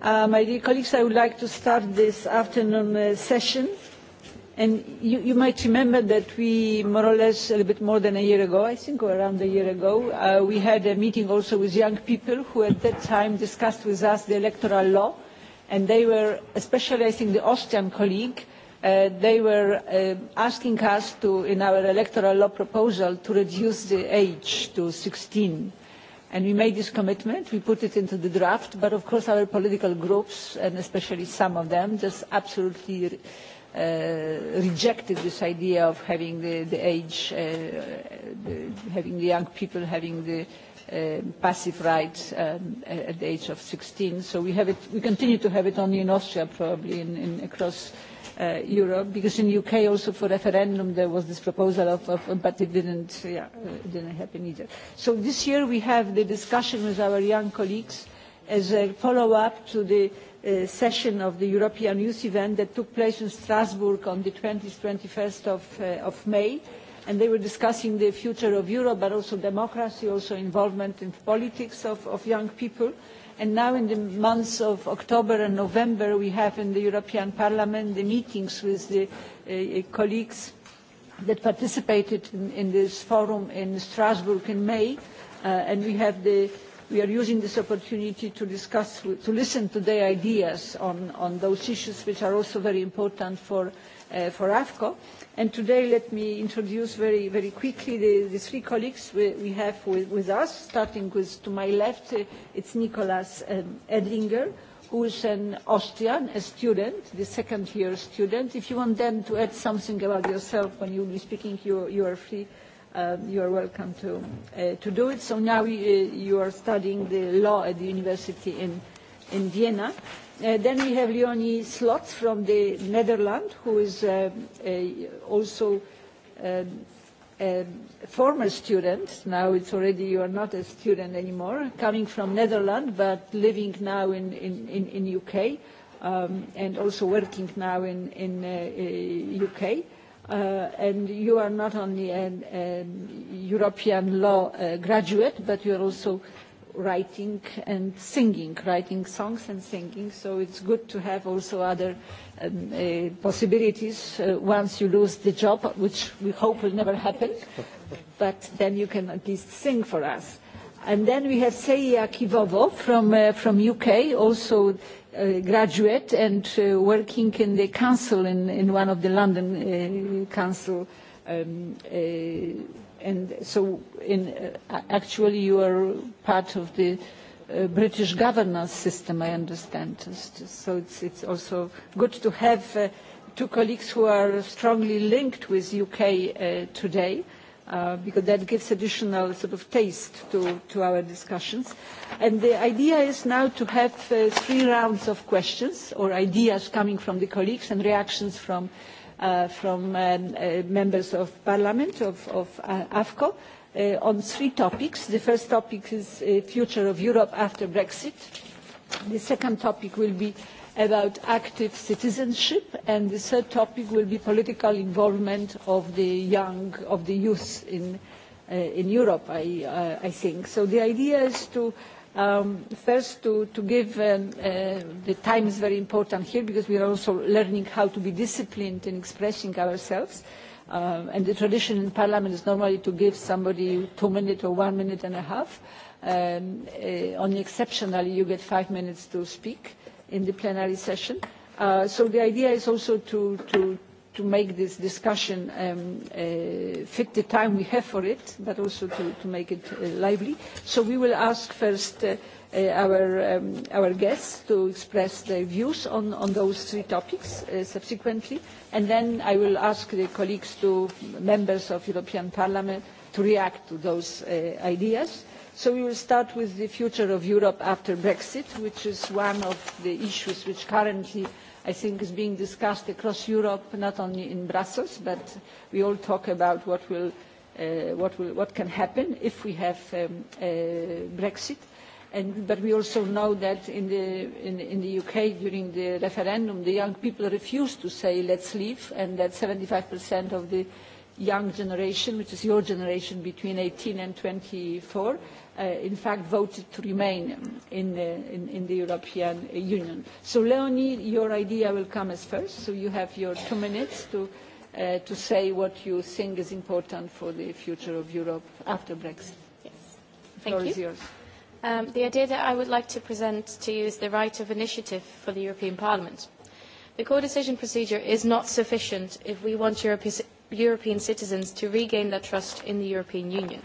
Uh, my dear colleagues, I would like to start this afternoon uh, session. And you, you might remember that we, more or less, a little bit more than a year ago, I think, or around a year ago, uh, we had a meeting also with young people who at that time discussed with us the electoral law. And they were, especially I think the Austrian colleague, uh, they were uh, asking us to, in our electoral law proposal, to reduce the age to 16 and we made this commitment we put it into the draft but of course our political groups and especially some of them just absolutely uh, rejected this idea of having the, age uh, having the young people having the um, passive rights um, at the age of 16 so we have it we continue to have it only in austria probably in, across Uh, Europe, because in UK also for referendum there was this proposal of, of but it didn't, yeah, uh, it didn't happen either. So this year we have the discussion with our young colleagues as a follow-up to the uh, session of the European Youth event that took place in Strasbourg on the 20th, 21st of, uh, of May. And they were discussing the future of Europe, but also democracy, also involvement in politics of, of young people. Uh, and now in the months of october and november we have in the european parliament the meetings with the eh, eh, colleagues that participated in, this forum in strasbourg in may uh, and we are using this opportunity to discuss to listen to their ideas on those issues which are also very important for uh, for AFCO. And today let me introduce very, very quickly the, the three colleagues we, we have with, with us, starting with, to my left, uh, it's Nicolas um, Edlinger, who is an Austrian, a student, the second year student. If you want then to add something about yourself when you will be speaking, you, you are free. Um, you are welcome to, uh, to do it. So now you, uh, you are studying the law at the university in, in Vienna. Uh, then we have Leonie Slot from the Netherlands, who is uh, a, also um, a former student. Now it's already you are not a student anymore, coming from Netherlands, but living now in, in, in, in UK um, and also working now in, in uh, UK. Uh, uh, and you are not only an, an European law uh, graduate, but you are also uh, writing and singing, writing songs and singing. So it's good to have also other um, uh, possibilities uh, once you lose the job, which we hope will never happen. But then you can at least sing for us. And then we have Seiya Kivovo from, uh, from UK, also a graduate and uh, working in the council in, in one of the London uh, council um, uh, and so in, uh, actually you are part of the uh, British governance system, I understand. So it's, it's also good to have uh, two colleagues who are strongly linked with UK uh, today. Uh, because that gives additional sort of taste to, to our discussions. And the idea is now to have uh, three rounds of questions or ideas coming from the colleagues and reactions from uh, Uh, from um, uh, members of parliament of, of uh, AFCO uh, on three topics. The first topic is uh, future of Europe after Brexit. The second topic will be about active citizenship and the third topic will be political involvement of the young, of the youth in, uh, in Europe, I, uh, I think. So the idea is to uh, Um, first, to, to give um, uh, the time is very important here because we are also learning how to be disciplined in expressing ourselves. Uh, and the tradition in Parliament is normally to give somebody two minutes or one minute and a half. Um, uh, only exceptionally, you get five minutes to speak in the plenary session. Uh, so the idea is also to, to, to make this discussion um, uh, fit the time we have for it, but also to, make it uh, lively. So we will ask first uh, our, um, our guests to express their views on, on those three topics subsequently, and then I will ask the colleagues to members of European Parliament to react to those ideas. So we will start with the future of Europe after Brexit, which is one of the issues which currently I think is being discussed across Europe, not only in Brussels, but we all talk about what, will, uh, what, will, what can happen if we have um, uh, Brexit. And, but we also know that in the, in, in the UK during the referendum, the young people refused to say let's leave, and that 75% of the young generation, which is your generation between 18 and 24, Uh, in fact voted to remain in the, in, in the European Union. So Leonie, your idea will come as first, so you have your two minutes to, uh, to say what you think is important for the future of Europe after Brexit. Yes. Thank floor you. is yours. Um, the idea that I would like to present to you is the right of initiative for the European Parliament. The co-decision procedure is not sufficient if we want Europe European citizens to regain their trust in the European Union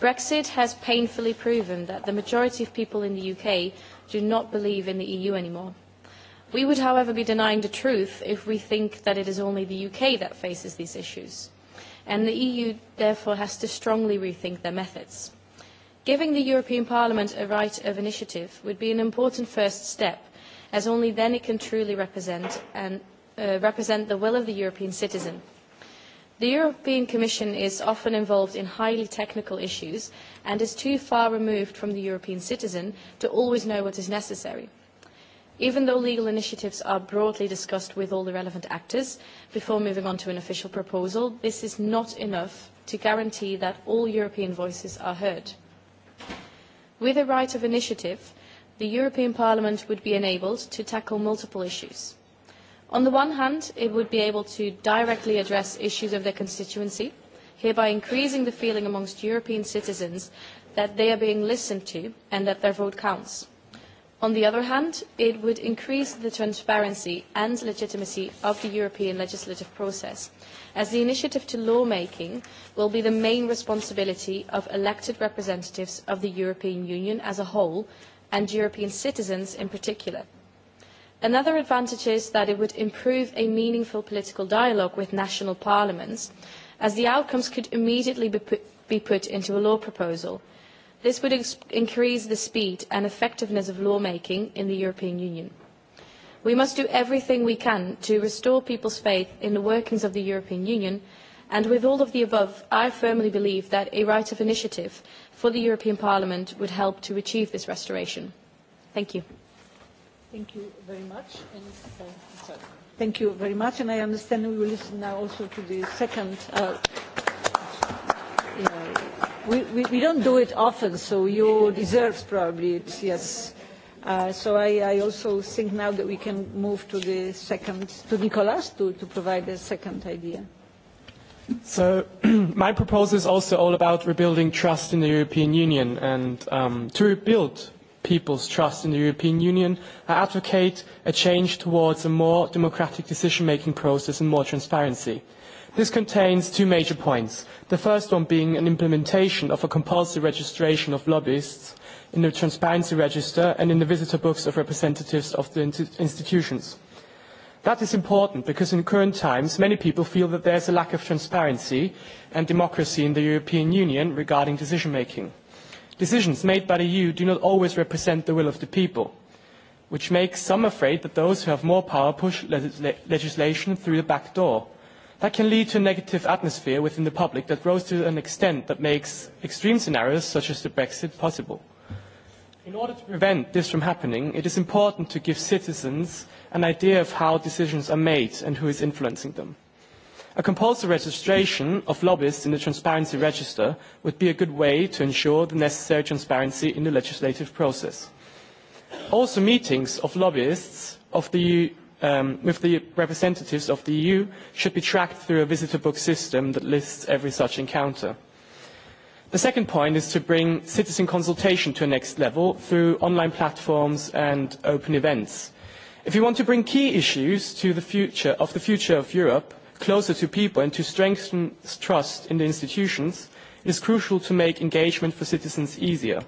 Brexit has painfully proven that the majority of people in the UK do not believe in the EU anymore. We would, however, be denying the truth if we think that it is only the UK that faces these issues. And the EU, therefore, has to strongly rethink their methods. Giving the European Parliament a right of initiative would be an important first step, as only then it can truly represent, and, uh, represent the will of the European citizen. The European Commission is often involved in highly technical issues and is too far removed from the European citizen to always know what is necessary. Even though legal initiatives are broadly discussed with all the relevant actors before moving on to an official proposal, this is not enough to guarantee that all European voices are heard. With a right of initiative, the European Parliament would be enabled to tackle multiple issues On the one hand, it would be able to directly address issues of their constituency, hereby increasing the feeling amongst European citizens that they are being listened to and that their vote counts. On the other hand, it would increase the transparency and legitimacy of the European legislative process, as the initiative to lawmaking will be the main responsibility of elected representatives of the European Union as a whole, and European citizens in particular. Another advantage is that it would improve a meaningful political dialogue with national parliaments, as the outcomes could immediately be put, be put into a law proposal. This would increase the speed and effectiveness of lawmaking in the European Union. We must do everything we can to restore people's faith in the workings of the European Union, and with all of the above, I firmly believe that a right of initiative for the European Parliament would help to achieve this restoration. Thank you. Thank you very much. And uh, Thank you very much. And I understand we will listen now also to the second. Uh, yeah, we, we, we don't do it often, so you deserve probably it, yes. Uh, so I, I also think now that we can move to the second, to Nicolas to, to provide a second idea. So my proposal is also all about rebuilding trust in the European Union. And um, to rebuild people's trust in the European Union. I advocate a change towards a more democratic decision-making process and more transparency. This contains two major points, the first one being an implementation of a compulsory registration of lobbyists in the Transparency Register and in the visitor books of representatives of the institutions. That is important because in current times many people feel that there is a lack of transparency and democracy in the European Union regarding decision making. Decisions made by the EU do not always represent the will of the people, which makes some afraid that those who have more power push le legislation through the back door. That can lead to a negative atmosphere within the public that grows to an extent that makes extreme scenarios such as the Brexit possible. In order to prevent this from happening, it is important to give citizens an idea of how decisions are made and who is influencing them. A compulsory registration of lobbyists in the transparency register would be a good way to ensure the necessary transparency in the legislative process. Also, meetings of lobbyists of the um, with the representatives of the EU should be tracked through a visitor book system that lists every such encounter. The second point is to bring citizen consultation to a next level through online platforms and open events. If we want to bring key issues to the future of the future of Europe, closer to people and to strengthen trust in the institutions, it is crucial to make engagement for citizens easier.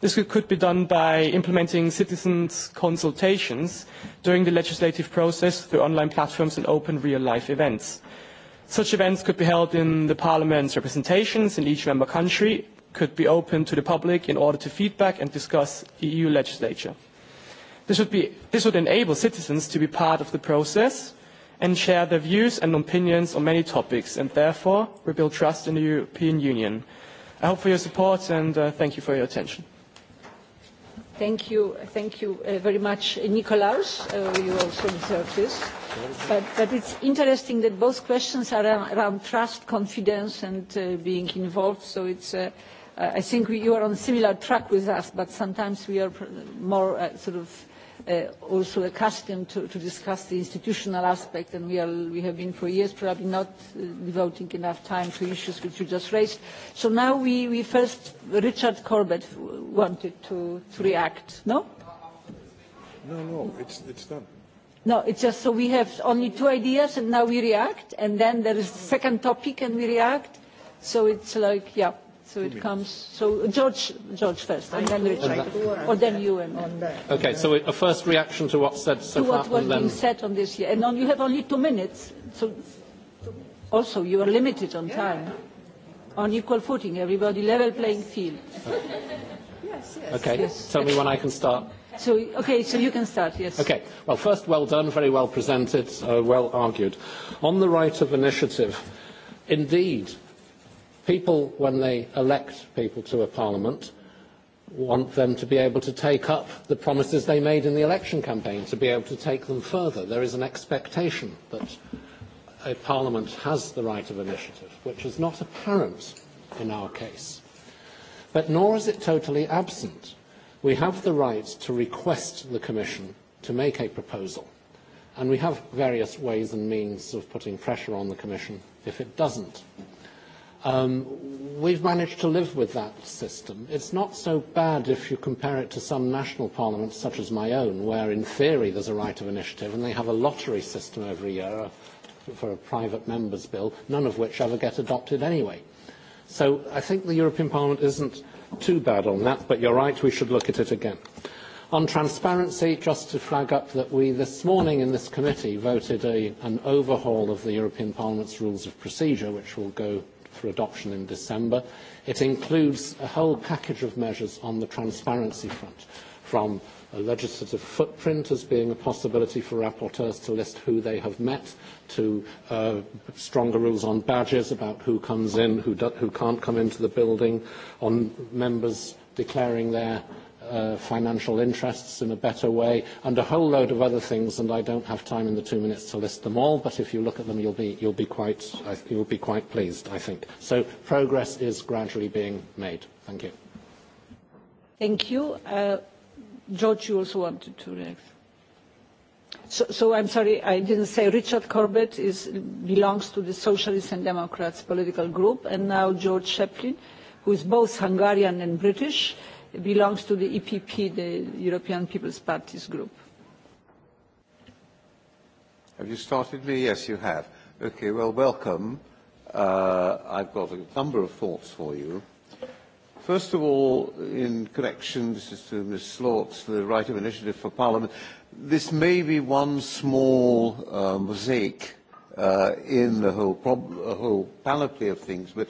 This could be done by implementing citizens' consultations during the legislative process through online platforms and open real-life events. Such events could be held in the Parliament's representations in each member country, could be open to the public in order to feedback and discuss EU legislation. This would, be, this would enable citizens to be part of the process and share their views and opinions on many topics and therefore rebuild trust in the European Union. I hope for your support and uh, thank you for your attention. Thank you, thank you uh, very much, uh, Nikolaus. Uh, you also deserve this. But, but it's interesting that both questions are around trust, confidence, and uh, being involved. So it's, uh, uh I think we, you are on a similar track with us, but sometimes we are more uh, sort of Uh, also accustomed to, to discuss the institutional aspect, and we, are, we have been for years probably not uh, devoting enough time to issues which you just raised. So now we, we first, Richard Corbett wanted to, to react, no? No, no, it's, it's done. No, it's just so we have only two ideas and now we react, and then there is the second topic and we react. So it's like, yeah. So it comes. So George, George first, and then Richard, or then you and. On that. okay. So a first reaction to what's said so to far, what was being said on this year, and on, you have only two minutes. So also you are limited on time. Yeah. On equal footing, everybody, level playing field. Yes. Yes. Okay. Yes. Tell me when I can start. So, okay, so you can start, yes. Okay. Well, first, well done, very well presented, uh, well argued. On the right of initiative, indeed, people, when they elect people to a parliament, want them to be able to take up the promises they made in the election campaign, to be able to take them further. There is an expectation that a parliament has the right of initiative, which is not apparent in our case. But nor is it totally absent. We have the right to request the Commission to make a proposal. And we have various ways and means of putting pressure on the Commission if it doesn't Um, we've managed to live with that system. It's not so bad if you compare it to some national parliaments, such as my own, where in theory there's a right of initiative and they have a lottery system every year uh, for a private member's bill, none of which ever get adopted anyway. So I think the European Parliament isn't too bad on that, but you're right, we should look at it again. On transparency, just to flag up that we this morning in this committee voted a, an overhaul of the European Parliament's rules of procedure, which will go for adoption in December. It includes a whole package of measures on the transparency front, from a legislative footprint as being a possibility for rapporteurs to list who they have met, to uh, stronger rules on badges about who comes in, who, do, who can't come into the building, on members declaring their Uh, financial interests in a better way, and a whole load of other things, and I don't have time in the two minutes to list them all, but if you look at them, you'll be, you'll be, quite, you'll be quite pleased, I think. So progress is gradually being made. Thank you. Thank you. Uh, George, you also wanted to react. So, so I'm sorry, I didn't say Richard Corbett is, belongs to the Socialists and Democrats political group, and now George Shepley who is both Hungarian and British, belongs to the EPP, the European People's Party's group. Have you started me? Yes, you have. Okay, well, welcome. Uh, I've got a number of thoughts for you. First of all, in connection, this is to Ms. Slorts, the right of initiative for Parliament, this may be one small uh, mosaic uh, in the whole, prob- whole panoply of things, but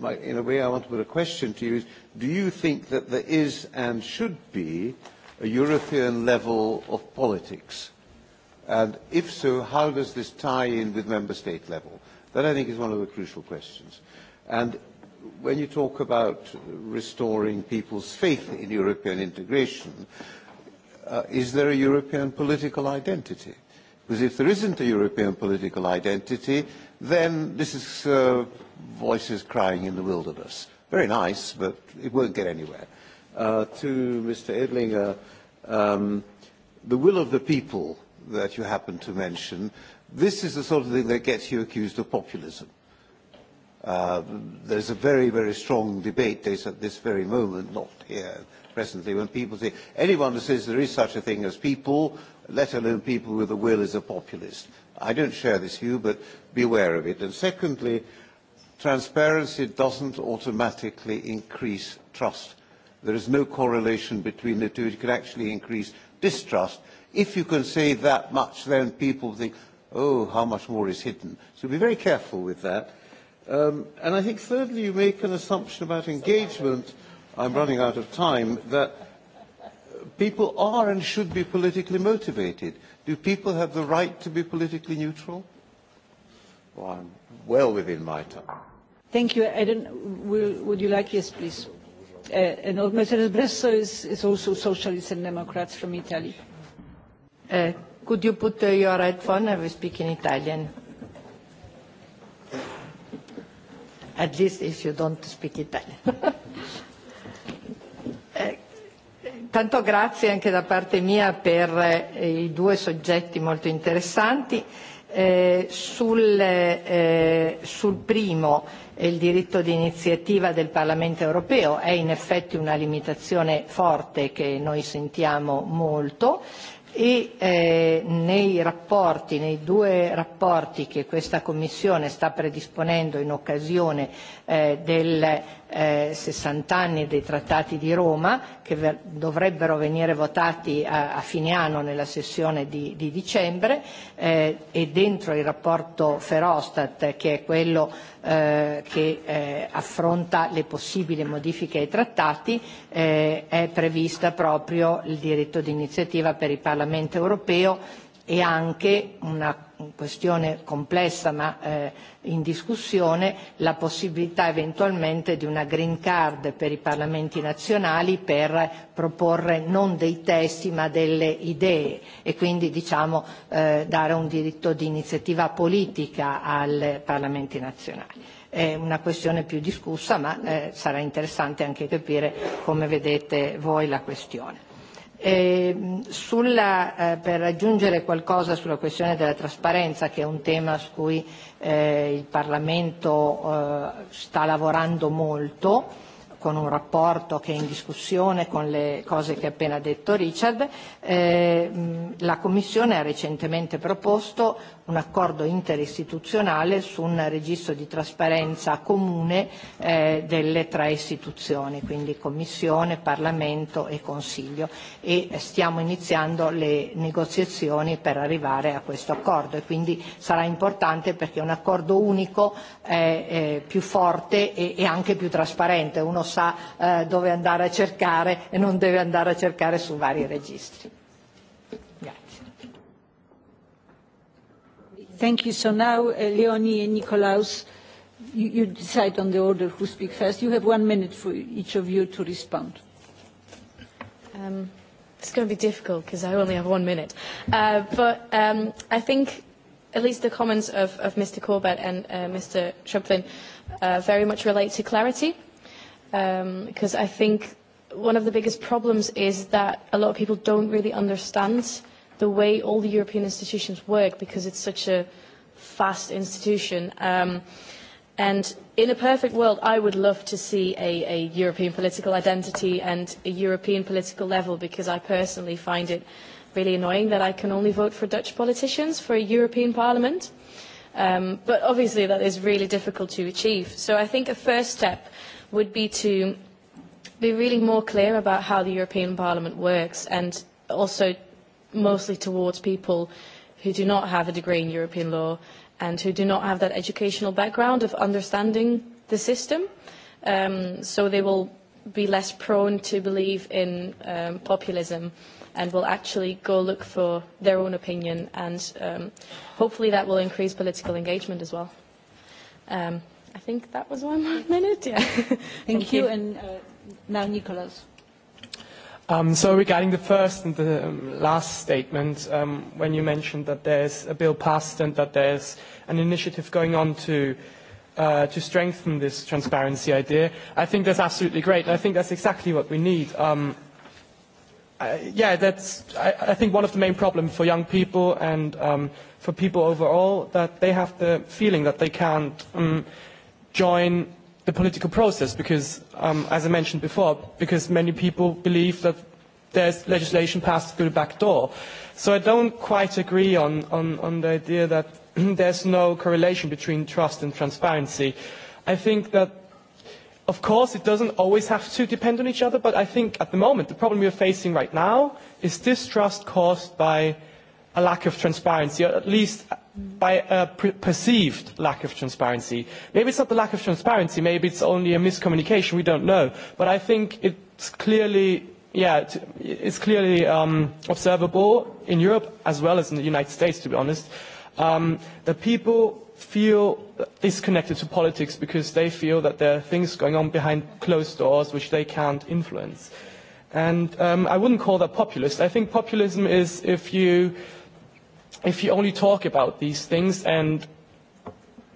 my, in a way I want to put a question to you do you think that there is and should be a European level of politics? And if so, how does this tie in with member state level? That, I think, is one of the crucial questions. And when you talk about restoring people's faith in European integration, uh, is there a European political identity? Because if there isn't a European political identity, then this is uh, voices crying in the wilderness very nice, but it won't get anywhere. Uh, to Mr. Edlinger, um, the will of the people that you happen to mention, this is the sort of thing that gets you accused of populism. Uh, there's a very, very strong debate this, at this very moment, not here presently, when people say, anyone who says there is such a thing as people, let alone people with a will, is a populist. I don't share this view, but beware of it. And secondly, transparency doesn't automatically increase trust. There is no correlation between the two. It can actually increase distrust. If you can say that much, then people think, oh, how much more is hidden? So be very careful with that. Um, and I think thirdly, you make an assumption about engagement. I'm running out of time. That people are and should be politically motivated. Do people have the right to be politically neutral? Well, I'm well within my time. Thank you. I will, would you like, yes, please. Uh, and Mr. Bresso is, is also Socialists and Democrats from Italy. Uh, could you put uh, your headphone? I will speak in Italian. At least if you don't speak Italian. Eh, tanto grazie anche da parte mia per eh, i due soggetti molto interessanti. Eh, sul, eh, sul primo, e il diritto di iniziativa del Parlamento europeo è in effetti una limitazione forte che noi sentiamo molto e eh, nei rapporti, nei due rapporti che questa Commissione sta predisponendo in occasione eh, del eh, 60 anni dei trattati di Roma, che ver- dovrebbero venire votati a, a fine anno nella sessione di, di dicembre, eh, e dentro il rapporto Ferostat, che è quello eh, che eh, affronta le possibili modifiche ai trattati, eh, è prevista proprio il diritto di iniziativa per il Parlamento europeo e anche una questione complessa ma eh, in discussione, la possibilità eventualmente di una green card per i parlamenti nazionali per proporre non dei testi ma delle idee e quindi diciamo eh, dare un diritto di iniziativa politica ai parlamenti nazionali. È una questione più discussa ma eh, sarà interessante anche capire come vedete voi la questione. Eh, sulla, eh, per aggiungere qualcosa sulla questione della trasparenza, che è un tema su cui eh, il Parlamento eh, sta lavorando molto, con un rapporto che è in discussione con le cose che ha appena detto Richard, eh, la Commissione ha recentemente proposto un accordo interistituzionale su un registro di trasparenza comune eh, delle tre istituzioni, quindi Commissione, Parlamento e Consiglio e stiamo iniziando le negoziazioni per arrivare a questo accordo e quindi sarà importante perché un accordo unico è, è più forte e, e anche più trasparente, uno sa eh, dove andare a cercare e non deve andare a cercare su vari registri. Thank you. So now, uh, Leonie and Nikolaus, you, decide on the order who speak first. You have one minute for each of you to respond. Um, it's going to be difficult because I only have one minute. Uh, but um, I think at least the comments of, of Mr. Corbett and uh, Mr. Shriplin uh, very much relate to clarity because um, I think one of the biggest problems is that a lot of people don't really understand the way all the European institutions work because it's such a fast institution. Um, and in a perfect world, I would love to see a, a European political identity and a European political level because I personally find it really annoying that I can only vote for Dutch politicians for a European Parliament. Um, but obviously that is really difficult to achieve. So I think a first step would be to be really more clear about how the European Parliament works and also mostly towards people who do not have a degree in European law and who do not have that educational background of understanding the system. Um, so they will be less prone to believe in um, populism and will actually go look for their own opinion and um, hopefully that will increase political engagement as well. Um, I think that was one minute, yeah. Thank, Thank you. you. And uh, now Nicholas. Um, so regarding the first and the um, last statement, um, when you mentioned that there's a bill passed and that there's an initiative going on to uh, to strengthen this transparency idea, I think that's absolutely great. I think that's exactly what we need. Um, I, yeah, that's I, I think one of the main problems for young people and um, for people overall that they have the feeling that they can't um, join the political process because, um, as I mentioned before, because many people believe that there's legislation passed through the back door. So I don't quite agree on, on, on the idea that there's no correlation between trust and transparency. I think that, of course, it doesn't always have to depend on each other, but I think at the moment the problem we're facing right now is distrust caused by a lack of transparency, or at least by a per perceived lack of transparency. Maybe it's not the lack of transparency, maybe it's only a miscommunication, we don't know. But I think it's clearly, yeah, it's clearly um, observable in Europe as well as in the United States, to be honest, um, that people feel disconnected to politics because they feel that there are things going on behind closed doors which they can't influence. And um, I wouldn't call that populist. I think populism is if you if you only talk about these things and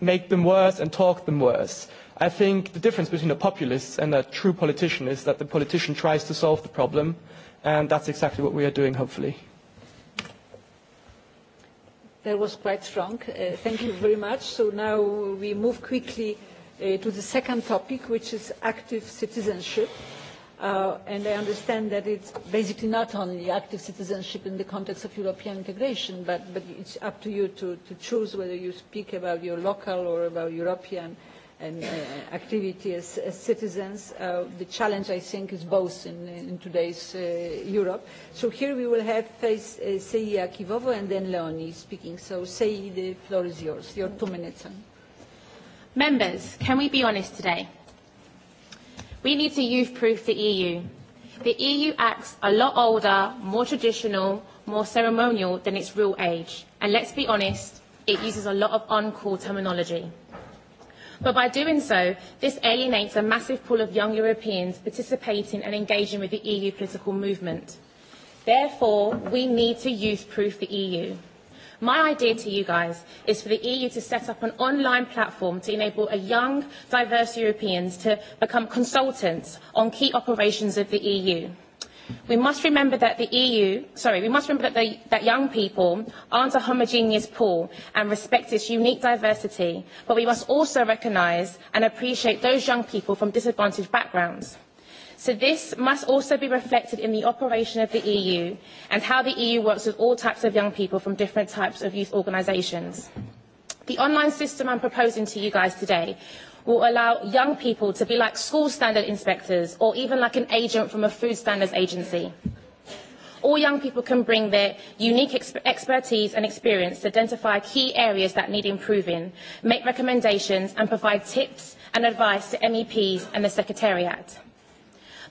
make them worse and talk them worse. I think the difference between a populist and a true politician is that the politician tries to solve the problem, and that's exactly what we are doing, hopefully. That was quite strong. Uh, thank you very much. So now we move quickly uh, to the second topic, which is active citizenship. Uh, Uh, and I understand that it's basically not only active citizenship in the context of European integration, but, it it's up to you to, choose whether you speak about your local or about European uh, activity as, as citizens. Uh, the challenge, I think, is both in, in today's uh, Europe. So here we will have face, uh, Sei Akivovo and then Leonie speaking. So Sei, the floor is yours. Your two minutes. Members, can we be honest today? We need to youth-proof the EU. The EU acts a lot older, more traditional, more ceremonial than its real age. And let's be honest, it uses a lot of on-call terminology. But by doing so, this alienates a massive pool of young Europeans participating and engaging with the EU political movement. Therefore, we need to youth-proof the EU. My idea to you guys is for the EU to set up an online platform to enable a young, diverse Europeans to become consultants on key operations of the EU. We must remember that the EU, sorry, we must remember that, the, that young people aren't a homogeneous pool and respect its unique diversity, but we must also recognise and appreciate those young people from disadvantaged backgrounds. So this must also be reflected in the operation of the EU and how the EU works with all types of young people from different types of youth organisations. The online system I'm proposing to you guys today will allow young people to be like school standard inspectors or even like an agent from a food standards agency. All young people can bring their unique ex expertise and experience to identify key areas that need improving, make recommendations and provide tips and advice to MEPs and the Secretariat.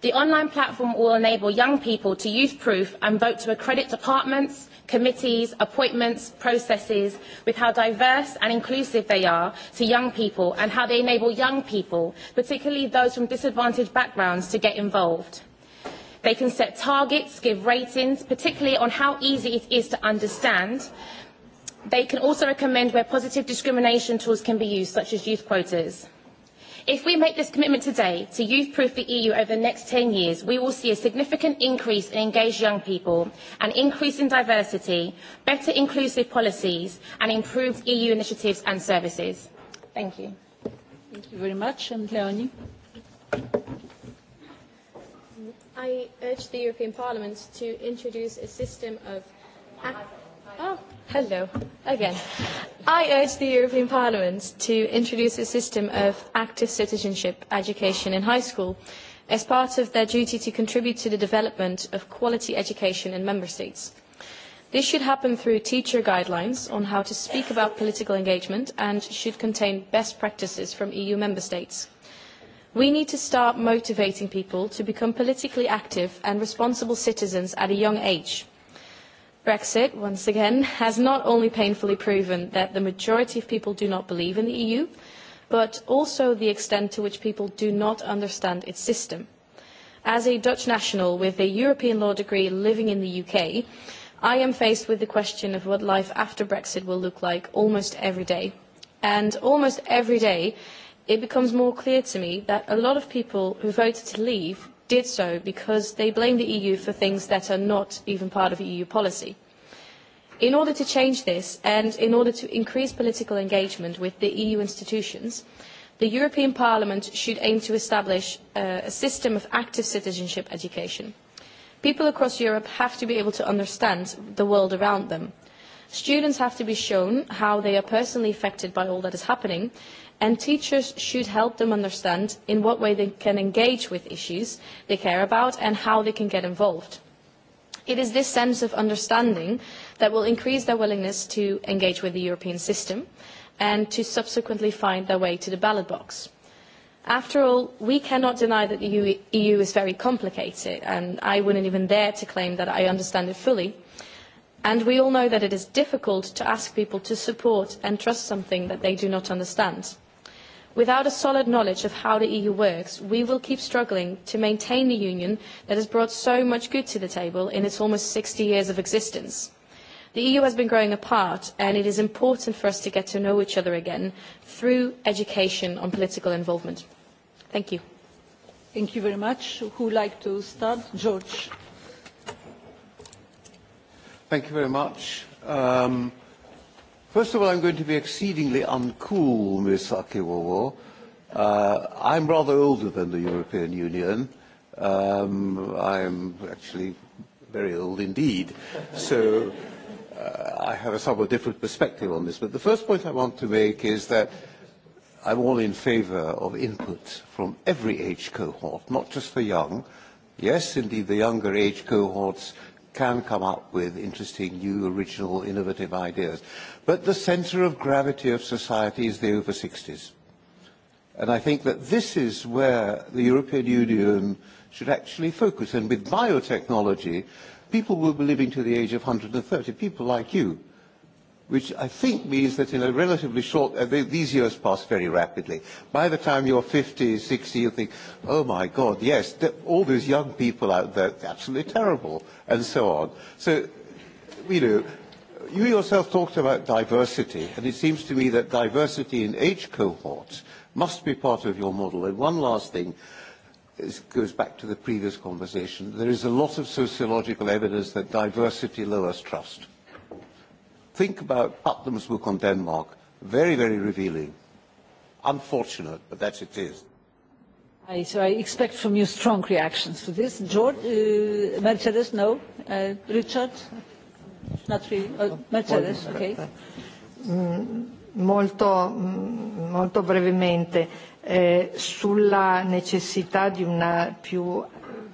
The online platform will enable young people to use proof and vote to accredit departments, committees, appointments, processes, with how diverse and inclusive they are to young people and how they enable young people, particularly those from disadvantaged backgrounds, to get involved. They can set targets, give ratings, particularly on how easy it is to understand. They can also recommend where positive discrimination tools can be used, such as youth quotas. If we make this commitment today to youth-proof the EU over the next 10 years, we will see a significant increase in engaged young people, an increase in diversity, better inclusive policies, and improved EU initiatives and services. Thank you. Thank you very much. And Leonie? I urge the European Parliament to introduce a system of... Oh. Hello again. I urge the European Parliament to introduce a system of active citizenship education in high school as part of their duty to contribute to the development of quality education in member states. This should happen through teacher guidelines on how to speak about political engagement and should contain best practices from EU member states. We need to start motivating people to become politically active and responsible citizens at a young age Brexit, once again, has not only painfully proven that the majority of people do not believe in the EU, but also the extent to which people do not understand its system. As a Dutch national with a European law degree living in the UK, I am faced with the question of what life after Brexit will look like almost every day. And almost every day, it becomes more clear to me that a lot of people who voted to leave did so because they blame the EU for things that are not even part of EU policy. In order to change this and in order to increase political engagement with the EU institutions, the European Parliament should aim to establish uh, a system of active citizenship education. People across Europe have to be able to understand the world around them. Students have to be shown how they are personally affected by all that is happening and teachers should help them understand in what way they can engage with issues they care about and how they can get involved. It is this sense of understanding that will increase their willingness to engage with the European system and to subsequently find their way to the ballot box. After all, we cannot deny that the EU, is very complicated, and I wouldn't even dare to claim that I understand it fully. And we all know that it is difficult to ask people to support and trust something that they do not understand. Without a solid knowledge of how the EU works, we will keep struggling to maintain the union that has brought so much good to the table in its almost 60 years of existence. The EU has been growing apart, and it is important for us to get to know each other again through education on political involvement. Thank you. Thank you very much. Who would like to start? George. Thank you very much. Um, First of all, I'm going to be exceedingly uncool, Ms. Akiwowo. Uh, I'm rather older than the European Union. Um, I'm actually very old indeed. So uh, I have a somewhat different perspective on this. But the first point I want to make is that I'm all in favor of input from every age cohort, not just the young. Yes, indeed, the younger age cohorts can come up with interesting, new, original, innovative ideas. But the centre of gravity of society is the over 60s. And I think that this is where the European Union should actually focus. And with biotechnology, people will be living to the age of 130, people like you, which I think means that in a relatively short, uh, they, these years pass very rapidly. By the time you're 50, 60, you think, oh my God, yes, th- all those young people out there, absolutely terrible, and so on. So, you know, you yourself talked about diversity, and it seems to me that diversity in age cohorts must be part of your model. And one last thing this goes back to the previous conversation. There is a lot of sociological evidence that diversity lowers trust. Think about Putnam's book on Denmark. Very, very revealing. Unfortunate, but that's it is. I, so I expect from you strong reactions to this. George, uh, Mercedes, no? Uh, Richard? Not really. Oh, uh, Mercedes, ok. Mm, molto, mm, molto brevemente, eh, sulla necessità di una più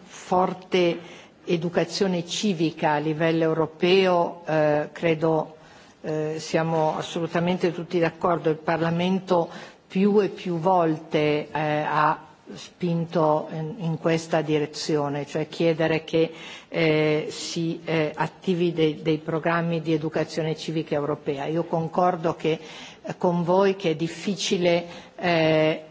forte educazione civica a livello europeo, eh, credo eh, siamo assolutamente tutti d'accordo. Il Parlamento più e più volte eh, ha spinto in questa direzione, cioè chiedere che eh, si eh, attivi dei, dei programmi di educazione civica europea. Io concordo che, eh, con voi che è difficile eh,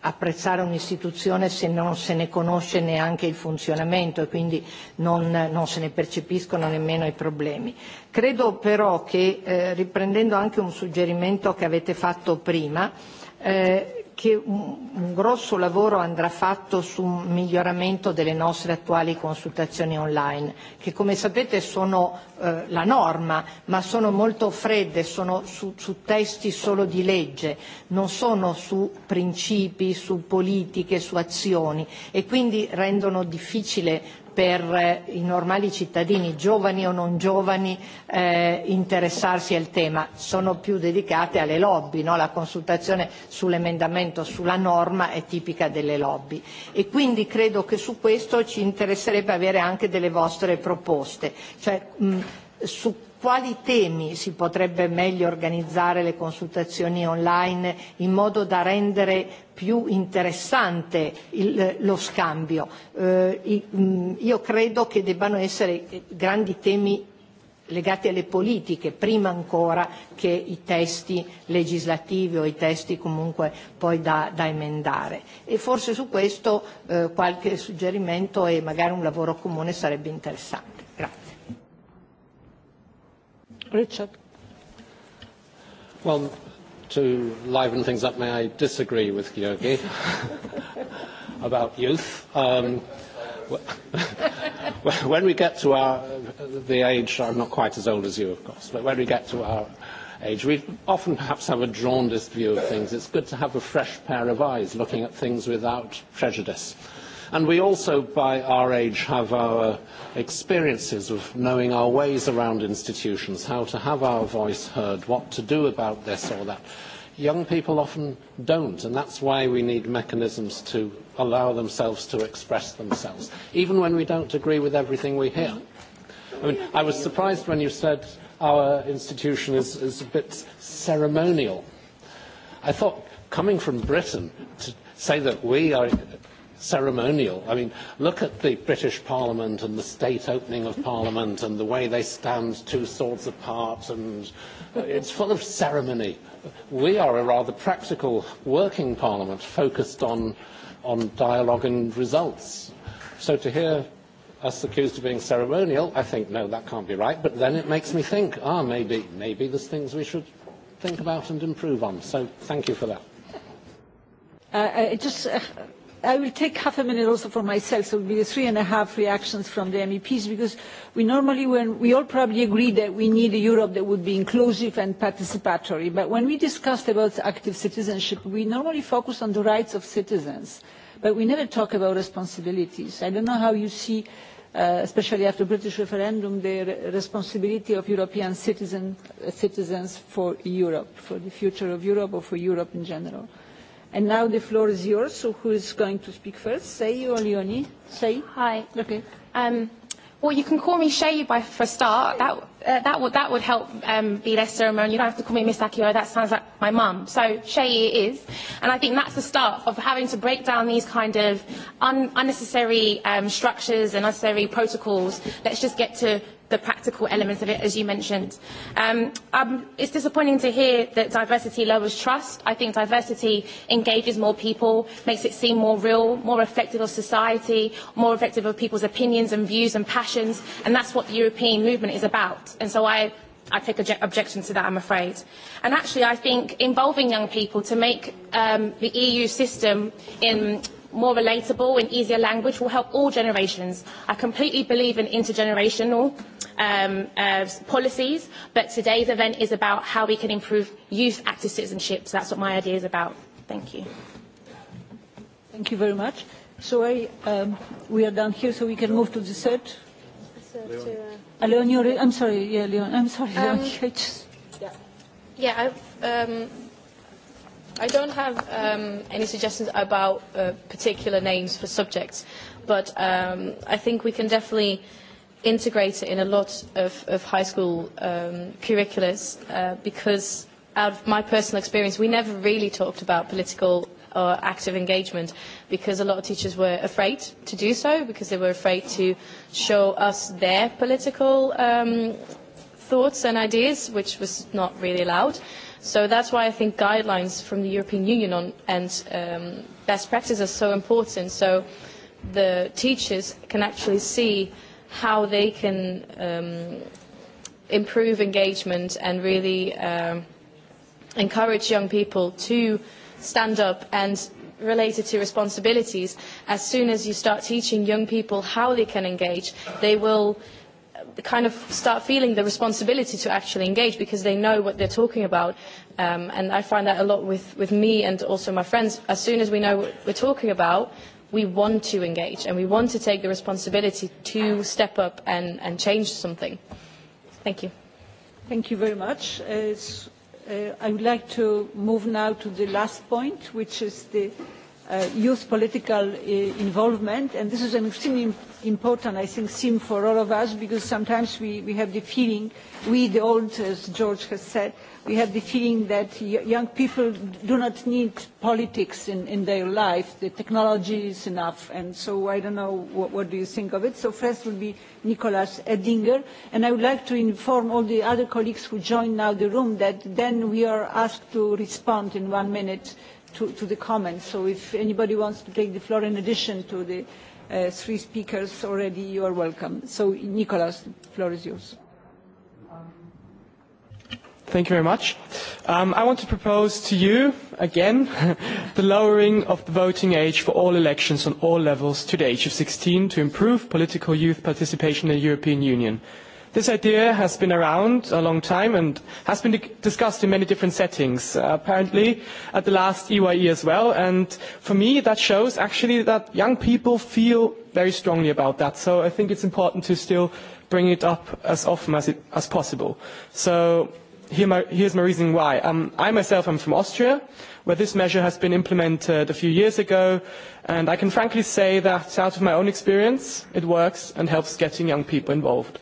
apprezzare un'istituzione se non se ne conosce neanche il funzionamento e quindi non, non se ne percepiscono nemmeno i problemi. Credo però che, eh, riprendendo anche un suggerimento che avete fatto prima, eh, che un, un grosso lavoro andrà fatto su un miglioramento delle nostre attuali consultazioni online, che come sapete sono eh, la norma, ma sono molto fredde, sono su, su testi solo di legge, non sono su principi, su politiche, su azioni e quindi rendono difficile per i normali cittadini, giovani o non giovani, eh, interessarsi al tema. Sono più dedicate alle lobby, no? la consultazione sull'emendamento, sulla norma è tipica delle lobby. E quindi credo che su questo ci interesserebbe avere anche delle vostre proposte. Cioè, mh, su quali temi si potrebbe meglio organizzare le consultazioni online in modo da rendere più interessante il, lo scambio. Eh, mm, io credo che debbano essere grandi temi legati alle politiche prima ancora che i testi legislativi o i testi comunque poi da, da emendare e forse su questo eh, qualche suggerimento e magari un lavoro comune sarebbe interessante. Richard. Well, to liven things up, may I disagree with Georgi about youth? Um, when we get to our, the age, I'm not quite as old as you, of course, but when we get to our age, we often perhaps have a jaundiced view of things. It's good to have a fresh pair of eyes looking at things without prejudice. And we also, by our age, have our experiences of knowing our ways around institutions, how to have our voice heard, what to do about this or that. Young people often don't, and that's why we need mechanisms to allow themselves to express themselves, even when we don't agree with everything we hear. I mean, I was surprised when you said our institution is, is a bit ceremonial. I thought, coming from Britain, to say that we are ceremonial. I mean, look at the British Parliament and the state opening of Parliament and the way they stand two swords apart, and uh, it's full of ceremony. We are a rather practical working Parliament focused on, on dialogue and results. So to hear us accused of being ceremonial, I think, no, that can't be right. But then it makes me think, ah, maybe, maybe there's things we should think about and improve on. So thank you for that. Uh, uh, just uh, I will take half a minute also for myself, so it will be three and a half reactions from the MEPs, because we normally, when we all probably agree that we need a Europe that would be inclusive and participatory, but when we discussed about active citizenship, we normally focus on the rights of citizens, but we never talk about responsibilities. I don't know how you see, uh, especially after the British referendum, the responsibility of European citizen, uh, citizens for Europe, for the future of Europe or for Europe in general. And now the floor is yours. So who is going to speak first? Say or Leonie? Say. Hi. Okay. Um, well, you can call me Shay by, for a start. That, uh, that, would, that would help um, be less ceremonial. You don't have to call me Miss Akio. That sounds like my mum. So Shay it is. And I think that's the start of having to break down these kind of un- unnecessary um, structures and unnecessary protocols. Let's just get to the practical elements of it, as you mentioned. Um, um, it's disappointing to hear that diversity lowers trust. I think diversity engages more people, makes it seem more real, more reflective of society, more reflective of people's opinions and views and passions, and that's what the European movement is about. And so I I take obje objection to that, I'm afraid. And actually, I think involving young people to make um, the EU system in more relatable and easier language will help all generations. I completely believe in intergenerational um, uh, policies, but today's event is about how we can improve youth active citizenship. So that's what my idea is about. Thank you. Thank you very much. So I, um, we are done here, so we can move to the third. Leon. Uh, Leon, you're, I'm sorry. Yeah, Leon. I'm sorry. Um, Leon. I just... Yeah. Yeah. um, I don't have um, any suggestions about uh, particular names for subjects, but um, I think we can definitely integrate it in a lot of, of high school um, curriculums uh, because out of my personal experience, we never really talked about political or active engagement because a lot of teachers were afraid to do so because they were afraid to show us their political um, thoughts and ideas, which was not really allowed. So that's why I think guidelines from the European Union on, and um, best practice are so important. So the teachers can actually see how they can um, improve engagement and really um, encourage young people to stand up and related to responsibilities. As soon as you start teaching young people how they can engage, they will kind of start feeling the responsibility to actually engage because they know what they're talking about. Um, and I find that a lot with, with me and also my friends. As soon as we know what we're talking about, we want to engage and we want to take the responsibility to step up and, and change something. Thank you. Thank you very much. Uh, uh, I would like to move now to the last point, which is the Uh, youth political uh, involvement. And this is an extremely important, I think, theme for all of us because sometimes we, have the feeling, we the old, as George has said, we have the feeling that young people do not need politics in, in their life. The technology is enough. And so I don't know what, what do you think of it. So first will be Nicolas Edinger. And I would like to inform all the other colleagues who join now the room that then we are asked to respond in one minute to, to the comments. So if anybody wants to take the floor in addition to the uh, three speakers already, you are welcome. So Nicolas, the floor is yours. Thank you very much. Um, I want to propose to you, again, the lowering of the voting age for all elections on all levels to the age of 16 to improve political youth participation in the European Union. This idea has been around a long time and has been discussed in many different settings, uh, apparently at the last EYE as well. And for me, that shows actually that young people feel very strongly about that. So I think it's important to still bring it up as often as, it, as possible. So here my, here's my reason why. Um, I myself am from Austria, where this measure has been implemented a few years ago, and I can frankly say that out of my own experience, it works and helps getting young people involved.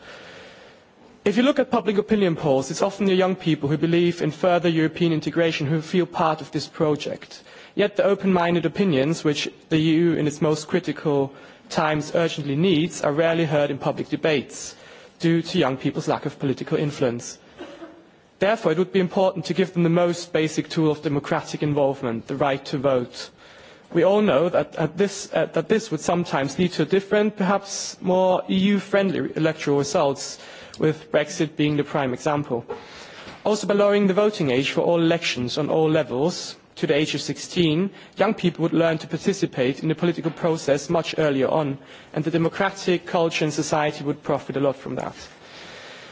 If you look at public opinion polls, it's often the young people who believe in further European integration who feel part of this project. Yet the open-minded opinions, which the EU in its most critical times urgently needs, are rarely heard in public debates due to young people's lack of political influence. Therefore, it would be important to give them the most basic tool of democratic involvement, the right to vote. We all know that, at this, uh, that this would sometimes lead to different, perhaps more EU-friendly electoral results, with Brexit being the prime example. Also by lowering the voting age for all elections on all levels to the age of 16, young people would learn to participate in the political process much earlier on, and the democratic culture and society would profit a lot from that.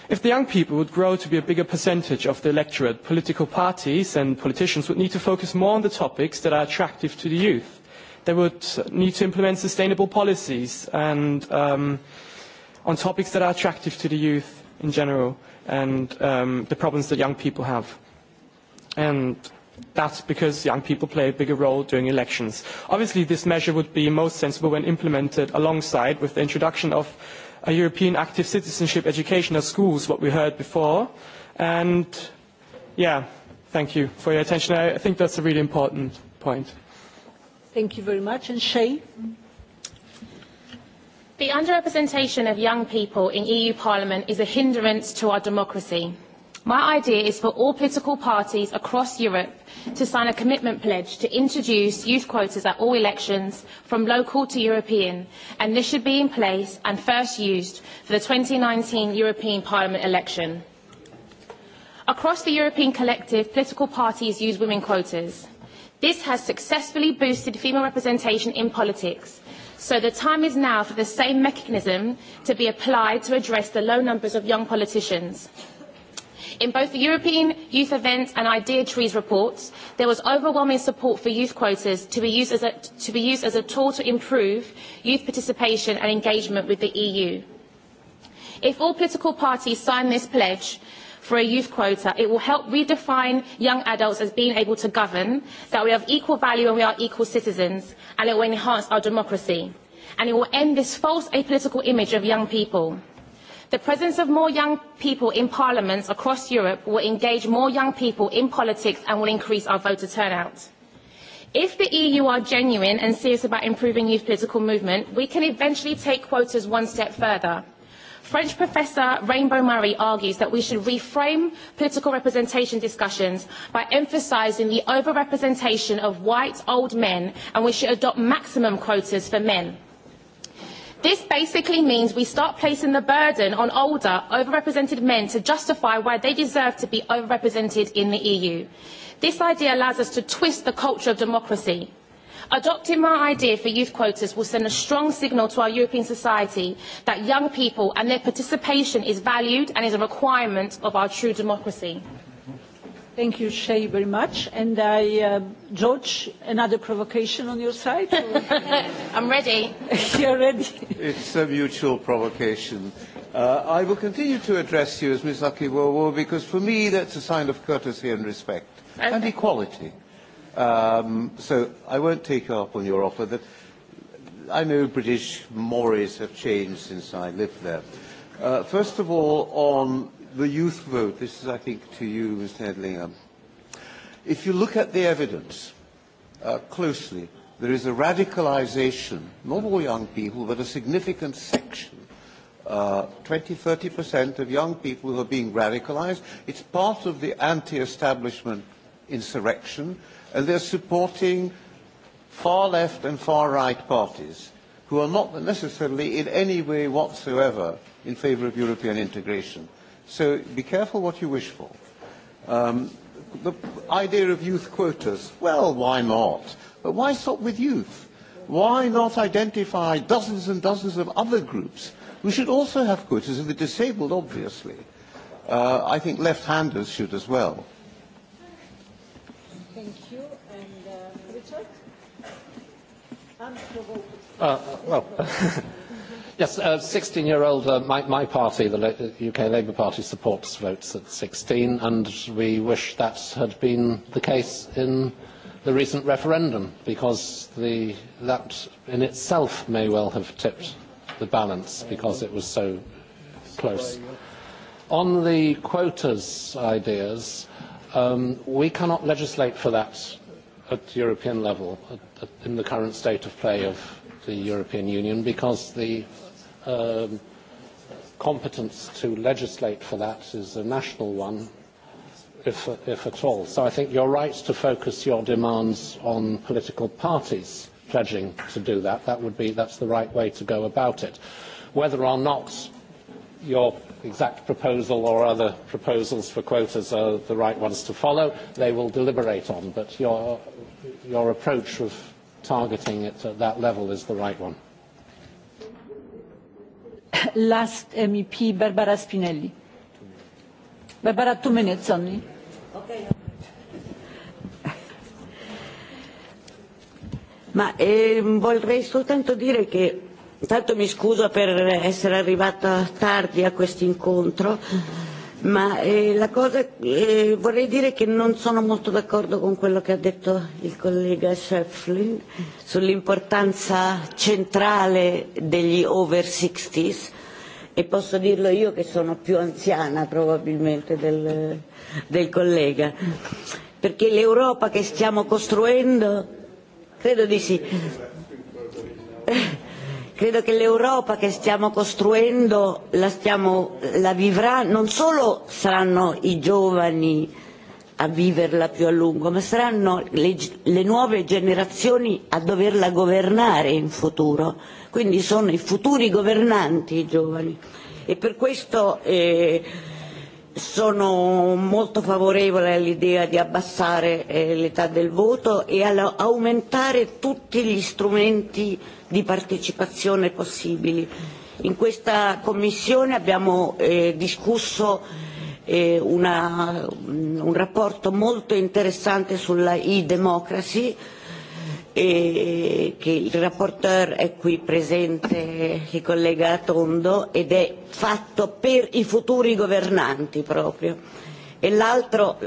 If the young people would grow to be a bigger percentage of the electorate, political parties and politicians would need to focus more on the topics that are attractive to the youth. They would need to implement sustainable policies and um, on topics that are attractive to the youth in general and um, the problems that young people have. And that's because young people play a bigger role during elections. Obviously, this measure would be most sensible when implemented alongside with the introduction of a European active citizenship education at schools, what we heard before. And yeah, thank you for your attention. I, think that's a really important point. Thank you very much. And Shay? Mm -hmm. The underrepresentation of young people in EU Parliament is a hindrance to our democracy. My idea is for all political parties across Europe to sign a commitment pledge to introduce youth quotas at all elections, from local to European, and this should be in place and first used for the 2019 European Parliament election. Across the European collective, political parties use women quotas. This has successfully boosted female representation in politics So the time is now for the same mechanism to be applied to address the low numbers of young politicians. In both the European Youth Event and Idea Trees reports, there was overwhelming support for youth quotas to be, used as a, to be used as a tool to improve youth participation and engagement with the EU. If all political parties sign this pledge, for a youth quota. It will help redefine young adults as being able to govern, that we have equal value and we are equal citizens, and it will enhance our democracy. And it will end this false apolitical image of young people. The presence of more young people in parliaments across Europe will engage more young people in politics and will increase our voter turnout. If the EU are genuine and serious about improving youth political movement, we can eventually take quotas one step further French professor Rainbow Murray argues that we should reframe political representation discussions by emphasising the overrepresentation of white old men and we should adopt maximum quotas for men. This basically means we start placing the burden on older, overrepresented men to justify why they deserve to be overrepresented in the EU. This idea allows us to twist the culture of democracy. Adopting my idea for youth quotas will send a strong signal to our European society that young people and their participation is valued and is a requirement of our true democracy. Thank you, Shay, very much. And I, uh, George, another provocation on your side? I'm ready. You're ready. It's a mutual provocation. Uh, I will continue to address you as Ms. Akiwowo because for me that's a sign of courtesy and respect okay. and equality. Um, so I won't take up on your offer. That I know British mores have changed since I lived there. Uh, first of all, on the youth vote, this is, I think, to you, Mr. Edlinger. If you look at the evidence uh, closely, there is a radicalization, not all young people, but a significant section uh, 20, 30% of young people who are being radicalized. It's part of the anti-establishment insurrection and they're supporting far left and far right parties who are not necessarily in any way whatsoever in favour of European integration. So be careful what you wish for. Um, the idea of youth quotas, well, why not? But why stop with youth? Why not identify dozens and dozens of other groups? We should also have quotas of the disabled, obviously. Uh, I think left-handers should as well. Uh, well, yes, a uh, 16-year-old, uh, my, my party, the UK Labour Party, supports votes at 16, and we wish that had been the case in the recent referendum, because the, that in itself may well have tipped the balance, because it was so close. On the quotas ideas, um, we cannot legislate for that at European level in the current state of play of the European Union because the um, competence to legislate for that is a national one, if, if at all. So I think you're right to focus your demands on political parties pledging to do that. That would be, that's the right way to go about it. Whether or not your exact proposal or other proposals for quotas are the right ones to follow, they will deliberate on. But your, your approach of targeting it at that level is the right one. Last MEP, Barbara Spinelli. Barbara, two minutes only. Okay. Ma eh, vorrei soltanto dire che Intanto mi scuso per essere arrivata tardi a questo incontro, ma eh, la cosa, eh, vorrei dire che non sono molto d'accordo con quello che ha detto il collega Schöpflin sull'importanza centrale degli over 60 e posso dirlo io che sono più anziana probabilmente del, del collega, perché l'Europa che stiamo costruendo, credo di sì. Credo che l'Europa che stiamo costruendo la, stiamo, la vivrà, non solo saranno i giovani a viverla più a lungo, ma saranno le, le nuove generazioni a doverla governare in futuro. Quindi sono i futuri governanti i giovani. E per questo eh, sono molto favorevole all'idea di abbassare eh, l'età del voto e aumentare tutti gli strumenti di partecipazione possibili. In questa commissione abbiamo eh, discusso eh, una, un rapporto molto interessante sulla e-democracy e che il rapporteur è qui presente, il collega Tondo, ed è fatto per i futuri governanti proprio. E l'altro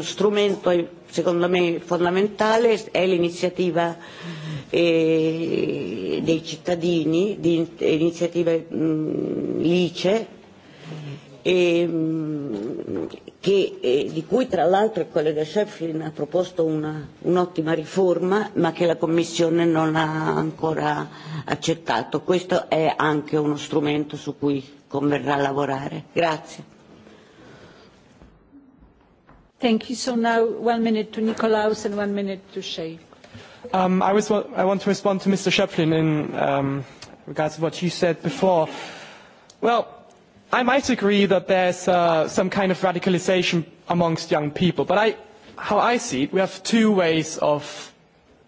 strumento, secondo me, fondamentale è l'iniziativa eh, dei cittadini, di iniziative mh, lice, e, mh, che, eh, di cui tra l'altro il collega Schefflin ha proposto una, un'ottima riforma, ma che la Commissione non ha ancora accettato. Questo è anche uno strumento su cui converrà lavorare. Grazie. Thank you. So now one minute to Nicolaus and one minute to Shea. Um, I, was, I want to respond to Mr. Schöpflin in um, regards to what you said before. Well, I might agree that there's uh, some kind of radicalization amongst young people, but I, how I see it, we have two ways of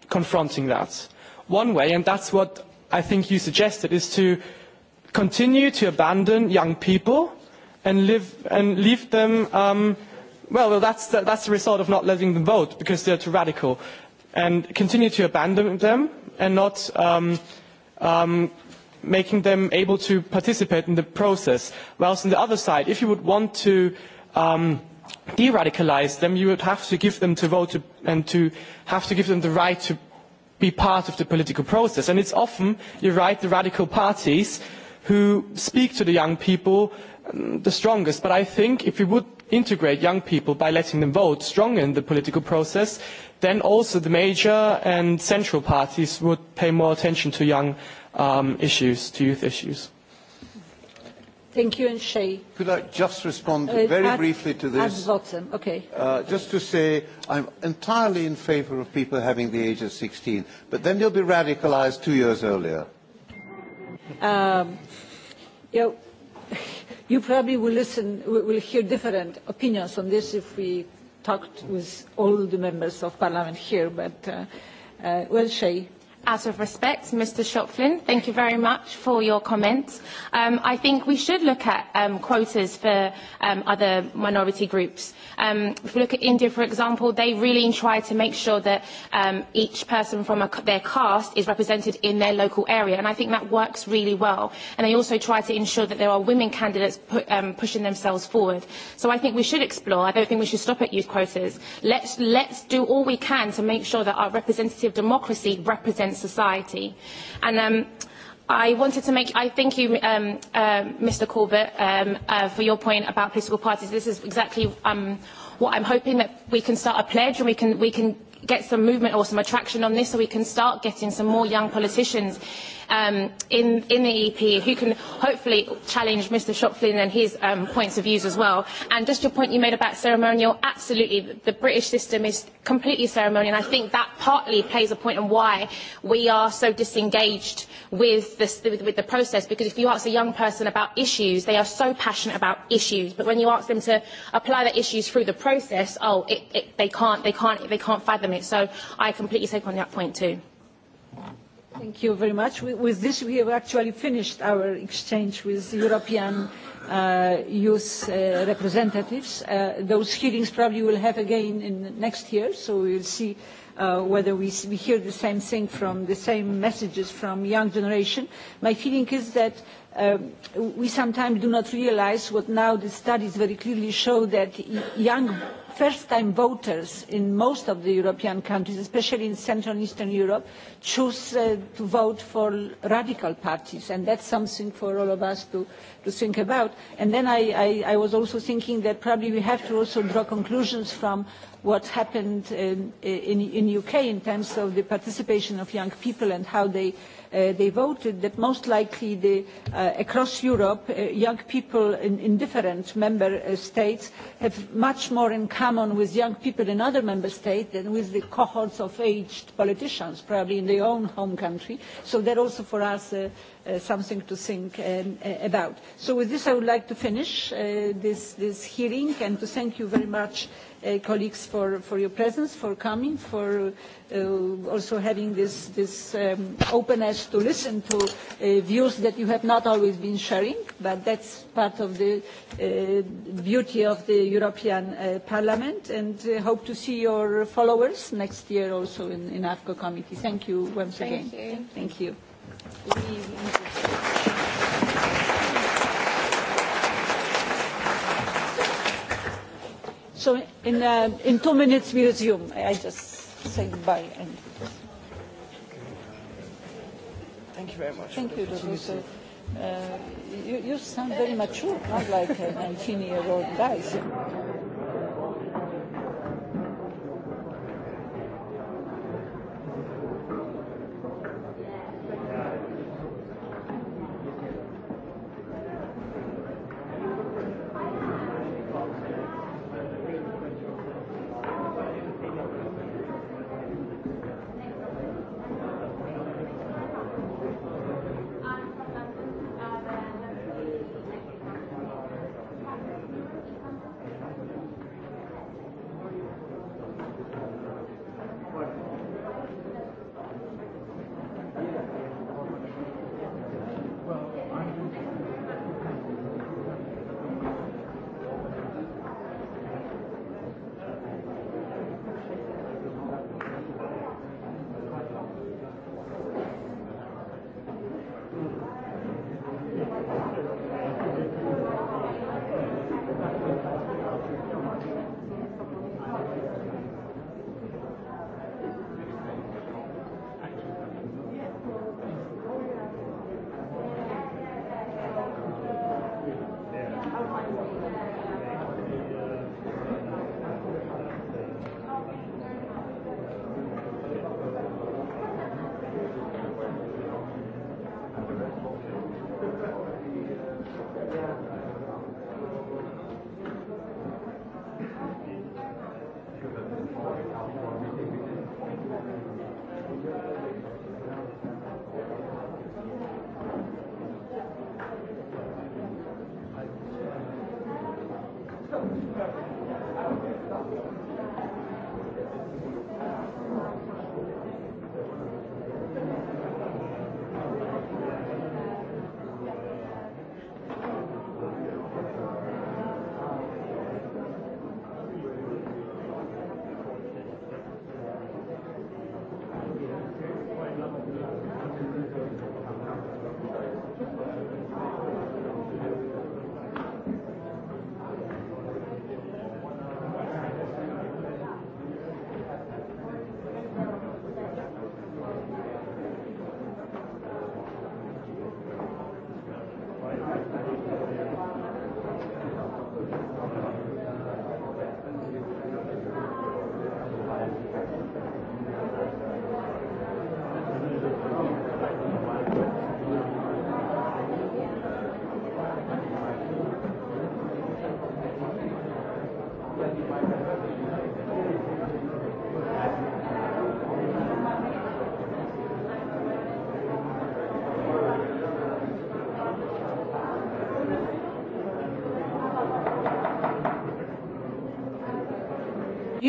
confronting that. One way, and that's what I think you suggested, is to continue to abandon young people and, live, and leave them, um, well, that's the, that's the result of not letting them vote because they're too radical, and continue to abandon them and not um, um, making them able to participate in the process. Whilst on the other side, if you would want to um, de-radicalize them, you would have to give them to vote to, and to have to give them the right to be part of the political process. And it's often, you're right, the radical parties who speak to the young people um, the strongest. But I think if we would integrate young people by letting them vote stronger in the political process, then also the major and central parties would pay more attention to young people um, issues, to youth issues. Thank you, and Shay. Could I just respond uh, very at, briefly to this? At bottom, okay. Uh, just to say, I'm entirely in favour of people having the age of 16, but then they'll be radicalised two years earlier. Um, you, know, you probably will listen, will hear different opinions on this if we talked with all the members of parliament here, but uh, uh, well, Shay out of respect, Mr. Shopflin, thank you very much for your comments. Um, I think we should look at um, quotas for um, other minority groups. Um, if we look at India, for example, they really try to make sure that um, each person from a, their caste is represented in their local area, and I think that works really well. And they also try to ensure that there are women candidates pu um, pushing themselves forward. So I think we should explore. I don't think we should stop at youth quotas. Let's, let's do all we can to make sure that our representative democracy represents society. And um, I wanted to make, I thank you, um, uh, Mr Corbett, um, uh, for your point about political parties. This is exactly um, what I'm hoping that we can start a pledge and we can, we can get some movement or some attraction on this so we can start getting some more young politicians um, in, in the EP who can hopefully challenge Mr Shopflin and his um, points of views as well. And just your point you made about ceremonial, absolutely, the, the British system is completely ceremonial and I think that partly plays a point on why we are so disengaged with, this, with, with the process because if you ask a young person about issues, they are so passionate about issues, but when you ask them to apply their issues through the process, oh, it, it, they can't, they can't, they can't fathom it. So I completely take on that point too. Thank you very much. With this, we have actually finished our exchange with European uh, youth uh, representatives. Uh, those hearings probably will have again in next year, so we will see uh, whether we, we hear the same thing from the same messages from young generation. My feeling is that um, we sometimes do not realize what now the studies very clearly show that young first time voters in most of the European countries, especially in Central and Eastern Europe, choose uh, to vote for radical parties and that's something for all of us to, to think about and then I, I, I was also thinking that probably we have to also draw conclusions from what happened in, in, in UK in terms of the participation of young people and how they, uh, they voted, that most likely the, uh, across Europe, uh, young people in, in different member uh, states have much more in common with young people in other member states than with the cohorts of aged politicians, probably in their own home country. So that also for us uh, Uh, something to think um, uh, about. So with this I would like to finish uh, this, this hearing and to thank you very much uh, colleagues for, for your presence, for coming, for uh, also having this, this um, openness to listen to uh, views that you have not always been sharing, but that's part of the uh, beauty of the European uh, Parliament and uh, hope to see your followers next year also in, in AFCO committee. Thank you once Thank again. You. Thank you. So in, uh, in two minutes we resume. I just say goodbye. And Thank you very much. Thank you, Dr. Uh, you, you sound very mature, not like a 19-year-old guy. So.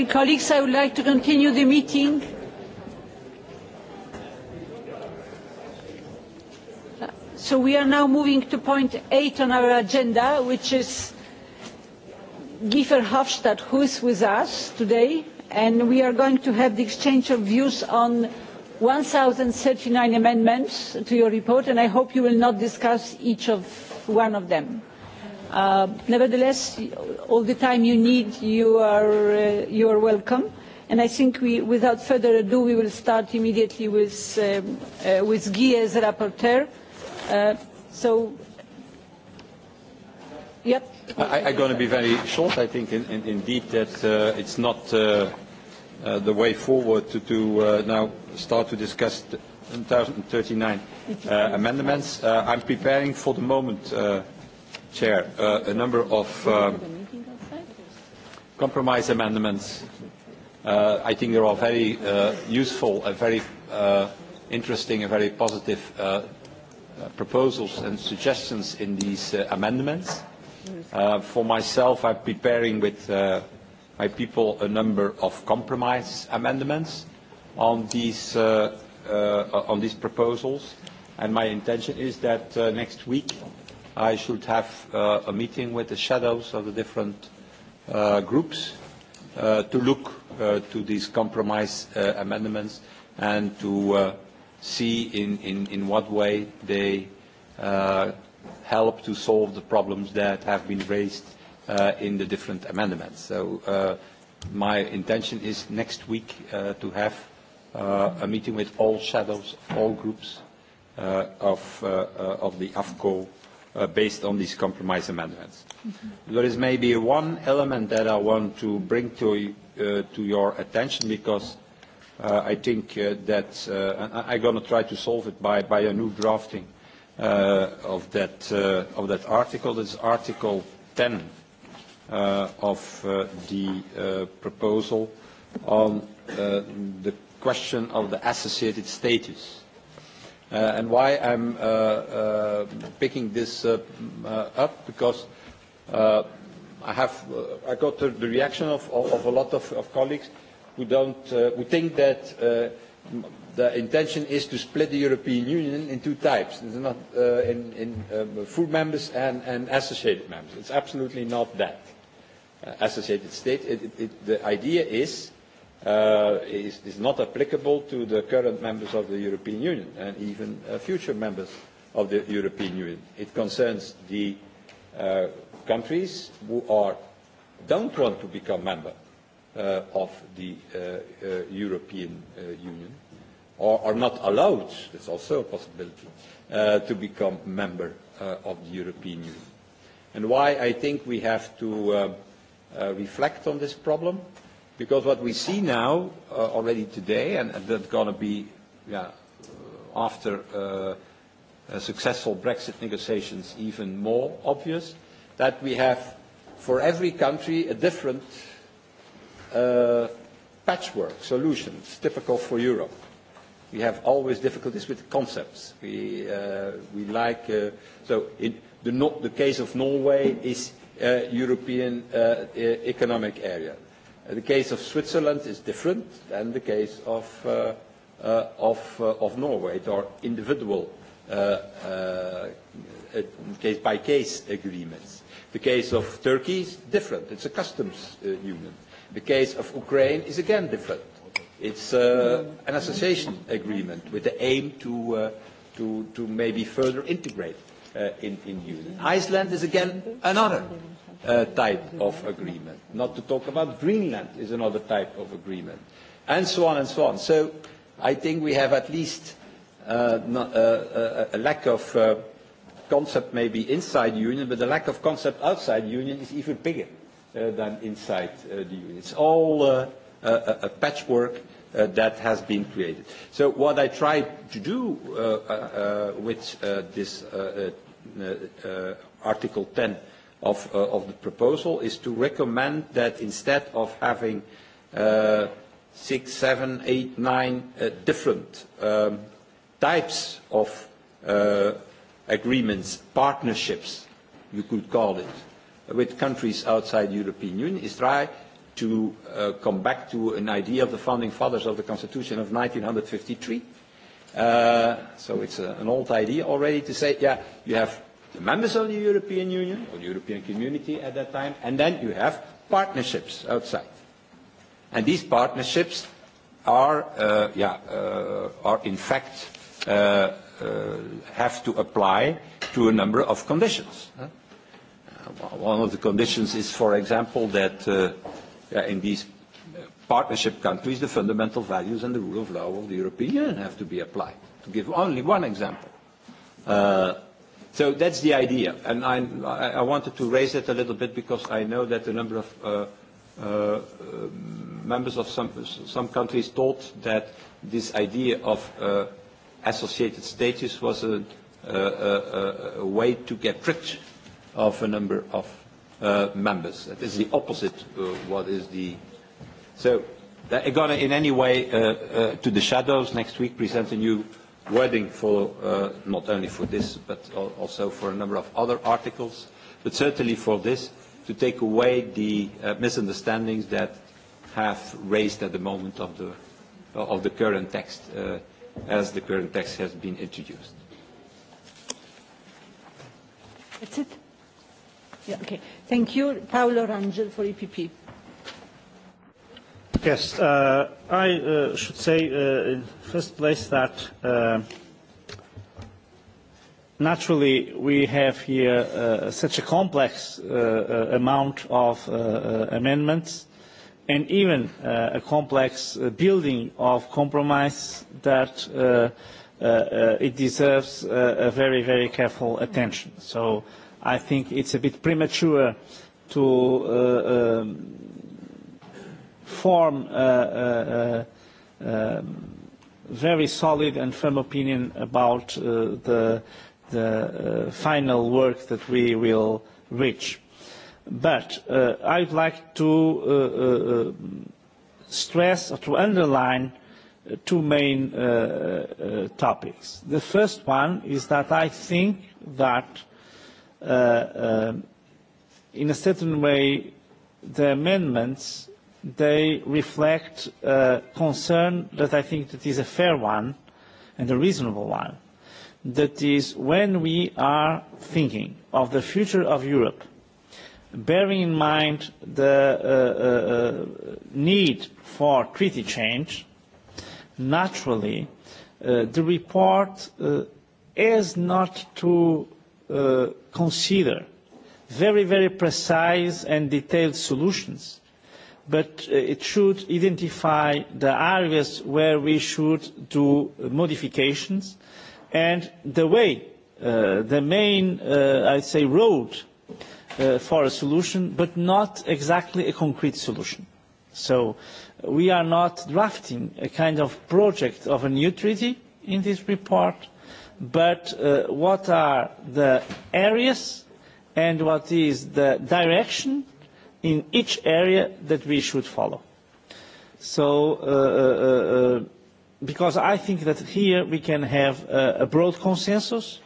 Dear colleagues, I would like to continue the meeting. So we are now moving to point eight on our agenda, which is Giefer Hofstadt, who is with us today, and we are going to have the exchange of views on 1,039 amendments to your report, and I hope you will not discuss each of one of them. Uh, nevertheless, all the time you need, you are, uh, you are welcome. And I think we, without further ado, we will start immediately with, uh, uh, with Guy as rapporteur. Uh, so, yep. I, I'm going to be very short. I think, in, in, indeed, that uh, it's not uh, uh, the way forward to, to uh, now start to discuss 2039 uh, uh, amendments. Uh, I'm preparing for the moment uh, Chair, uh, a number of um, compromise amendments. Uh, I think they're all very uh, useful a uh, very uh, interesting a very positive uh, uh, proposals and suggestions in these uh, amendments. Uh, for myself, I'm preparing with uh, my people a number of compromise amendments on these, uh, uh, on these proposals. And my intention is that uh, next week I should have uh, a meeting with the shadows of the different uh, groups uh, to look uh, to these compromise uh, amendments and to uh, see in, in, in what way they uh, help to solve the problems that have been raised uh, in the different amendments. So uh, my intention is next week uh, to have uh, a meeting with all shadows, all groups uh, of, uh, uh, of the AFCO Uh, based on these compromise amendments. Mm -hmm. There is maybe one element that I want to bring to, uh, to your attention because uh, I think uh, that uh, I'm going to try to solve it by, by a new drafting uh, of, that, uh, of that article. This is Article 10 uh, of uh, the uh, proposal on uh, the question of the associated status Uh, and why I'm uh, uh, picking this uh, uh, up, because uh, I, have, uh, I got the, the reaction of, of, of a lot of, of colleagues who, don't, uh, who think that uh, the intention is to split the European Union in two types, it's not uh, in, in um, full members and, and associated members. It's absolutely not that. Uh, associated state, it, it, it, the idea is uh, is, is not applicable to the current members of the European Union and even uh, future members of the European Union. It concerns the uh, countries who are, don't want to become member uh, of the uh, uh, European uh, Union or are not allowed, that's also a possibility, uh, to become member uh, of the European Union. And why I think we have to uh, uh, reflect on this problem Because what we see now, uh, already today, and, and that's going to be yeah, uh, after uh, a successful Brexit negotiations even more obvious, that we have for every country a different uh, patchwork solutions typical for Europe. We have always difficulties with concepts. We, uh, we like, uh, so in the, the case of Norway is uh, European uh, economic area Uh, the case of Switzerland is different than the case of, uh, uh, of, uh, of Norway. It are individual case-by-case uh, uh, -case agreements. The case of Turkey is different. It's a customs union. The case of Ukraine is again different. It's an association agreement with the aim to, to, to maybe further integrate in, in union. Iceland is again another uh, type of agreement. Not to talk about Greenland is another type of agreement, and so on and so on. So I think we have at least uh, not, uh, a, uh, a lack of uh, concept maybe inside the union, but the lack of concept outside the union is even bigger uh, than inside uh, the union. It's all uh, a, a patchwork uh, that has been created. So what I tried to do uh, uh, uh, with uh, this uh, uh, uh, Article 10 of, uh, of the proposal is to recommend that instead of having uh, six, seven, eight, nine uh, different um, types of uh, agreements, partnerships, you could call it, with countries outside the European Union, is try to uh, come back to an idea of the founding fathers of the Constitution of 1953. Uh, so it's a, uh, an old idea already to say, yeah, you have the members of the European Union or the European community at that time, and then you have partnerships outside. And these partnerships are, uh, yeah, uh, are in fact uh, uh, have to apply to a number of conditions. Huh? One of the conditions is, for example, that uh, yeah, in these partnership countries, the fundamental values and the rule of law of the European Union have to be applied. To give only one example. Uh, So that's the idea, and I, I wanted to raise it a little bit because I know that a number of uh, uh, members of some, some countries thought that this idea of uh, associated status was a, a, a, a way to get rid of a number of uh, members. That is the opposite uh, what is the... So I'm going to in any way uh, uh, to the shadows next week present a new wording for uh, not only for this but also for a number of other articles, but certainly for this, to take away the uh, misunderstandings that have raised at the moment of the, of the current text uh, as the current text has been introduced. That's it? Yeah, okay. Thank you. Paolo Rangel for EPP. Yes, uh, I uh, should say uh, in first place that uh, naturally we have here uh, such a complex uh, uh, amount of uh, uh, amendments and even uh, a complex uh, building of compromise that uh, uh, uh, it deserves uh, a very, very careful attention. So I think it's a bit premature to uh, um, form uh, uh, uh, very solid and firm opinion about uh, the, the uh, final work that we will reach. But uh, I would like to uh, uh, uh, stress or to underline uh, two main uh, uh, topics. The first one is that I think that uh, uh, in a certain way the amendments they reflect a concern that I think that is a fair one and a reasonable one. That is, when we are thinking of the future of Europe, bearing in mind the uh, uh, uh need for treaty change, naturally, uh, the report uh, is not to uh, consider very, very precise and detailed solutions but uh, it should identify the areas where we should do uh, modifications and the way, uh, the main, i I'd say, road for a solution, but not exactly a concrete solution. So we are not drafting a kind of project of a new treaty in this report, but what are the areas and what is the direction in each area that we should follow. So, uh, uh, uh, because I think that here we can have a broad consensus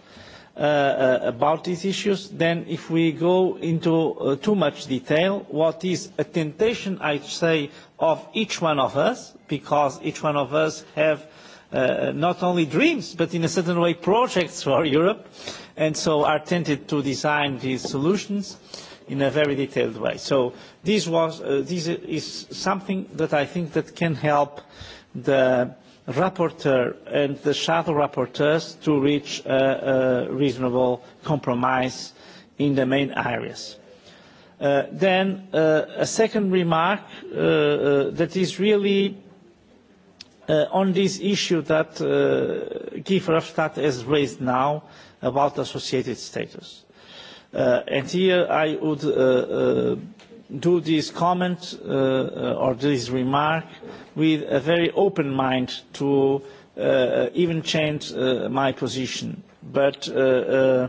uh, uh, about these issues, then if we go into uh, too much detail, what is a temptation, I say, of each one of us, because each one of us have not only dreams, but in a certain way projects for Europe, and so are tempted to design these solutions. Uh, in a very detailed way. So this, was, uh, this is something that I think that can help the rapporteur and the shadow rapporteurs to reach a, a reasonable compromise in the main areas. Uh, then uh, a second remark uh, uh that is really uh, on this issue that uh, Guy Verhofstadt has raised now about associated status. Uh, and here I would uh, uh, do this comment uh, or this remark with a very open mind to uh, even change uh, my position. But uh, uh,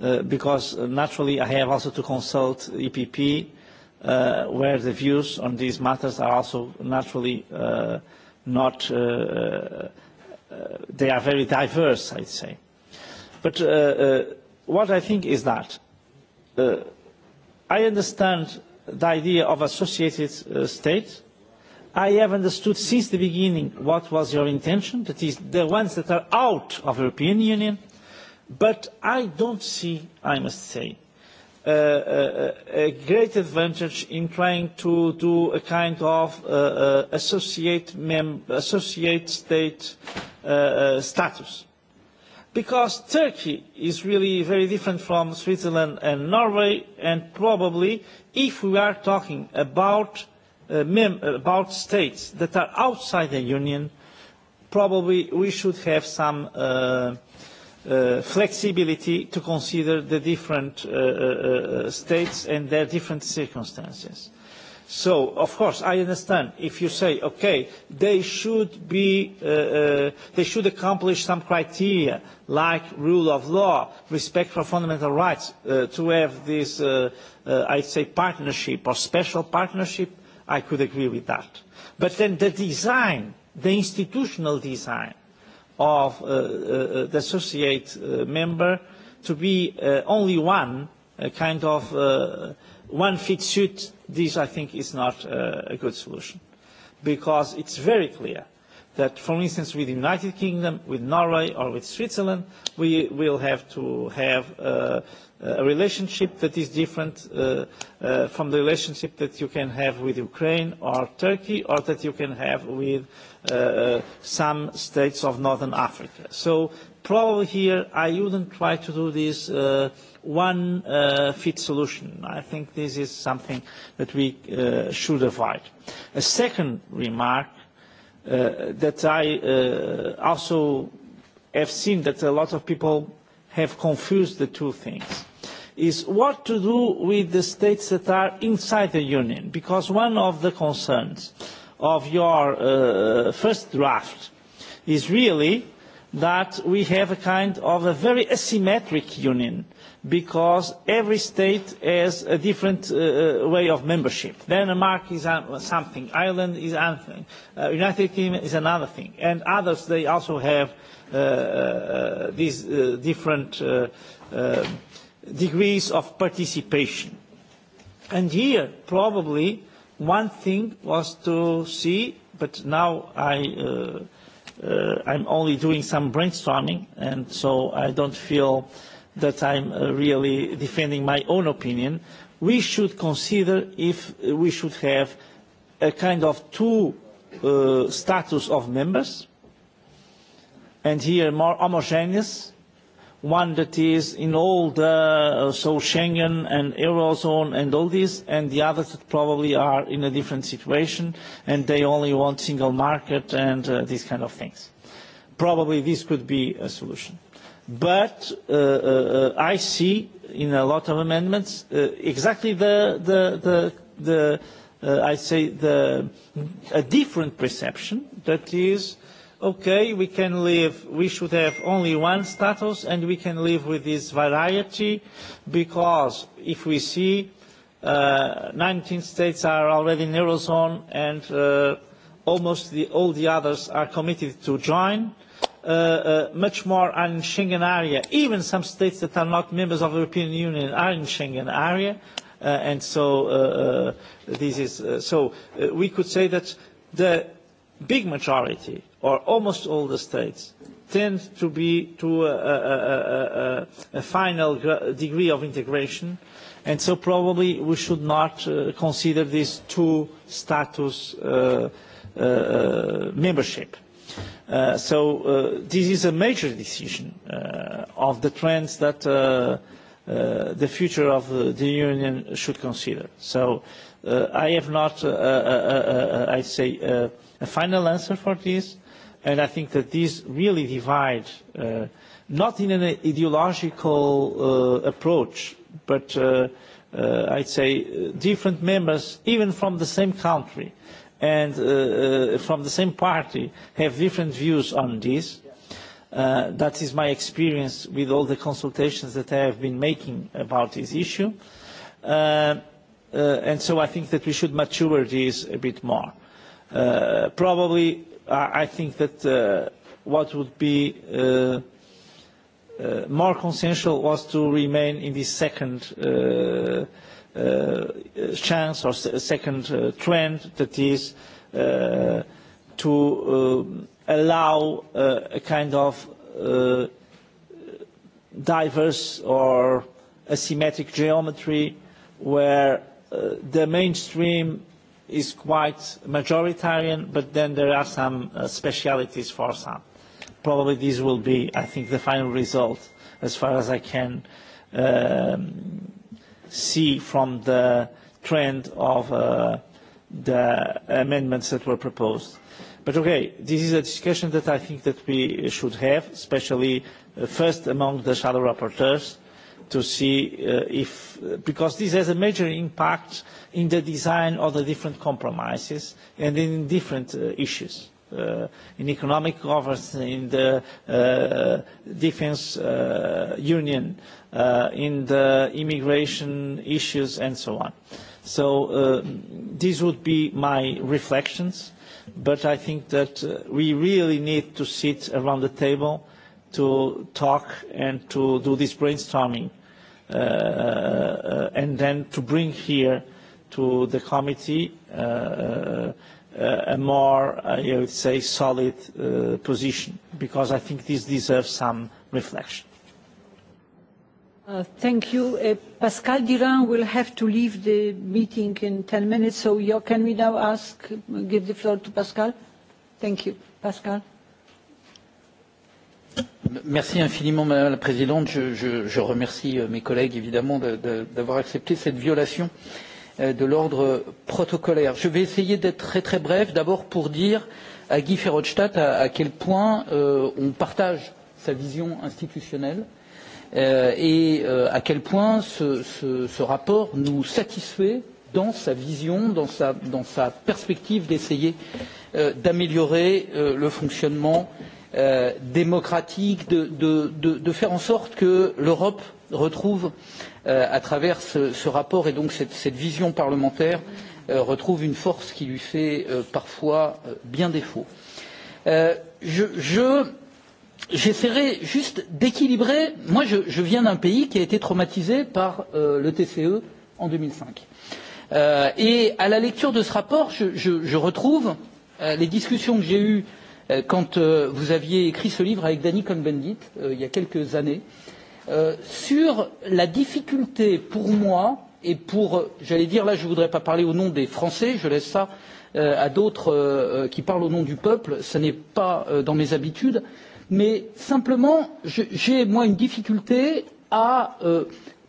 uh because naturally I have also to consult EPP uh, where the views on these matters are also naturally uh, not, uh, uh, they are very diverse, I'd say. But uh, uh what I think is that uh, I understand the idea of associated uh, state. I have understood since the beginning what was your intention, that is the ones that are out of the European Union, but I don't see, I must say, uh, a, uh, uh, a great advantage in trying to do a kind of uh, uh, associate, mem associate state uh, uh, status because Turkey is really very different from Switzerland and Norway, and probably if we are talking about, uh, mem about states that are outside the Union, probably we should have some uh, uh, flexibility to consider the different uh, uh, uh, uh states and their different circumstances. So, of course, I understand if you say, okay, they should be, uh, uh, they should accomplish some criteria like rule of law, respect for fundamental rights, uh, to have this, uh, uh, I'd say, partnership or special partnership. I could agree with that. But then the design, the institutional design of uh, uh, uh the associate uh, member to be uh, only one uh, kind of uh, one-fit suit This, I think, is not uh, a good solution because it's very clear that, for instance, with the United Kingdom, with Norway or with Switzerland, we will have to have uh, a relationship that is different uh, uh, from the relationship that you can have with Ukraine or Turkey or that you can have with uh, some states of Northern Africa. So probably here I wouldn't try to do this uh, one uh, fit solution. I think this is something that we uh, should avoid. A second remark uh, that I uh, also have seen that a lot of people have confused the two things is what to do with the states that are inside the Union, because one of the concerns of your uh, first draft is really that we have a kind of a very asymmetric union uh, because every state has a different uh, uh way of membership. Denmark is something, Ireland is something, uh, United Kingdom is another thing, and others they also have uh, uh, uh these different degrees of participation. And here, probably, one thing was to see, but now I, I'm only doing some brainstorming, and so I don't feel uh, that I'm am uh, really defending my own opinion, we should consider if we should have a kind of two uh, status of members, and here more homogeneous, one that is in all the, uh, so Schengen and Eurozone and all this, and the others that probably are in a different situation, and they only want single market and uh, these kind of things. Probably this could be a solution. But uh, uh, uh, I see in a lot of amendments uh, exactly the, the, the, the uh, I say the a different perception that is okay we can live we should have only one status and we can live with this variety because if we see uh, 19 states are already in eurozone and uh, almost the, all the others are committed to join Uh, uh, much more are in Schengen area. Even some states that are not members of the European Union are in Schengen area. Uh, and so uh, uh, this is uh, so uh, we could say that the big majority or almost all the states tend to be to a, a, a, a final degree of integration and so probably we should not uh, consider these two status uh, uh, uh membership so uh, this is a major decision uh, of the trends that uh, uh, the future of the union should consider. So uh, I have not, uh, uh, uh, uh, I say, uh, a final answer for this, and I think that these really divide, uh, not in an ideological uh, approach, but uh, uh, I'd say different members, even from the same country. Uh, and uh, uh, from the same party have different views on this. Uh, that is my experience with all the consultations that I have been making about this issue. Uh, uh, and so I think that we should mature this a bit more. Uh, probably I, I think that uh, what would be uh, uh, more consensual was to remain in this second uh, Uh, chance or second uh, trend that is uh, to allow a kind of diverse or asymmetric geometry where uh, the mainstream is quite majoritarian, but then there are some uh, specialities for some. Probably this will be, I think, the final result as far as I can um, see from the trend of uh, the amendments that were proposed. But okay, this is a discussion that I think that we should have, especially uh, first among the shadow rapporteurs, to see uh, if, because this has a major impact in the design of the different compromises and in different uh, issues uh, in economic governance, in the uh, defense uh, union, uh, in the immigration issues, and so on. So uh, these would be my reflections, but I think that uh, we really need to sit around the table to talk and to do this brainstorming uh, uh, and then to bring here to the committee uh, Uh, a more, I uh, would say, solid uh, position, because I think this deserves some reflection. Uh, thank you. Uh, Pascal Durand will have to leave the meeting in 10 minutes, so you, can we now ask, give the floor to Pascal? Thank you. Pascal. Merci infiniment, Madame la Présidente. Je, je, je remercie euh, mes collègues, évidemment, d'avoir accepté cette violation euh, Euh, de l'ordre protocolaire. Je vais essayer d'être très très bref, d'abord pour dire à Guy Ferrochstadt à, à quel point euh, on partage sa vision institutionnelle euh, et euh, à quel point ce, ce, ce rapport nous satisfait dans sa vision, dans sa, dans sa perspective d'essayer euh, d'améliorer euh, le fonctionnement euh, démocratique, de, de, de, de faire en sorte que l'Europe retrouve euh, euh, à travers ce, ce rapport et donc cette, cette vision parlementaire euh, retrouve une force qui lui fait euh, parfois euh, bien défaut. Euh, je, je, j'essaierai juste d'équilibrer. Moi, je, je viens d'un pays qui a été traumatisé par euh, le TCE en 2005. Euh, et à la lecture de ce rapport, je, je, je retrouve euh, les discussions que j'ai eues euh, quand euh, vous aviez écrit ce livre avec Danny Cohn-Bendit euh, il y a quelques années. Euh, Euh, sur la difficulté pour moi et pour euh, j'allais dire là je ne voudrais pas parler au nom des Français, je laisse ça euh, à d'autres euh, euh, qui parlent au nom du peuple, ce n'est pas euh, dans mes habitudes, mais simplement j'ai moi une difficulté à euh,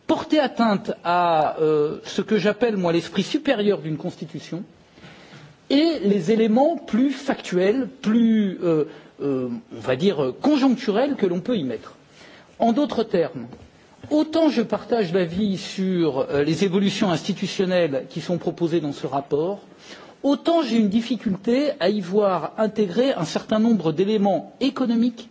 porter atteinte à euh, ce que j'appelle moi l'esprit supérieur d'une constitution et les éléments plus factuels, plus euh, euh, on va dire conjoncturels que l'on peut y mettre. En d'autres termes, autant je partage l'avis sur euh, les évolutions institutionnelles qui sont proposées dans ce rapport, autant j'ai une difficulté à y voir intégrer un certain nombre d'éléments économiques,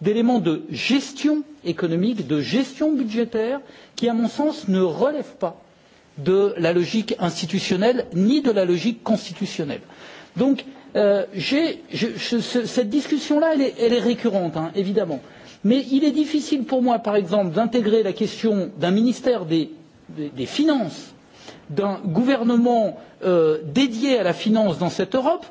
d'éléments de gestion économique, de gestion budgétaire, qui, à mon sens, ne relèvent pas de la logique institutionnelle ni de la logique constitutionnelle. Donc, euh, j ai, je, cette discussion-là, elle, est, elle est récurrente, hein, évidemment. Euh, Mais il est difficile pour moi, par exemple, d'intégrer la question d'un ministère des, des, des Finances, d'un gouvernement euh, dédié à la finance dans cette Europe,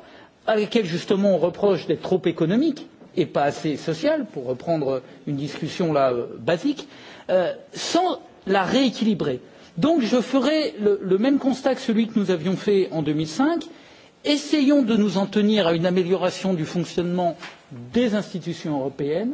à laquelle justement on reproche d'être trop économique et pas assez social, pour reprendre une discussion là euh, basique, euh, sans la rééquilibrer. Donc je ferai le, le même constat que celui que nous avions fait en 2005. Essayons de nous en tenir à une amélioration du fonctionnement des institutions européennes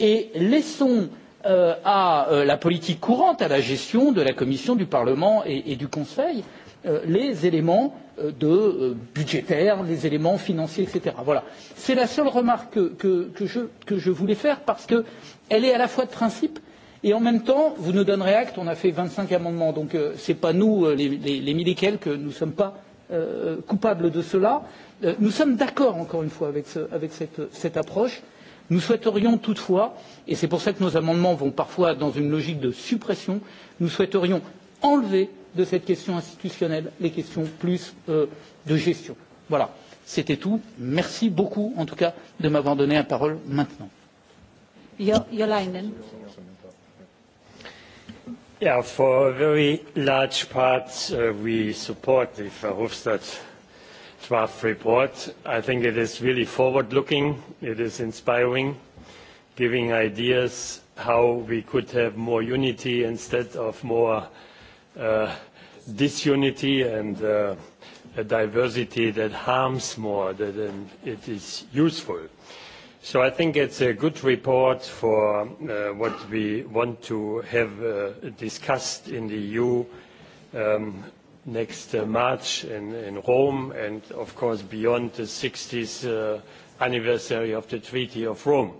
et laissons euh, à euh, la politique courante à la gestion de la commission du parlement et, et du conseil euh, les éléments euh, de, euh, budgétaires les éléments financiers etc. voilà c'est la seule remarque que, que, que, je, que je voulais faire parce qu'elle est à la fois de principe et en même temps vous nous donnerez acte on a fait vingt cinq amendements donc euh, ce n'est pas nous les, les, les mille et quelques nous ne sommes pas coupables de cela nous sommes d'accord encore une fois avec, ce, avec cette, cette approche Nous souhaiterions toutefois, et c'est pour ça que nos amendements vont parfois dans une logique de suppression, nous souhaiterions enlever de cette question institutionnelle les questions plus euh, de gestion. Voilà, c'était tout. Merci beaucoup, en tout cas, de m'avoir donné la parole maintenant. Yeah, for very large part, uh, we support the Verhofstadt draft report. I think it is really forward-looking. It is inspiring, giving ideas how we could have more unity instead of more uh, disunity and uh, a diversity that harms more than it is useful. So I think it's a good report for uh, what we want to have uh, discussed in the EU um, next uh, March in, Rome, and of course beyond the 60th uh, anniversary of the Treaty of Rome.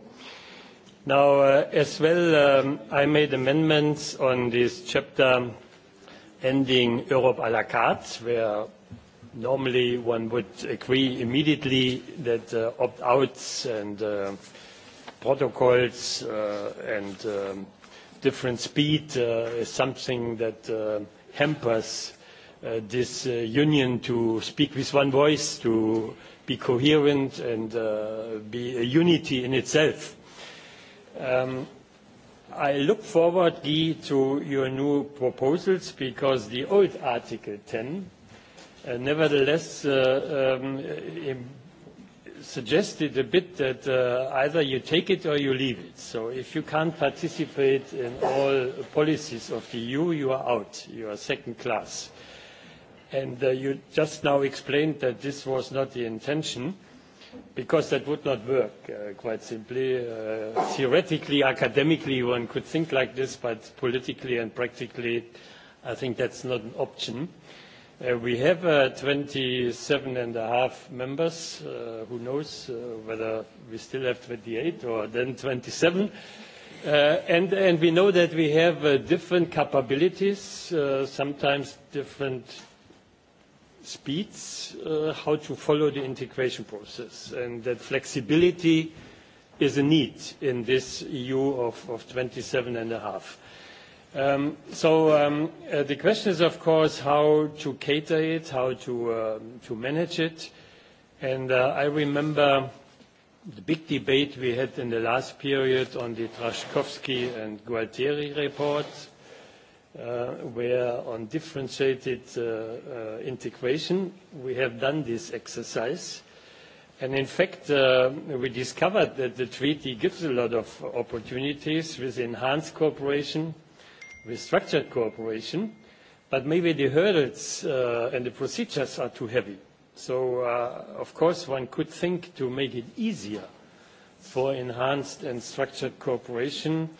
Now, uh, as well, um, I made amendments on this chapter ending Europe à la carte, where normally one would agree immediately that opt-outs and protocols and um, different speed is something that hampers Uh, this uh, union to speak with one voice, to be coherent and uh, be a unity in itself. Um, I look forward, Guy, to your new proposals because the old Article 10 uh, nevertheless uh, um, suggested a bit that uh, either you take it or you leave it. So if you can't participate in all policies of the EU, you are out. You are second class and uh, you just now explained that this was not the intention because that would not work uh, quite simply uh, theoretically academically one could think like this but politically and practically i think that's not an option uh, we have uh, 27 and a half members uh, who knows uh, whether we still have 28 or then 27 uh, and, and we know that we have uh, different capabilities, uh, sometimes different speeds, uh, how to follow the integration process, and that flexibility is a need in this EU of, 27 and a half. Um, so um, uh, the question is, of course, how to cater it, how to, um, manage it. And uh, I remember the big debate we had in the last period on the Trzaskowski and Gualtieri reports Uh, where on differentiated uh, uh, integration, we have done this exercise. And in fact, we discovered that the treaty gives a lot of opportunities with enhanced cooperation, with structured cooperation, but maybe the hurdles and the procedures are too heavy. So, of course, one could think to make it easier for enhanced and structured cooperation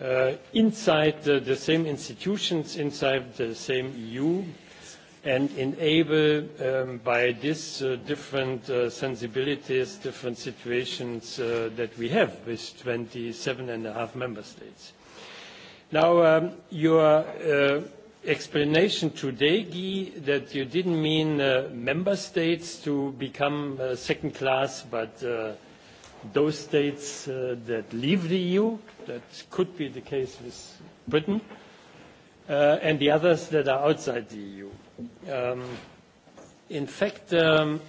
Uh, inside the, same institutions, inside the same EU, and enable um, by this uh, different uh, sensibilities, different situations that we have with 27 and a half member states. Now, um, your explanation today, Guy, that you didn't mean member states to become second class, but those states uh, that leave the EU, that could be the case with Britain, uh, and the others that are outside the EU. Um, in fact, um,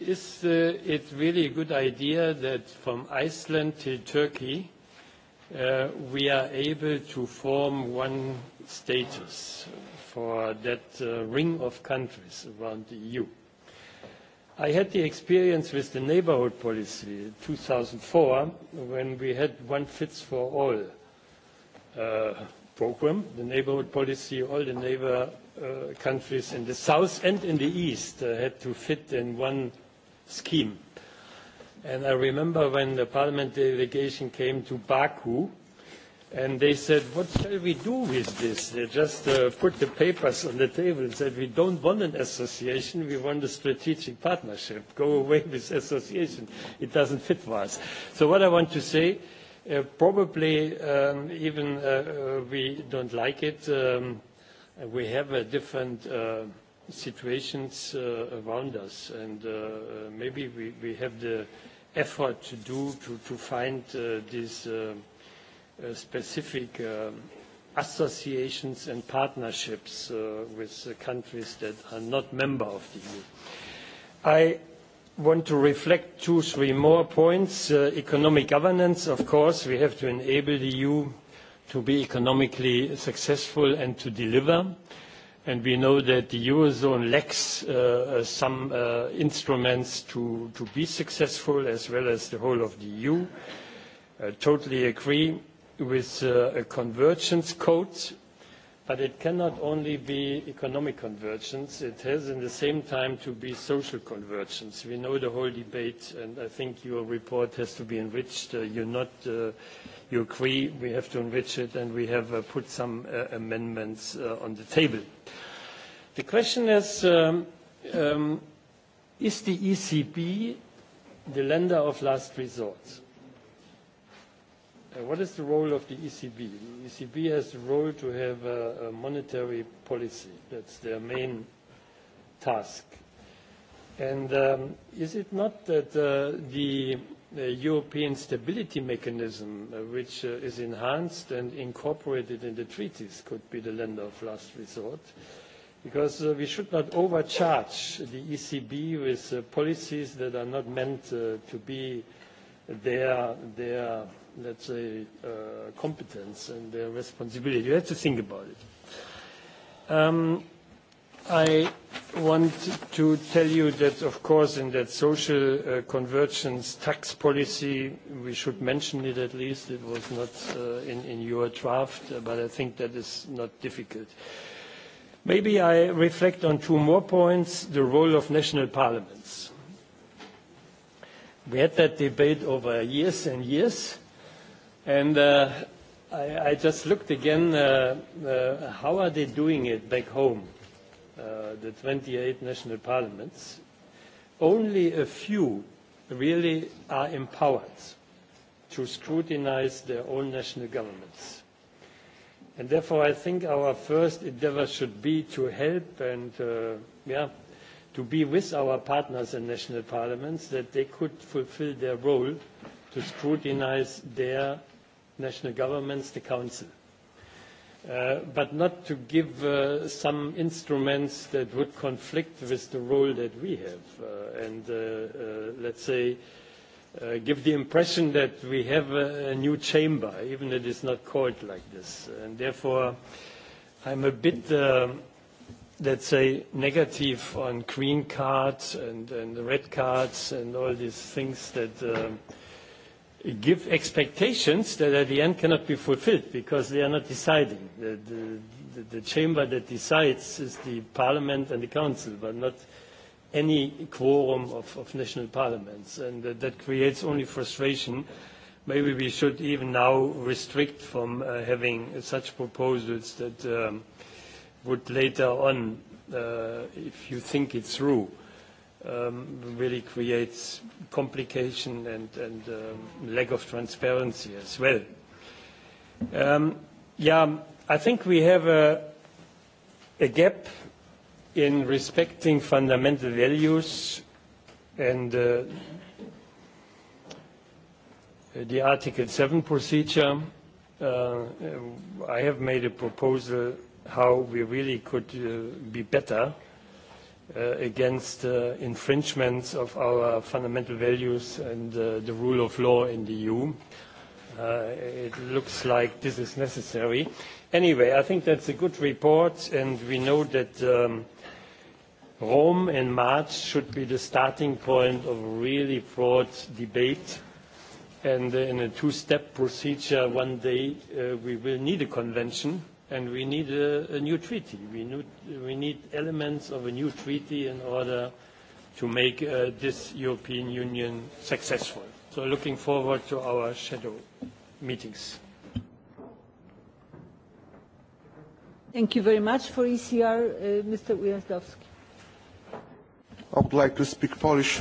is uh, it really a good idea that from Iceland to Turkey, uh, we are able to form one status for that uh, ring of countries around the EU? I had the experience with the neighbourhood policy 2004 when we had one fits for all uh, program, the neighbourhood policy, all the neighbour uh, countries in the south and in the east uh, had to fit in one scheme. And I remember when the parliament delegation came to Baku, And they said, what shall we do with this? They just uh, put the papers on the table and said, we don't want an association, we want a strategic partnership. Go away with association. It doesn't fit for us. So what I want to say, uh, probably um, even uh, uh we don't like it. Um, we have a different uh, situations uh, around us, and uh, maybe we, we have the effort to do to, to find uh, these uh, um, Uh, specific uh, associations and partnerships uh, with the countries that are not member of the EU. I want to reflect two, three more points. Uh, Economic governance, of course, we have to enable the EU to be economically successful and to deliver. And we know that the Eurozone lacks uh, some uh, instruments to, to be successful, as well as the whole of the EU. I totally agree with uh, a convergence code but it cannot only be economic convergence it has in the same time to be social convergence. we know the whole debate and i think your report has to be enriched. Uh, you, not, uh, you agree we have to enrich it and we have uh, put some uh, amendments uh, on the table. the question is um, um, is the ecb the lender of last resort? Uh, what is the role of the ECB? The ECB has the role to have a, a monetary policy. That's their main task. And um, is it not that uh, the uh, European stability mechanism, uh, which uh, is enhanced and incorporated in the treaties, could be the lender of last resort? Because uh, we should not overcharge the ECB with uh, policies that are not meant uh, to be their, their let's say, uh, competence and their responsibility. You have to think about it. Um, I want to tell you that, of course, in that social uh, convergence tax policy, we should mention it at least. It was not uh, in, in your draft, uh, but I think that is not difficult. Maybe I reflect on two more points, the role of national parliaments. We had that debate over years and years, And uh, I, I just looked again, uh, uh, how are they doing it back home, uh, the 28 national parliaments? Only a few really are empowered to scrutinize their own national governments. And therefore, I think our first endeavor should be to help and uh, yeah, to be with our partners in national parliaments that they could fulfill their role to scrutinize their national governments, the Council. Uh, but not to give uh, some instruments that would conflict with the role that we have uh, and uh, uh, let's say uh, give the impression that we have a, a new chamber even if it is not called like this and therefore i'm a bit let's say negative on green cards and, and red cards and all these things that um, give expectations that at the end cannot be fulfilled because they are not deciding. The, the, the chamber that decides is the parliament and the council, but not any quorum of, of national parliaments. And that, that creates only frustration. Maybe we should even now restrict from uh, having such proposals that um, would later on, uh, if you think it through, Um, really creates complication and, and um, lack of transparency as well. Um, yeah, I think we have a, a gap in respecting fundamental values and uh, the Article 7 procedure. Uh, I have made a proposal how we really could uh, be better Uh, against uh, infringements of our fundamental values and uh, the rule of law in the EU. Uh, it looks like this is necessary. Anyway, I think that's a good report, and we know that um, Rome in March should be the starting point of a really broad debate. and In a two-step procedure, one day, uh, we will need a convention and we need a, a new treaty. We need, we need elements of a new treaty in order to make uh, this European Union successful. So looking forward to our shadow meetings. Thank you very much for ECR, uh, Mr. Ujazdowski. I would like to speak Polish.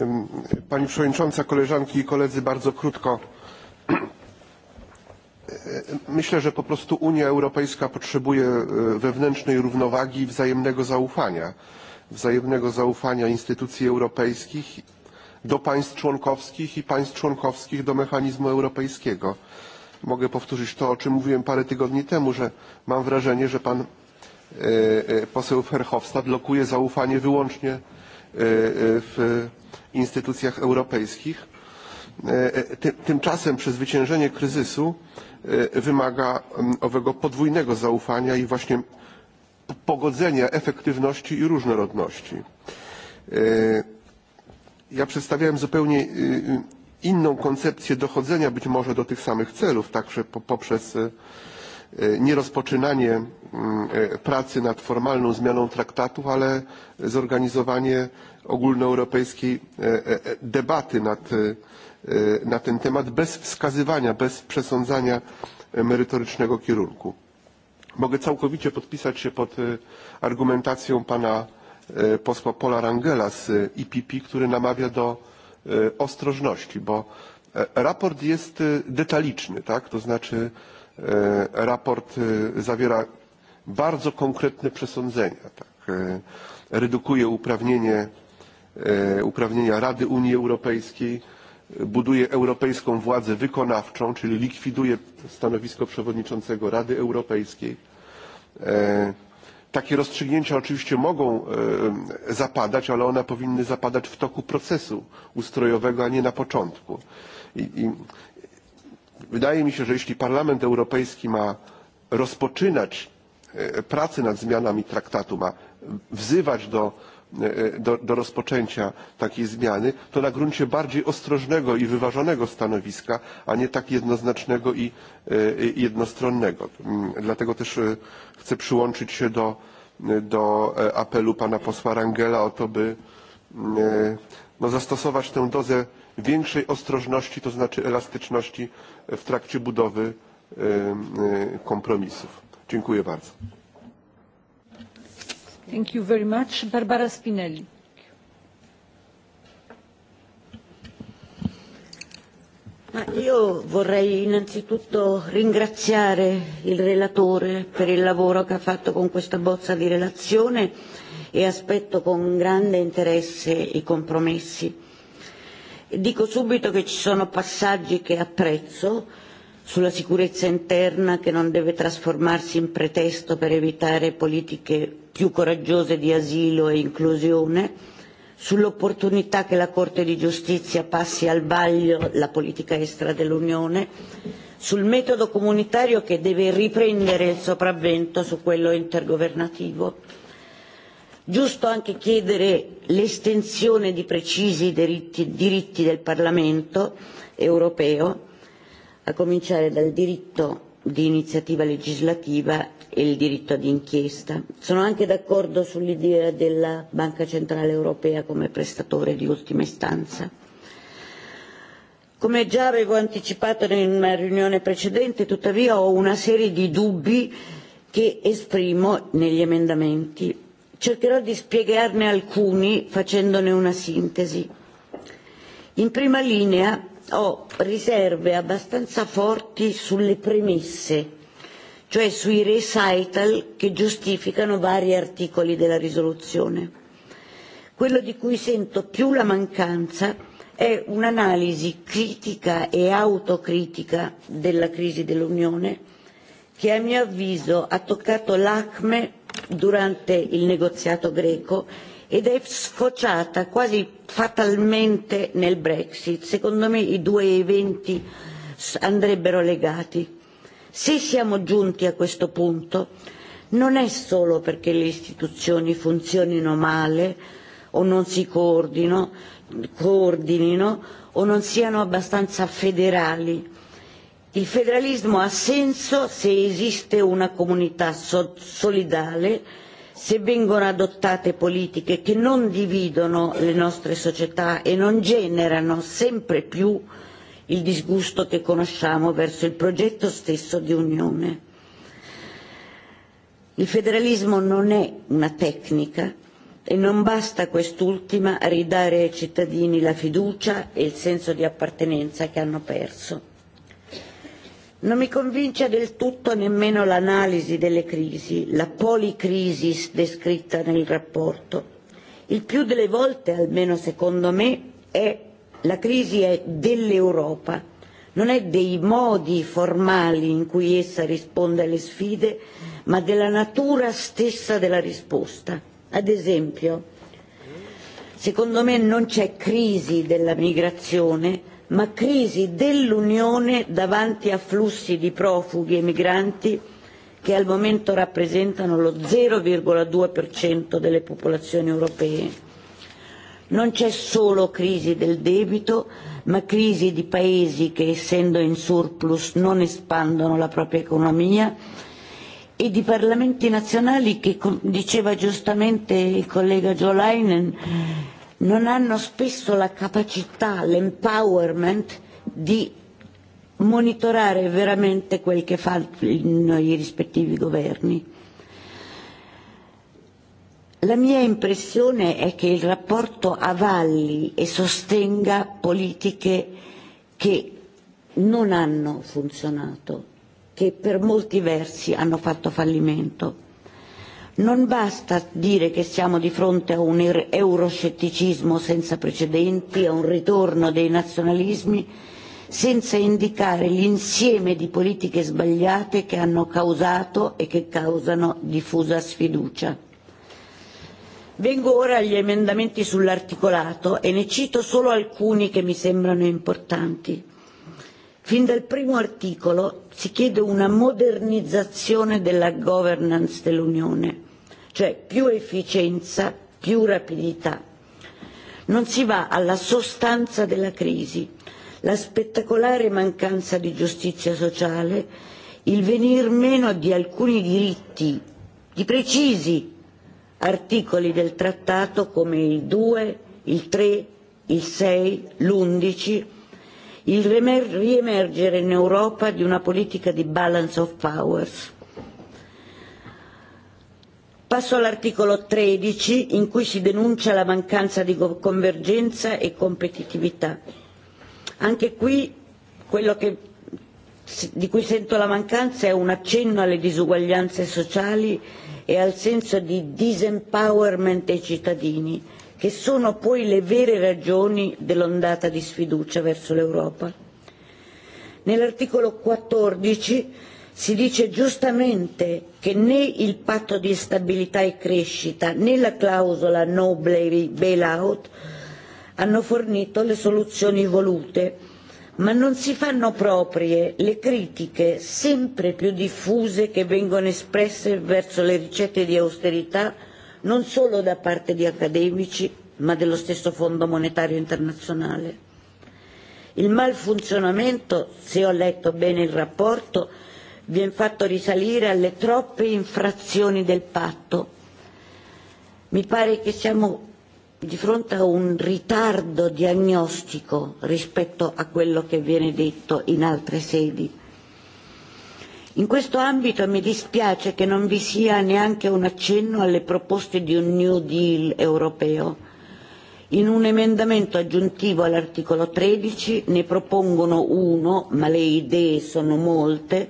Um, pani Przewodnicząca, koleżanki i koledzy, bardzo krótko Myślę, że po prostu Unia Europejska potrzebuje wewnętrznej równowagi i wzajemnego zaufania. Wzajemnego zaufania instytucji europejskich do państw członkowskich i państw członkowskich do mechanizmu europejskiego. Mogę powtórzyć to, o czym mówiłem parę tygodni temu, że mam wrażenie, że pan poseł Verhofstadt blokuje zaufanie wyłącznie w instytucjach europejskich Ty, Tymczasem przezwyciężenie kryzysu wymaga owego podwójnego zaufania i właśnie pogodzenia efektywności i różnorodności. Ja przedstawiałem zupełnie inną koncepcję dochodzenia być może do tych samych celów, także poprzez nierozpoczynanie pracy nad formalną zmianą traktatu, ale zorganizowanie ogólnoeuropejskiej debaty nad na ten temat bez wskazywania, bez przesądzania merytorycznego kierunku. Mogę całkowicie podpisać się pod argumentacją pana posła Paula Rangela z IPP, który namawia do ostrożności, bo raport jest detaliczny, tak? to znaczy raport zawiera bardzo konkretne przesądzenia. Tak? Redukuje uprawnienie, uprawnienia Rady Unii Europejskiej, buduje europejską władzę wykonawczą, czyli likwiduje stanowisko przewodniczącego Rady Europejskiej. Takie rozstrzygnięcia oczywiście mogą zapadać, ale one powinny zapadać w toku procesu ustrojowego, a nie na początku. I, i wydaje mi się, że jeśli Parlament Europejski ma rozpoczynać pracę nad zmianami traktatu, ma wzywać do do, do rozpoczęcia takiej zmiany, to na gruncie bardziej ostrożnego i wyważonego stanowiska, a nie tak jednoznacznego i jednostronnego. Mm, dlatego też chcę przyłączyć się do, do apelu pana posła Rangela o to, by mm, no, zastosować tę dozę większej ostrożności, to znaczy elastyczności w trakcie budowy kompromisów. Dziękuję bardzo io vorrei innanzitutto ringraziare il relatore per il lavoro che ha fatto con questa bozza di relazione e aspetto con grande interesse i compromessi. Dico subito che ci sono passaggi che apprezzo, sulla sicurezza interna che non deve trasformarsi in pretesto per evitare politiche più coraggiose di asilo e inclusione, sull'opportunità che la Corte di giustizia passi al vaglio la politica estera dell'Unione, sul metodo comunitario che deve riprendere il sopravvento su quello intergovernativo. Giusto anche chiedere l'estensione di precisi diritti, diritti del Parlamento europeo a cominciare dal diritto di iniziativa legislativa e il diritto di inchiesta. Sono anche d'accordo sull'idea della Banca Centrale Europea come prestatore di ultima istanza. Come già avevo anticipato in una riunione precedente, tuttavia ho una serie di dubbi che esprimo negli emendamenti. Cercherò di spiegarne alcuni facendone una sintesi. In prima linea ho riserve abbastanza forti sulle premesse, cioè sui recital che giustificano vari articoli della risoluzione. Quello di cui sento più la mancanza è un'analisi critica e autocritica della crisi dell'Unione che a mio avviso ha toccato l'acme durante il negoziato greco ed è sfociata quasi fatalmente nel Brexit. Secondo me i due eventi andrebbero legati. Se siamo giunti a questo punto non è solo perché le istituzioni funzionino male o non si coordino, coordinino o non siano abbastanza federali. Il federalismo ha senso se esiste una comunità so- solidale se vengono adottate politiche che non dividono le nostre società e non generano sempre più il disgusto che conosciamo verso il progetto stesso di Unione. Il federalismo non è una tecnica e non basta quest'ultima a ridare ai cittadini la fiducia e il senso di appartenenza che hanno perso. Non mi convince del tutto nemmeno l'analisi delle crisi, la policrisi descritta nel rapporto. Il più delle volte, almeno secondo me, è la crisi è dell'Europa, non è dei modi formali in cui essa risponde alle sfide, ma della natura stessa della risposta. Ad esempio, secondo me non c'è crisi della migrazione, ma crisi dell'Unione davanti a flussi di profughi e migranti che al momento rappresentano lo 0,2% delle popolazioni europee. Non c'è solo crisi del debito, ma crisi di paesi che essendo in surplus non espandono la propria economia e di parlamenti nazionali che, diceva giustamente il collega Joe Leinen, non hanno spesso la capacità, l'empowerment di monitorare veramente quel che fanno i rispettivi governi. La mia impressione è che il rapporto avalli e sostenga politiche che non hanno funzionato, che per molti versi hanno fatto fallimento. Non basta dire che siamo di fronte a un er- euroscetticismo senza precedenti, a un ritorno dei nazionalismi, senza indicare l'insieme di politiche sbagliate che hanno causato e che causano diffusa sfiducia. Vengo ora agli emendamenti sull'articolato e ne cito solo alcuni che mi sembrano importanti. Fin dal primo articolo si chiede una modernizzazione della governance dell'Unione cioè più efficienza, più rapidità. Non si va alla sostanza della crisi, la spettacolare mancanza di giustizia sociale, il venir meno di alcuni diritti, di precisi articoli del trattato come il 2, il 3, il 6, l'11, il riemergere in Europa di una politica di balance of powers Passo all'articolo 13 in cui si denuncia la mancanza di convergenza e competitività. Anche qui quello che, di cui sento la mancanza è un accenno alle disuguaglianze sociali e al senso di disempowerment dei cittadini, che sono poi le vere ragioni dell'ondata di sfiducia verso l'Europa. Nell'articolo 14 Si dice giustamente che né il patto di stabilità e crescita né la clausola no bailout hanno fornito le soluzioni volute, ma non si fanno proprie le critiche sempre più diffuse che vengono espresse verso le ricette di austerità non solo da parte di accademici, ma dello stesso Fondo Monetario Internazionale. Il malfunzionamento, se ho letto bene il rapporto, viene fatto risalire alle troppe infrazioni del patto. Mi pare che siamo di fronte a un ritardo diagnostico rispetto a quello che viene detto in altre sedi. In questo ambito mi dispiace che non vi sia neanche un accenno alle proposte di un New Deal europeo. In un emendamento aggiuntivo all'articolo 13 ne propongono uno, ma le idee sono molte,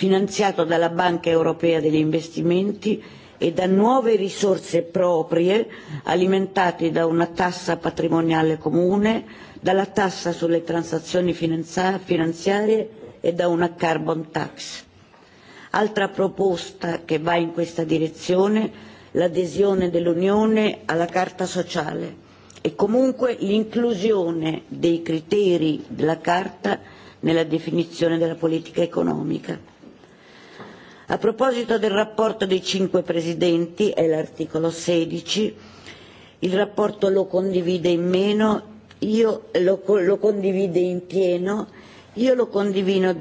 finanziato dalla Banca europea degli investimenti e da nuove risorse proprie alimentate da una tassa patrimoniale comune, dalla tassa sulle transazioni finanziarie e da una carbon tax. Altra proposta che va in questa direzione l'adesione dell'Unione alla Carta sociale e comunque l'inclusione dei criteri della Carta nella definizione della politica economica. A proposito del rapporto dei cinque presidenti, è l'articolo 16, il rapporto lo condivide in meno, io lo, lo condivide in pieno, io lo condivido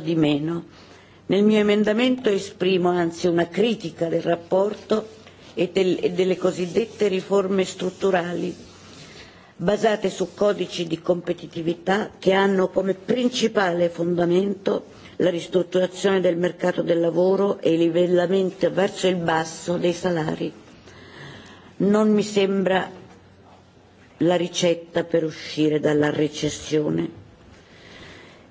di meno. Nel mio emendamento esprimo anzi una critica del rapporto e, del, e delle cosiddette riforme strutturali basate su codici di competitività che hanno come principale fondamento la ristrutturazione del mercato del lavoro e il livellamento verso il basso dei salari. Non mi sembra la ricetta per uscire dalla recessione.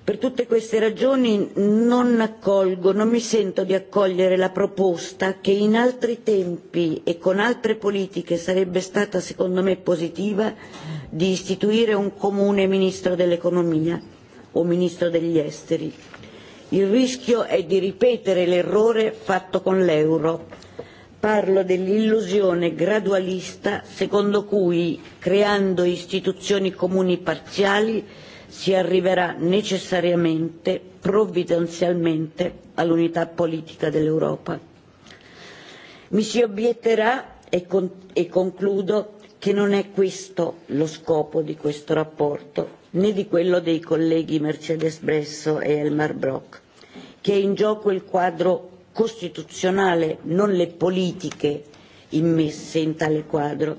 Per tutte queste ragioni non accolgo, non mi sento di accogliere la proposta che in altri tempi e con altre politiche sarebbe stata secondo me positiva di istituire un comune ministro dell'economia o ministro degli esteri Il rischio è di ripetere l'errore fatto con l'euro. Parlo dell'illusione gradualista secondo cui, creando istituzioni comuni parziali, si arriverà necessariamente, provvidenzialmente, all'unità politica dell'Europa. Mi si obietterà, e, con, e concludo, che non è questo lo scopo di questo rapporto né di quello dei colleghi Mercedes Bresso e Elmar Brock, che è in gioco il quadro costituzionale, non le politiche immesse in tale quadro,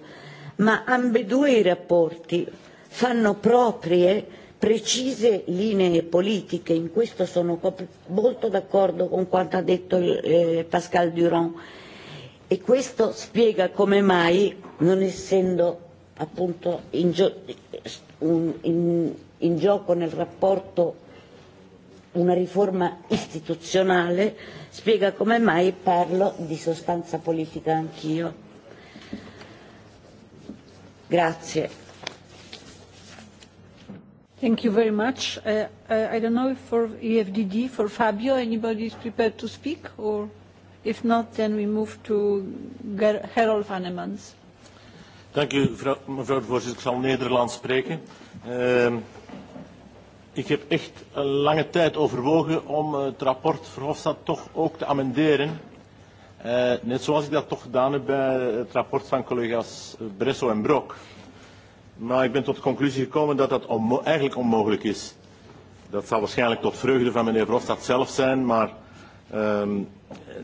ma ambedue i rapporti fanno proprie precise linee politiche, in questo sono molto d'accordo con quanto ha detto eh, Pascal Durand, e questo spiega come mai, non essendo appunto in un, in, in gioco nel rapporto una riforma istituzionale spiega come mai parlo di sostanza politica anch'io. Grazie. Thank you very much. Uh, uh, I don't know if for EFDD, for Fabio, anybody is prepared to speak, or if not, then we move to Harold Vanemans. Dank u, mevrouw de voorzitter. Ik zal Nederlands spreken. Uh, ik heb echt een lange tijd overwogen om het rapport Verhofstadt toch ook te amenderen. Uh, net zoals ik dat toch gedaan heb bij het rapport van collega's Bresso en Brok. Maar ik ben tot de conclusie gekomen dat dat onmo eigenlijk onmogelijk is. Dat zal waarschijnlijk tot vreugde van meneer Verhofstadt zelf zijn, maar uh,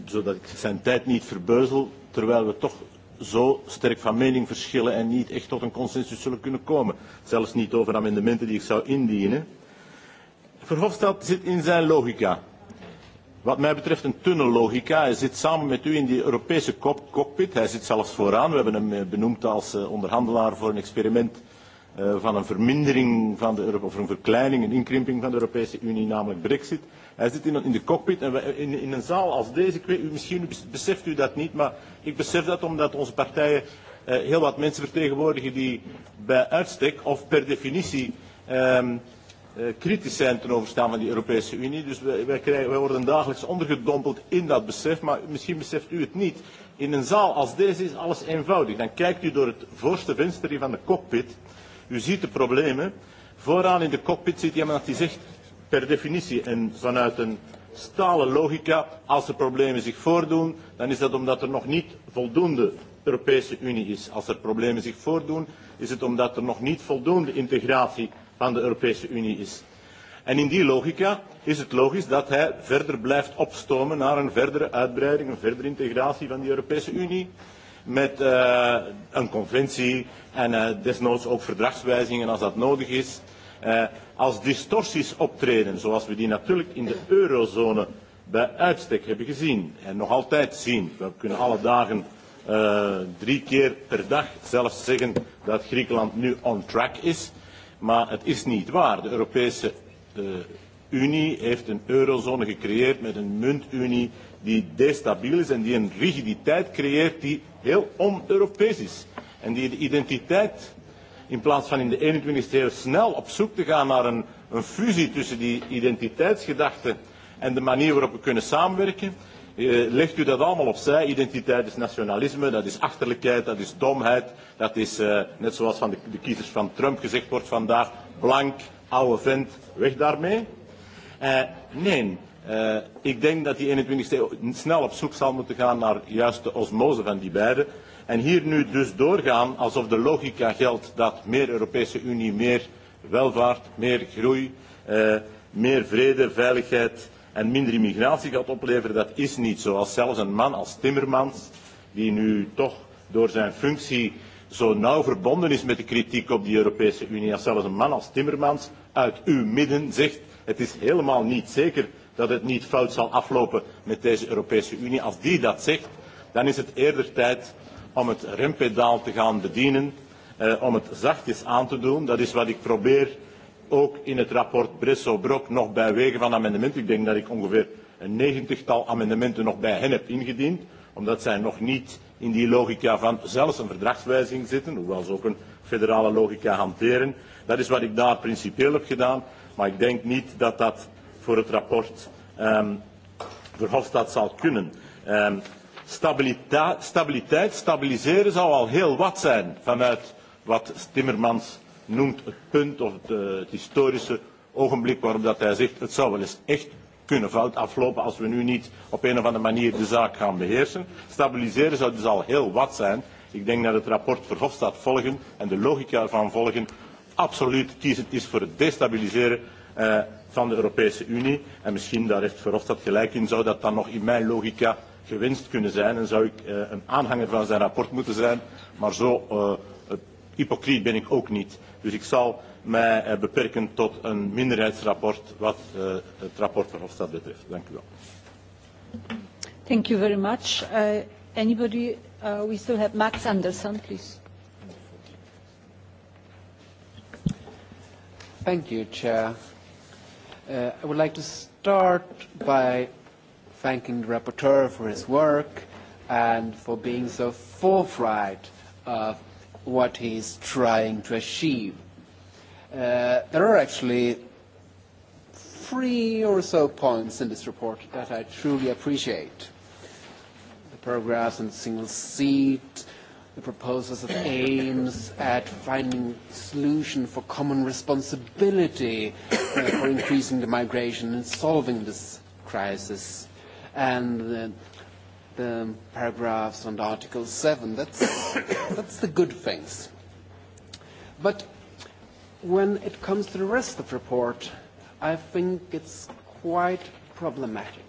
zodat ik zijn tijd niet verbeuzel, terwijl we toch zo sterk van mening verschillen en niet echt tot een consensus zullen kunnen komen. Zelfs niet over amendementen die ik zou indienen. Verhofstadt zit in zijn logica. Wat mij betreft een tunnellogica. Hij zit samen met u in die Europese cockpit. Hij zit zelfs vooraan. We hebben hem eh, benoemd als eh, onderhandelaar voor een experiment eh, van een vermindering van de Europese, of een verkleining, een inkrimping van de Europese Unie, namelijk Brexit. Hij zit in, in de cockpit en we, in, in een zaal als deze, ik weet, misschien beseft u dat niet, maar ik besef dat omdat onze partijen uh, heel wat mensen vertegenwoordigen die bij uitstek of per definitie um, kritisch zijn ten overstaan van die Europese Unie. Dus wij, wij, krijgen, wij worden dagelijks ondergedompeld in dat besef, maar misschien beseft u het niet. In een zaal als deze is alles eenvoudig. Dan kijkt u door het voorste venster van de cockpit, u ziet de problemen. Vooraan in de cockpit zit iemand die zegt per definitie en vanuit een stalen logica, als er problemen zich voordoen, dan is dat omdat er nog niet voldoende Europese Unie is. Als er problemen zich voordoen, is het omdat er nog niet voldoende integratie van de Europese Unie is. En in die logica is het logisch dat hij verder blijft opstomen naar een verdere uitbreiding, een verdere integratie van die Europese Unie. Met uh, een conventie en uh, desnoods ook verdragswijzingen als dat nodig is. Eh, als distorsies optreden, zoals we die natuurlijk in de eurozone bij uitstek hebben gezien en nog altijd zien. We kunnen alle dagen uh, drie keer per dag zelfs zeggen dat Griekenland nu on track is, maar het is niet waar. De Europese uh, Unie heeft een eurozone gecreëerd met een muntunie die destabiel is en die een rigiditeit creëert die heel on-Europees is en die de identiteit in plaats van in de 21 ste eeuw snel op zoek te gaan naar een, een fusie tussen die identiteitsgedachte en de manier waarop we kunnen samenwerken, uh, legt u dat allemaal opzij. Identiteit is nationalisme, dat is achterlijkheid, dat is domheid, dat is, uh, net zoals van de, de kiezers van Trump gezegd wordt vandaag, blank, oude vent, weg daarmee. Uh, nee, uh, ik denk dat die 21 ste eeuw snel op zoek zal moeten gaan naar juist de osmose van die beiden En hier nu dus doorgaan alsof de logica geldt dat meer Europese Unie, meer welvaart, meer groei, eh, meer vrede, veiligheid en minder immigratie gaat opleveren, dat is niet zo. Als zelfs een man als Timmermans, die nu toch door zijn functie zo nauw verbonden is met de kritiek op de Europese Unie, als zelfs een man als Timmermans uit uw midden zegt het is helemaal niet zeker dat het niet fout zal aflopen met deze Europese Unie, als die dat zegt, dan is het eerder tijd om het rempedaal te gaan bedienen, eh, om het zachtjes aan te doen. Dat is wat ik probeer ook in het rapport Bresso-Brok nog bij wegen van amendementen. Ik denk dat ik ongeveer een negentigtal amendementen nog bij hen heb ingediend, omdat zij nog niet in die logica van zelfs een verdragswijziging zitten, hoewel ze ook een federale logica hanteren. Dat is wat ik daar principieel heb gedaan, maar ik denk niet dat dat voor het rapport um, Verhofstadt zal kunnen. Um, Stabiliteit, stabiliseren zou al heel wat zijn vanuit wat Timmermans noemt het punt of de, het historische ogenblik waarop dat hij zegt het zou wel eens echt kunnen fout aflopen als we nu niet op een of andere manier de zaak gaan beheersen. Stabiliseren zou dus al heel wat zijn. Ik denk dat het rapport Verhofstadt volgen en de logica ervan volgen absoluut kiezend is voor het destabiliseren eh, van de Europese Unie. En misschien, daar heeft Verhofstadt gelijk in, zou dat dan nog in mijn logica gewenst kunnen zijn. En zou ik uh, een aanhanger van zijn rapport moeten zijn. Maar zo uh, hypocriet ben ik ook niet. Dus ik zal mij uh, beperken tot een minderheidsrapport wat uh, het rapport van Hofstad betreft. Dank u wel. Thank you very much. Uh, anybody, uh, we still have Max Anderson, please. Thank you, Chair. Uh, I would like to start by thanking the rapporteur for his work and for being so forthright of what he's trying to achieve. Uh, there are actually three or so points in this report that I truly appreciate. The progress on the single seat, the proposals that aims at finding solution for common responsibility uh, for increasing the migration and solving this crisis and the, the paragraphs on Article 7. That's, that's the good things. But when it comes to the rest of the report, I think it's quite problematic.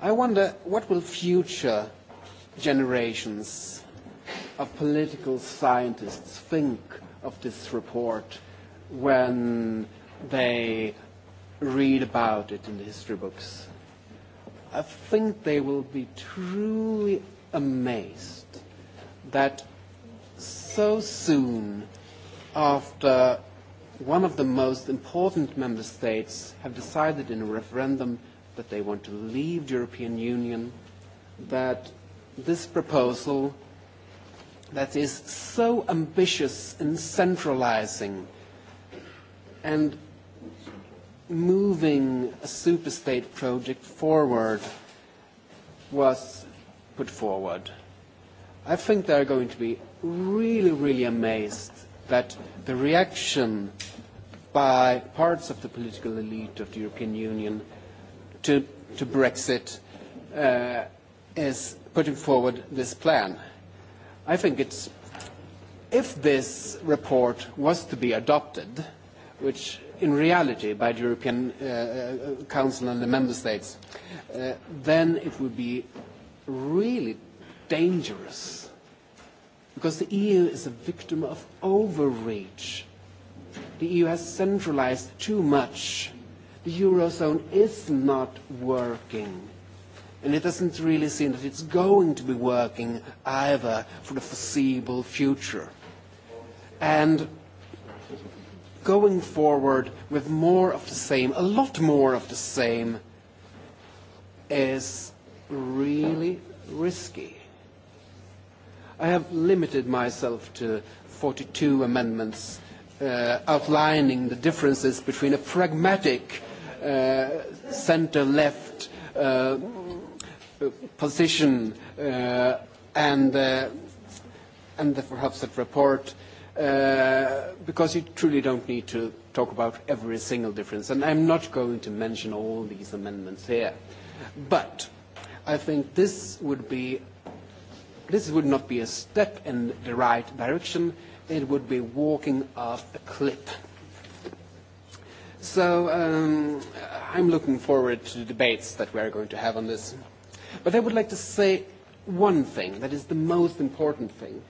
I wonder what will future generations of political scientists think of this report when they read about it in the history books, I think they will be truly amazed that so soon after one of the most important member states have decided in a referendum that they want to leave the European Union, that this proposal that is so ambitious in centralizing and moving a superstate project forward was put forward. I think they're going to be really, really amazed that the reaction by parts of the political elite of the European Union to, to Brexit uh, is putting forward this plan. I think it's, if this report was to be adopted, which in reality by the European uh, uh, Council and the Member States, uh, then it would be really dangerous because the EU is a victim of overreach. The EU has centralized too much. The Eurozone is not working. And it doesn't really seem that it's going to be working either for the foreseeable future. And going forward with more of the same, a lot more of the same, is really risky. I have limited myself to 42 amendments uh, outlining the differences between a pragmatic uh, centre-left uh, position uh, and, uh, and the Verhofstadt report Uh, because you truly don't need to talk about every single difference. And I'm not going to mention all these amendments here. But I think this would be this would not be a step in the right direction. It would be walking off a cliff. So um, I'm looking forward to the debates that we are going to have on this. But I would like to say one thing that is the most important thing.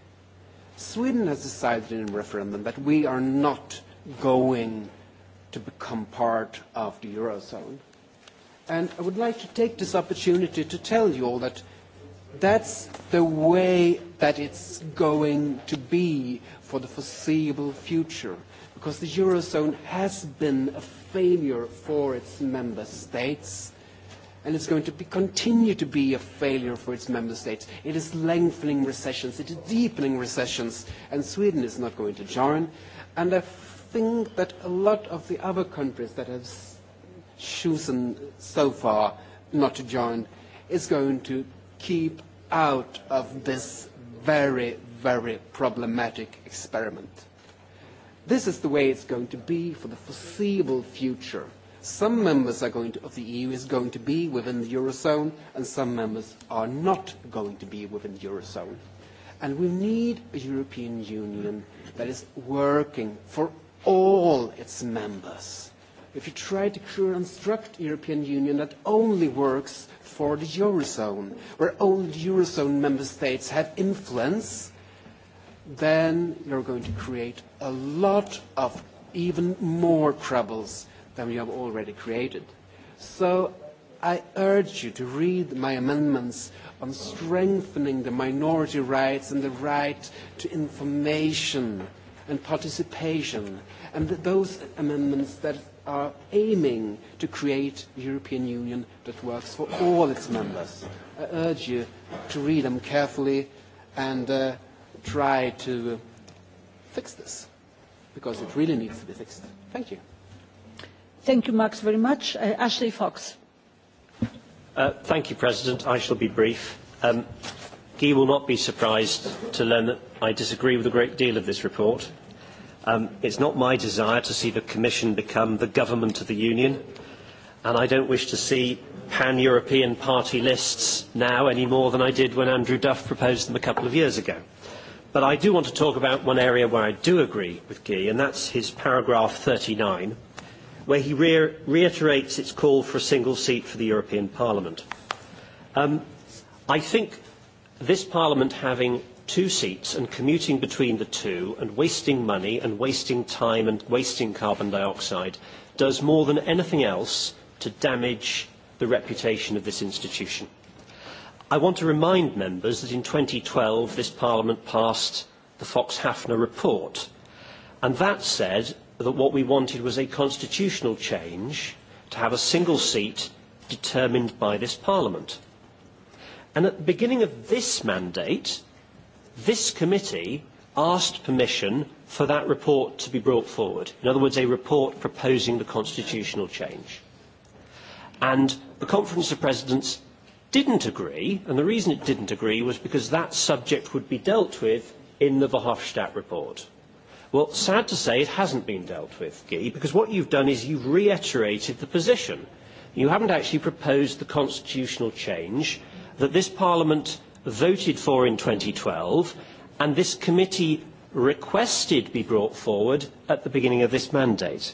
Sweden has decided in a referendum that we are not going to become part of the Eurozone. And I would like to take this opportunity to tell you all that that's the way that it's going to be for the foreseeable future, because the Eurozone has been a failure for its member states and it's going to be, continue to be a failure for its member states. It is lengthening recessions, it is deepening recessions, and Sweden is not going to join. And I think that a lot of the other countries that have chosen so far not to join is going to keep out of this very, very problematic experiment. This is the way it's going to be for the foreseeable future. Some members are going to, of the EU is going to be within the Eurozone and some members are not going to be within the Eurozone. And we need a European Union that is working for all its members. If you try to construct a European Union that only works for the Eurozone, where only the Eurozone member states have influence, then you're going to create a lot of even more troubles than you have already created. So I urge you to read my amendments on strengthening the minority rights and the right to information and participation, and those amendments that are aiming to create a European Union that works for all its members. I urge you to read them carefully and uh, try to uh, fix this, because it really needs to be fixed. Thank you. Thank you, Max, very much. Uh, Ashley Fox. Uh, thank you, President. I shall be brief. Um, Guy will not be surprised to learn that I disagree with a great deal of this report. Um, It is not my desire to see the Commission become the government of the Union, and I do not wish to see pan-European party lists now any more than I did when Andrew Duff proposed them a couple of years ago. But I do want to talk about one area where I do agree with Guy, and that is his paragraph 39, where he re reiterates its call for a single seat for the European Parliament. Um, I think this Parliament having two seats and commuting between the two and wasting money and wasting time and wasting carbon dioxide does more than anything else to damage the reputation of this institution. I want to remind members that in 2012 this Parliament passed the Fox-Hafner report and that said that what we wanted was a constitutional change to have a single seat determined by this Parliament. And at the beginning of this mandate, this committee asked permission for that report to be brought forward. In other words, a report proposing the constitutional change. And the Conference of Presidents didn't agree, and the reason it didn't agree was because that subject would be dealt with in the Verhofstadt report. Well, sad to say, it hasn't been dealt with, Guy, because what you've done is you've reiterated the position. You haven't actually proposed the constitutional change that this Parliament voted for in 2012 and this committee requested be brought forward at the beginning of this mandate.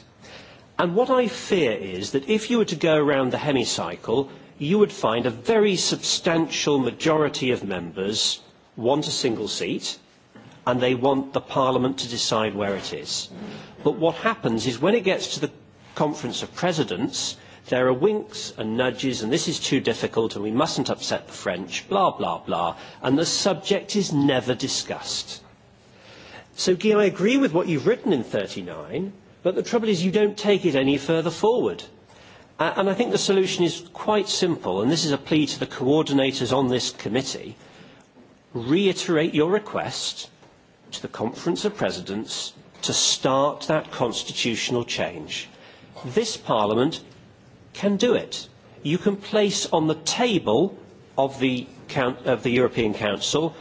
And what I fear is that if you were to go around the hemicycle, you would find a very substantial majority of members want a single seat, and they want the Parliament to decide where it is. But what happens is when it gets to the Conference of Presidents, there are winks and nudges, and this is too difficult, and we mustn't upset the French, blah, blah, blah, and the subject is never discussed. So, Guy, I agree with what you've written in 39, but the trouble is you don't take it any further forward. and I think the solution is quite simple, and this is a plea to the coordinators on this committee. Reiterate your request to the Conference of Presidents to start that constitutional change. This Parliament can do it. You can place on the table of the, of the European Council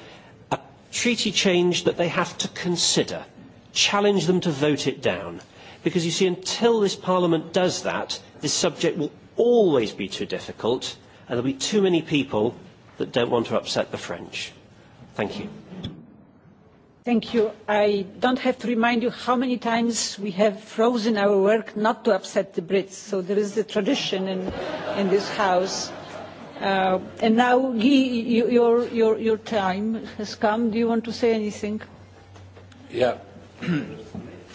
a treaty change that they have to consider, challenge them to vote it down. Because you see, until this Parliament does that, this subject will always be too difficult, and there'll be too many people that don't want to upset the French. Thank you. Thank you. I don't have to remind you how many times we have frozen our work not to upset the Brits. So there is a tradition in, this House. Uh, and now, Guy, your, time has come. Do you want to say anything? Yeah.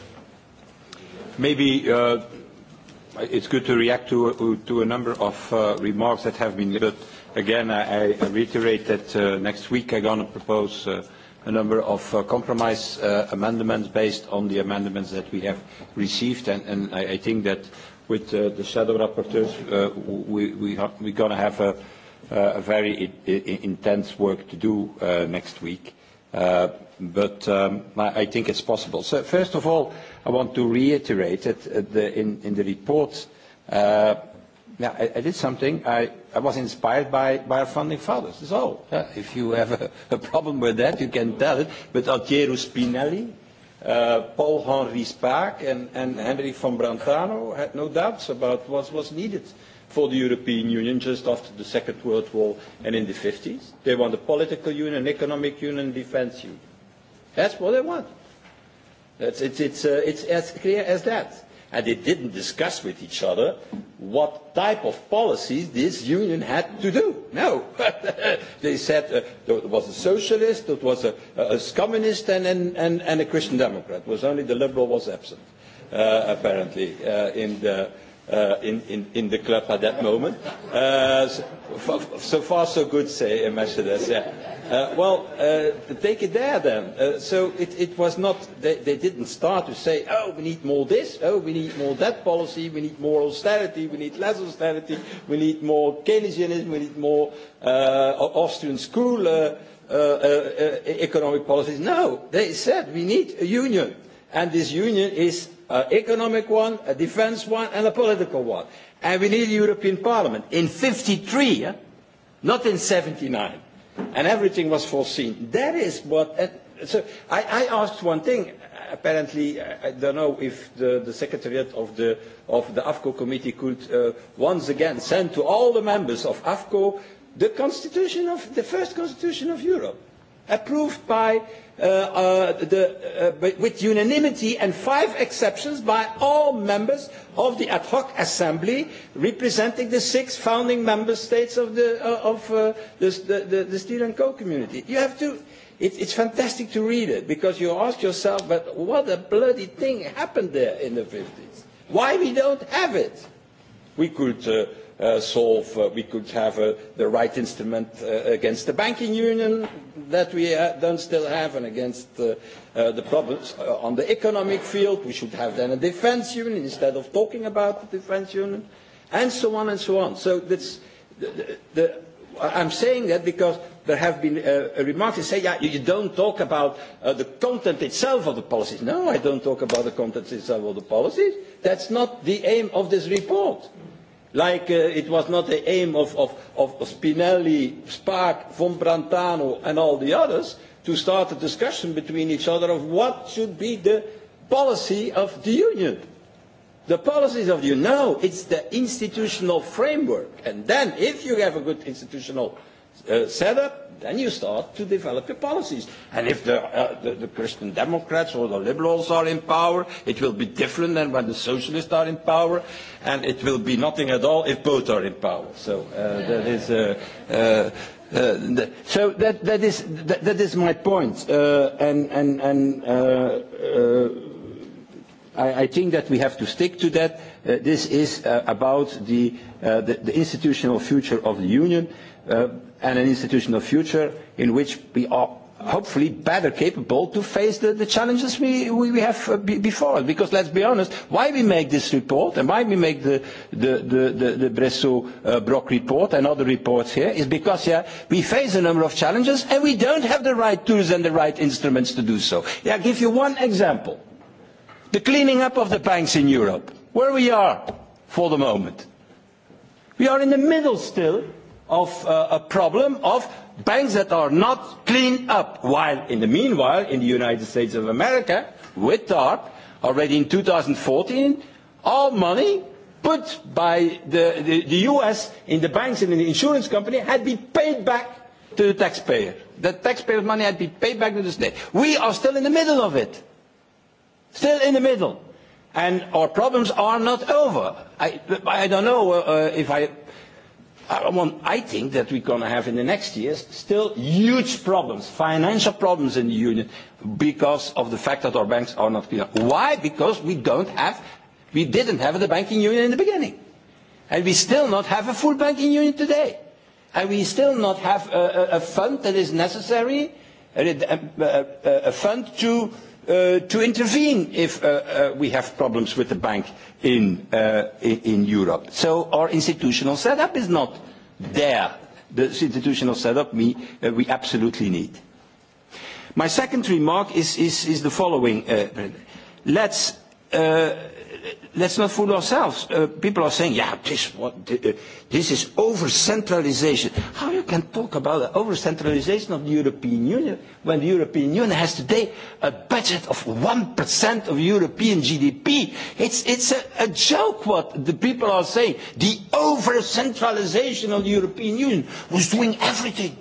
Maybe uh, it's good to react to, to a number of uh, remarks that have been But again, I, I reiterate that uh, next week I'm going to propose uh, a number of uh, compromise uh, amendments based on the amendments that we have received, and, and I, I think that with uh, the shadow rapporteurs, uh, we, we ha we're going to have a, uh, a very I I intense work to do uh, next week. Uh, but um, I think it's possible. So first of all, I want to reiterate that uh, the, in, in the report, uh, yeah, I, I did something. I I was inspired by, by our founding fathers. So, uh, if you have a, a problem with that, you can tell it. But Altiero Spinelli, uh, Paul Henri Spaak, and, and Henry von Brantano had no doubts about what was needed for the European Union just after the Second World War and in the 50s. They want a political union, economic union, defense union. That's what they want. That's, it's, it's, uh, it's as clear as that and they didn't discuss with each other what type of policies this union had to do. No, they said uh, it was a socialist, it was a, a communist, and, and, and a Christian Democrat. It was only the liberal was absent, uh, apparently, uh, in the Uh, in, in, in the club at that moment. Uh, so, so far, so good, say Mercedes. Yeah. Uh, well, uh, take it there then. Uh, so it, it was not, they, they didn't start to say, oh, we need more this, oh, we need more that policy, we need more austerity, we need less austerity, we need more Keynesianism, we need more uh, Austrian school uh, uh, uh, uh, economic policies. No, they said we need a union. And this union is an uh, economic one, a defence one, and a political one. And we need a European Parliament in 53, yeah? not in 79. And everything was foreseen. That is what. Uh, so I, I asked one thing. Apparently, uh, I don't know if the, the secretariat of the, of the AFCO committee could uh, once again send to all the members of AFCO the constitution of the first constitution of Europe approved by uh, uh, the, uh, with unanimity and five exceptions by all members of the ad hoc assembly representing the six founding member states of the, uh, of, uh, the, the, the steel and coal community. You have to, it, it's fantastic to read it because you ask yourself, but what a bloody thing happened there in the 50s. Why we don't have it? We could... Uh, uh, solve. Uh, we could have uh, the right instrument uh, against the banking union that we ha- uh, don't still have and against uh, uh, the problems uh, on the economic field. We should have then a defense union instead of talking about the defense union and so on and so on. So that's the, the, the I'm saying that because there have been uh, remarks that say, yeah, you don't talk about uh, the content itself of the policies. No, I don't talk about the content itself of the policies. That's not the aim of this report. Mm-hmm like uh, it was not the aim of, of, of Spinelli, Spark, von Brantano and all the others to start a discussion between each other of what should be the policy of the union. The policies of the union, no, it's the institutional framework. And then if you have a good institutional framework, uh, up, then you start to develop your policies. And if the, uh, the, the Christian Democrats or the Liberals are in power, it will be different than when the Socialists are in power, and it will be nothing at all if both are in power. So uh, that is. Uh, uh, Uh, the, so that, that, is, that, that is my point, uh, and, and, and uh, uh, I, I think that we have to stick to that. Uh, this is uh, about the, uh, the, the institutional future of the Union. Uh, and an institutional future in which we are hopefully better capable to face the, the challenges we, we, we have uh, be, before us. Because let's be honest, why we make this report and why we make the, the, the, the, the Bresso-Brock uh, report and other reports here is because yeah, we face a number of challenges and we don't have the right tools and the right instruments to do so. Yeah, I'll give you one example. The cleaning up of the banks in Europe, where we are for the moment. We are in the middle still of uh, a problem of banks that are not cleaned up, while in the meanwhile, in the United States of America, with TARP, already in 2014, all money put by the, the, the US in the banks and in the insurance company had been paid back to the taxpayer. The taxpayer's money had been paid back to the state. We are still in the middle of it. Still in the middle. And our problems are not over. I, I don't know uh, uh if I Uh, I think that we're going to have in the next years still huge problems, financial problems in the Union because of the fact that our banks are not clear. Why? Because we don't have, we didn't have the banking union in the beginning. And we still not have a full banking union today. And we still not have a, a, a fund that is necessary, a, a, a fund to, uh, to intervene if uh, uh, we have problems with the bank in, uh, in, in Europe. So our institutional setup is not there. The institutional setup we, uh, we absolutely need. My second remark is, is, is the following. Uh, let's uh, let's not fool ourselves. Uh, people are saying, yeah, this, what, uh, this is over-centralization. How you can talk about over-centralization of the European Union when the European Union has today a budget of 1% of European GDP? It's, it's a, a joke what the people are saying. The over-centralization of the European Union was doing everything.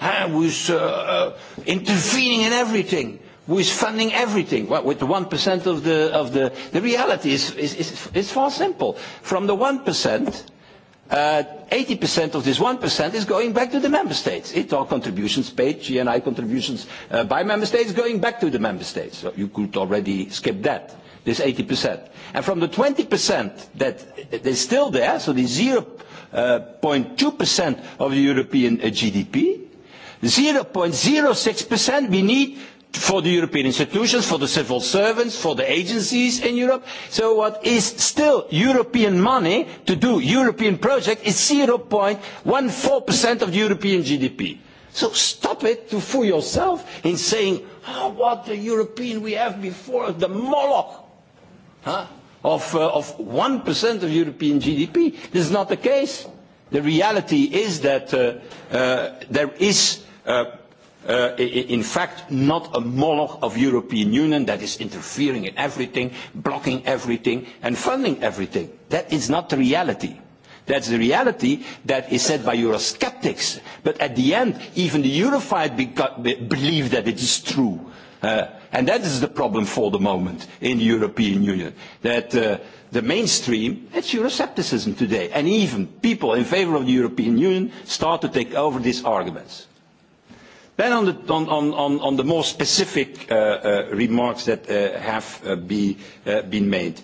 uh, was uh, uh, intervening in everything who is funding everything well, with 1% of the, of the, the reality is, is, is, is far simple. From the 1%, uh, 80% of this 1% is going back to the member states. It all contributions paid, GNI contributions uh, by member states going back to the member states. So you could already skip that, this 80%. And from the 20% that is still there, so the 0.2% uh, of the European uh, GDP, 0.06% we need for the European institutions, for the civil servants, for the agencies in Europe. So what is still European money to do European project is 0.14% of the European GDP. So stop it to fool yourself in saying, oh, what the European we have before, the Moloch huh? of, uh, of 1% of European GDP. This is not the case. The reality is that uh, uh, there is uh, Uh, in fact not a moloch of European Union that is interfering in everything, blocking everything and funding everything. That is not the reality. That's the reality that is said by Eurosceptics. But at the end, even the unified believe that it is true. Uh, and that is the problem for the moment in the European Union. That uh, the mainstream, it's Euroscepticism today. And even people in favor of the European Union start to take over these arguments. Then on the, on, on, on the more specific uh, uh, remarks that uh, have be, been made.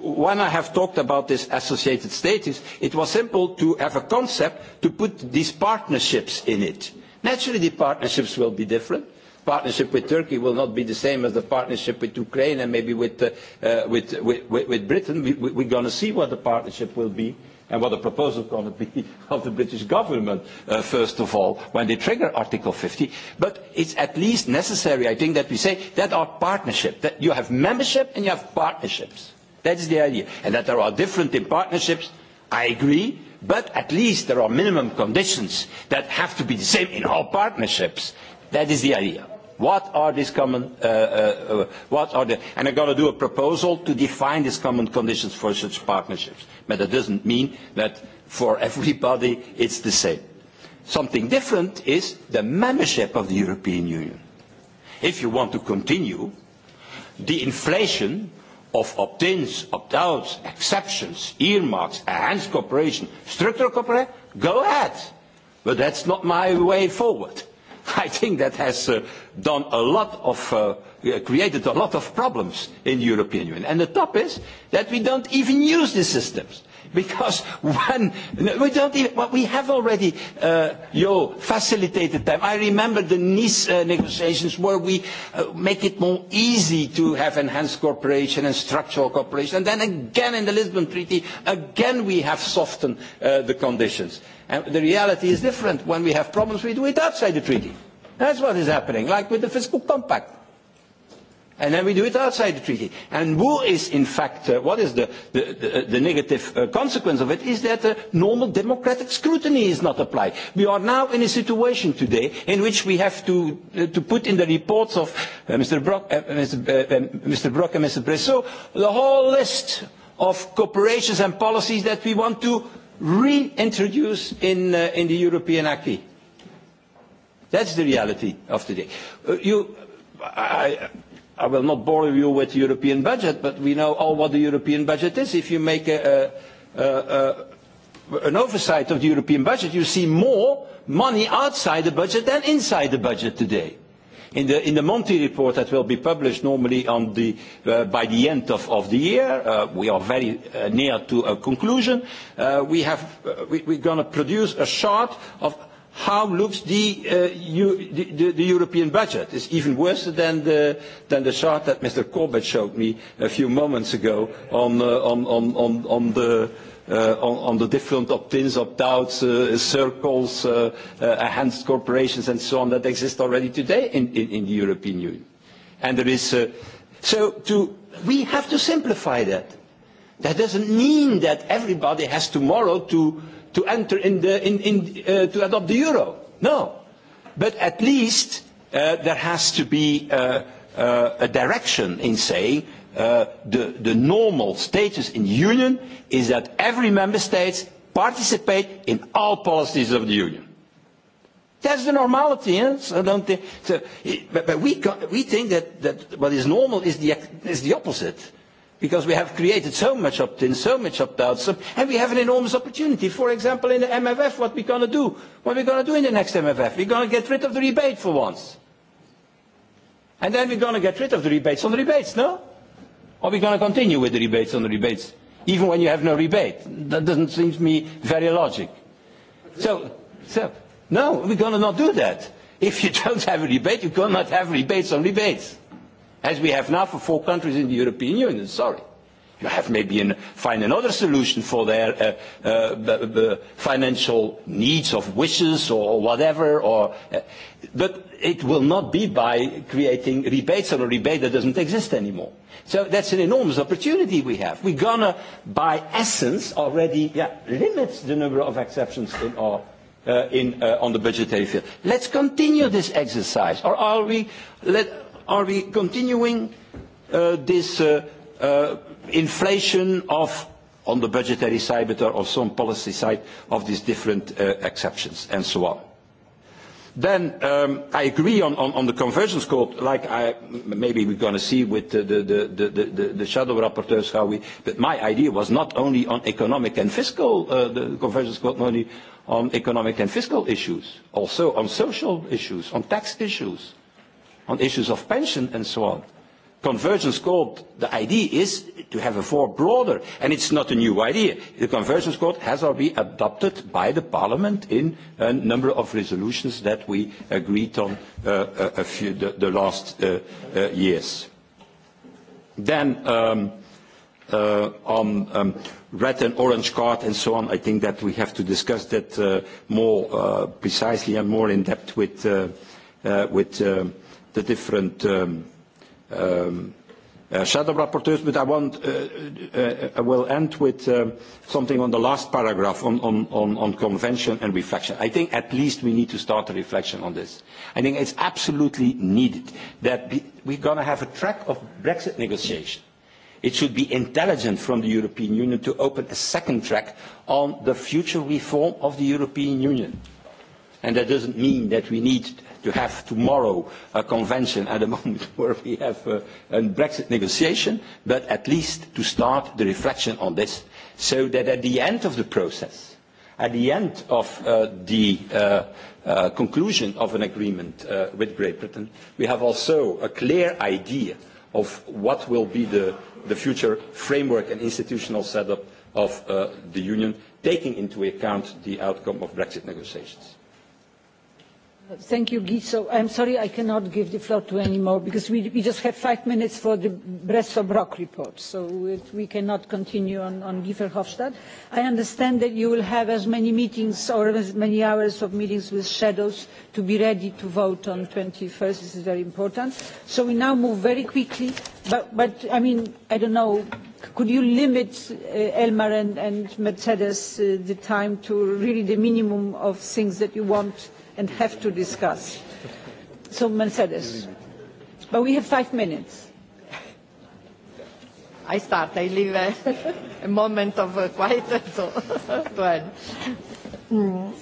When I have talked about this associated status, it was simple to have a concept to put these partnerships in it. Naturally, the partnerships will be different. Partnership with Turkey will not be the same as the partnership with Ukraine and maybe with, uh, uh, with, with, with Britain. We, we're going to see what the partnership will be and what the proposal is going to be of the British government, uh, first of all, when they trigger Article 50. But it's at least necessary, I think, that we say that are partnership, that you have membership and you have partnerships. That is the idea. And that there are different in partnerships, I agree, but at least there are minimum conditions that have to be the same in all partnerships. That is the idea. What are these common, uh, uh, uh, what are the, and I'm going to do a proposal to define these common conditions for such partnerships. But that doesn't mean that for everybody it's the same. Something different is the membership of the European Union. If you want to continue, the inflation of opt-ins, opt-outs, exceptions, earmarks, enhanced cooperation, structural cooperation, go ahead. But that's not my way forward. I think that has uh, done a lot of, uh, created a lot of problems in the European Union. And the top is that we don't even use these systems because when we don't even well, we have already uh, you facilitated them. I remember the Nice uh, negotiations where we uh, make it more easy to have enhanced cooperation and structural cooperation. And then again in the Lisbon Treaty, again we have softened uh, the conditions. And the reality is different. When we have problems, we do it outside the treaty. That's what is happening, like with the fiscal compact. And then we do it outside the treaty. And who is, in fact, uh, what is the, the, the, uh, the negative uh, consequence of it is that uh, normal democratic scrutiny is not applied. We are now in a situation today in which we have to, uh, to put in the reports of uh, Mr. Brock, uh, Mr. Uh, Mr. Uh, uh, Brock and Mr. Bresso the whole list of corporations and policies that we want to reintroduce in, uh, in the European acquis. That's the reality of today. Uh, you, I, I will not bore you with the European budget, but we know all what the European budget is. If you make a, a, a, an oversight of the European budget, you see more money outside the budget than inside the budget today. In the, in the Monti report that will be published normally on the, uh, by the end of, of the year, uh, we are very uh, near to a conclusion, uh, we have, uh, we, we're going to produce a chart of how looks the, uh, you, the, the, the European budget. It's even worse than the, than the chart that Mr. Corbett showed me a few moments ago on, uh, on, on, on, on, the, uh, on, on the different opt-ins, opt-outs, uh, circles, uh, uh, enhanced corporations and so on that exist already today in, in, in the European Union. And there is, uh, so to, we have to simplify that. That doesn't mean that everybody has tomorrow to to enter in the, in, in, uh, to adopt the euro. No. But at least uh, there has to be uh, uh, a direction in saying uh, the, the normal status in the union is that every member state participates in all policies of the union. That's the normality, eh? so don't think, so, eh, but, but we, we think that, that what is normal is the, is the opposite because we have created so much opt-in, so much opt so, and we have an enormous opportunity. For example, in the MFF, what we're going to do, what we're going to do in the next MFF, we're going to get rid of the rebate for once. And then we're going to get rid of the rebates on the rebates, no? Or we're going to continue with the rebates on the rebates, even when you have no rebate. That doesn't seem to me very logic. So, so no, we're going to not do that. If you don't have a rebate, you cannot have rebates on rebates as we have now for four countries in the European Union. Sorry. You have maybe an, find another solution for their uh, uh, b- b- financial needs of wishes or whatever. Or, uh, but it will not be by creating rebates on a rebate that doesn't exist anymore. So that's an enormous opportunity we have. We're going to, by essence, already yeah, limit the number of exceptions in our uh, in, uh, on the budgetary field. Let's continue this exercise. Or are we, let, are we continuing uh, this uh, uh, inflation of, on the budgetary side, but on some policy side, of these different uh, exceptions and so on? Then um, I agree on, on, on the convergence code, like I, maybe we're going to see with the, the, the, the, the, the shadow rapporteurs how we, but my idea was not only on economic and fiscal, uh, the convergence code, not only on economic and fiscal issues, also on social issues, on tax issues on issues of pension and so on. Convergence Code, the idea is to have a far broader, and it's not a new idea. The Convergence Code has already been adopted by the Parliament in a number of resolutions that we agreed on uh, uh, a, few, the, the last uh, uh, years. Then um, uh, on um, red and orange card and so on, I think that we have to discuss that uh, more uh, precisely and more in depth with, uh, uh, with uh, the different um, um, uh, shadow rapporteurs, but I want, uh, uh, uh will end with uh, something on the last paragraph on, on, on, on convention and reflection. I think at least we need to start a reflection on this. I think it's absolutely needed that be, we're going to have a track of Brexit negotiation. It should be intelligent from the European Union to open a second track on the future reform of the European Union. And that doesn't mean that we need to have tomorrow a convention at a moment where we have a, a Brexit negotiation, but at least to start the reflection on this, so that at the end of the process, at the end of uh, the uh, uh, conclusion of an agreement uh, with Great Britain, we have also a clear idea of what will be the, the future framework and institutional setup of uh, the Union, taking into account the outcome of Brexit negotiations. Thank you, Guy. So I'm sorry I cannot give the floor to any more because we, we just have five minutes for the Bresso-Brock report. So it, we cannot continue on, on Guy I understand that you will have as many meetings or as many hours of meetings with shadows to be ready to vote on 21st. This is very important. So we now move very quickly. But, but I mean, I don't know, could you limit uh, Elmar and, and Mercedes uh, the time to really the minimum of things that you want and have to discuss. So Mercedes, but we have five minutes. I start. I leave a, a moment of uh, quiet to, to end. Mm.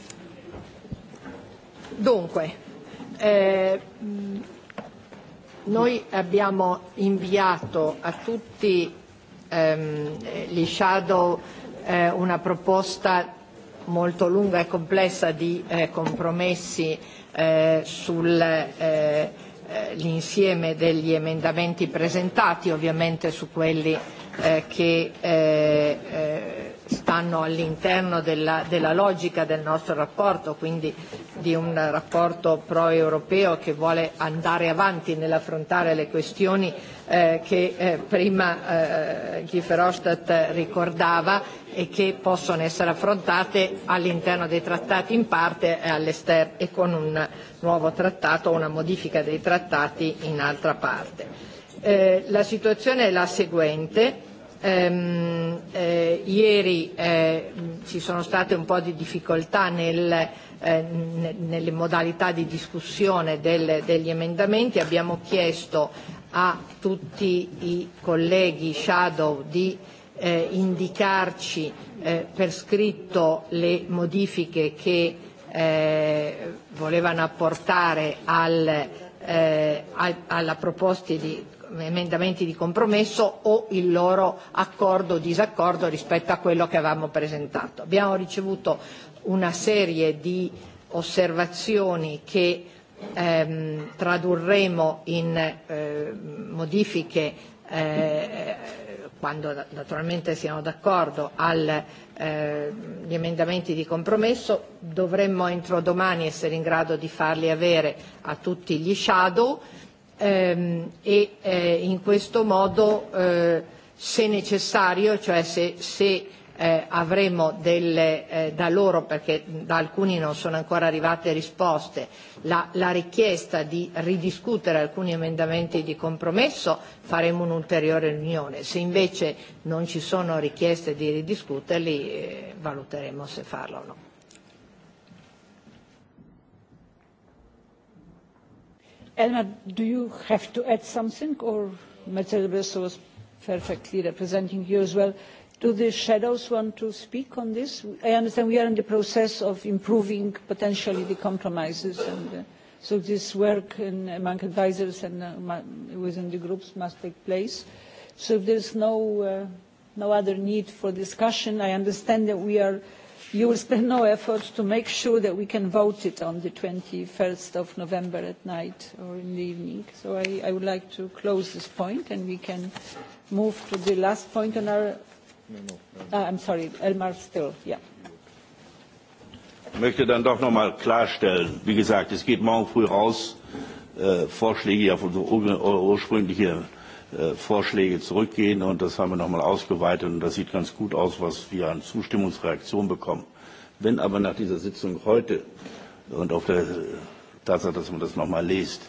Dunque, eh, noi abbiamo inviato a tutti ehm, gli shadow eh, una proposta molto lunga e complessa di eh, compromessi eh, sul eh, eh degli emendamenti presentati, ovviamente su quelli eh, che eh, eh, stanno all'interno della, della logica del nostro rapporto, quindi di un rapporto pro-europeo che vuole andare avanti nell'affrontare le questioni eh, che eh, prima eh, Guy Verhofstadt ricordava e che possono essere affrontate all'interno dei trattati in parte e all'esterno e con un nuovo trattato o una modifica dei trattati in altra parte. Eh, la situazione è la seguente Ehm, eh, ieri eh, ci sono state un po' di difficoltà nel, eh, nelle modalità di discussione del, degli emendamenti, abbiamo chiesto a tutti i colleghi shadow di eh, indicarci eh, per scritto le modifiche che eh, volevano apportare al, eh, alla proposta di emendamenti di compromesso o il loro accordo o disaccordo rispetto a quello che avevamo presentato. Abbiamo ricevuto una serie di osservazioni che ehm, tradurremo in eh, modifiche eh, quando naturalmente siamo d'accordo agli eh, emendamenti di compromesso, dovremmo entro domani essere in grado di farli avere a tutti gli shadow ehm, e eh, in questo modo, eh, se necessario, cioè se, se eh, avremo delle, eh, da loro, perché da alcuni non sono ancora arrivate risposte, la, la richiesta di ridiscutere alcuni emendamenti di compromesso, faremo un'ulteriore riunione. Se invece non ci sono richieste di ridiscuterli, eh, valuteremo se farlo o no. Elmar, do you have to add something, or Mercedes was perfectly representing you as well? Do the shadows want to speak on this? I understand we are in the process of improving potentially the compromises, and uh, so this work in, among advisors and uh, within the groups must take place. So if there's no, uh, no other need for discussion, I understand that we are you will spend no effort to make sure that we can vote it on the 21st of November at night or in the evening. So I, would like to close this point and we can move to the last point on our... i am uh, I'm sorry, Elmar still, yeah. Ich möchte dann doch noch mal klarstellen, wie gesagt, es geht morgen früh raus, äh, Vorschläge auf unsere ursprüngliche Äh, Vorschläge zurückgehen. Und das haben wir nochmal ausgeweitet. Und das sieht ganz gut aus, was wir an Zustimmungsreaktion bekommen. Wenn aber nach dieser Sitzung heute und auf der Tatsache, er, dass man das nochmal liest,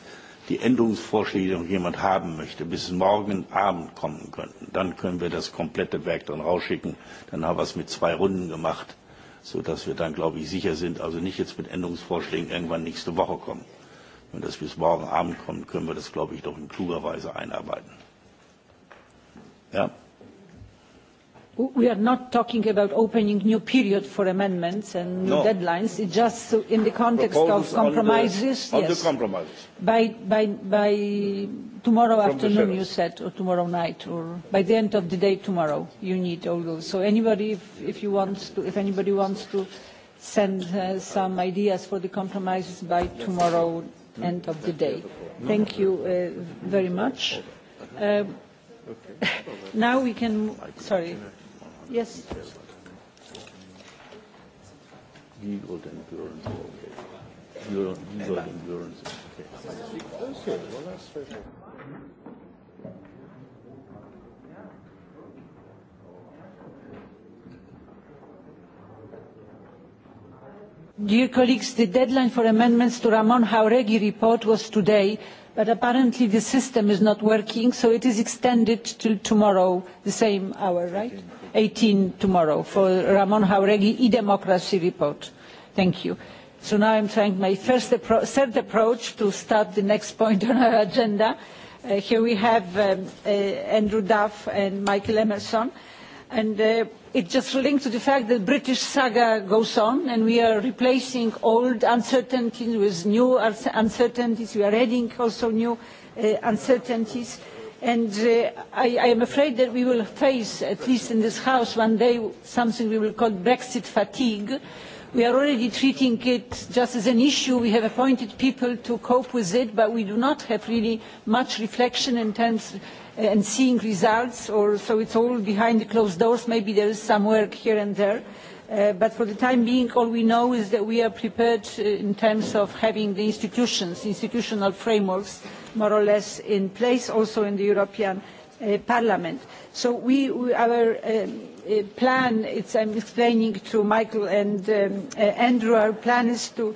die Änderungsvorschläge, die noch jemand haben möchte, bis morgen Abend kommen könnten, dann können wir das komplette Werk dann rausschicken. Dann haben wir es mit zwei Runden gemacht, sodass wir dann, glaube ich, sicher sind, also nicht jetzt mit Änderungsvorschlägen irgendwann nächste Woche kommen. Wenn das bis morgen Abend kommt, können wir das, glaube ich, doch in kluger Weise einarbeiten. Yeah. We are not talking about opening new period for amendments and new no. deadlines. It's just in the context Proposals of compromises. On the, yes. on the compromises. By, by, by tomorrow From afternoon, you said, or tomorrow night, or by the end of the day tomorrow, you need all those. So anybody, if, if you want to, if anybody wants to send uh, some ideas for the compromises by tomorrow, end of the day. Thank you uh, very much. Uh, Now we can. Sorry. Yes. Dear colleagues, the deadline for amendments to Ramon Jauregui report was today, but apparently the system is not working, so it is extended till tomorrow, the same hour, right? 18 tomorrow for Ramon Jauregui e-democracy report. Thank you. So now I'm trying my first appro third approach to start the next point on our agenda. Uh, here we have um, uh, Andrew Duff and Michael Emerson and uh, it just links to the fact that British saga goes on and we are replacing old uncertainties with new uncertainties. We are adding also new uh, uncertainties. And uh, I, I am afraid that we will face, at least in this House one day, something we will call Brexit fatigue. We are already treating it just as an issue. We have appointed people to cope with it, but we do not have really much reflection in terms and seeing results, or so it's all behind the closed doors. Maybe there is some work here and there. Uh, but for the time being, all we know is that we are prepared uh, in terms of having the institutions, institutional frameworks, more or less in place, also in the European uh, Parliament. So we, we our um, uh, plan, it's, I'm explaining to Michael and um, uh, Andrew, our plan is to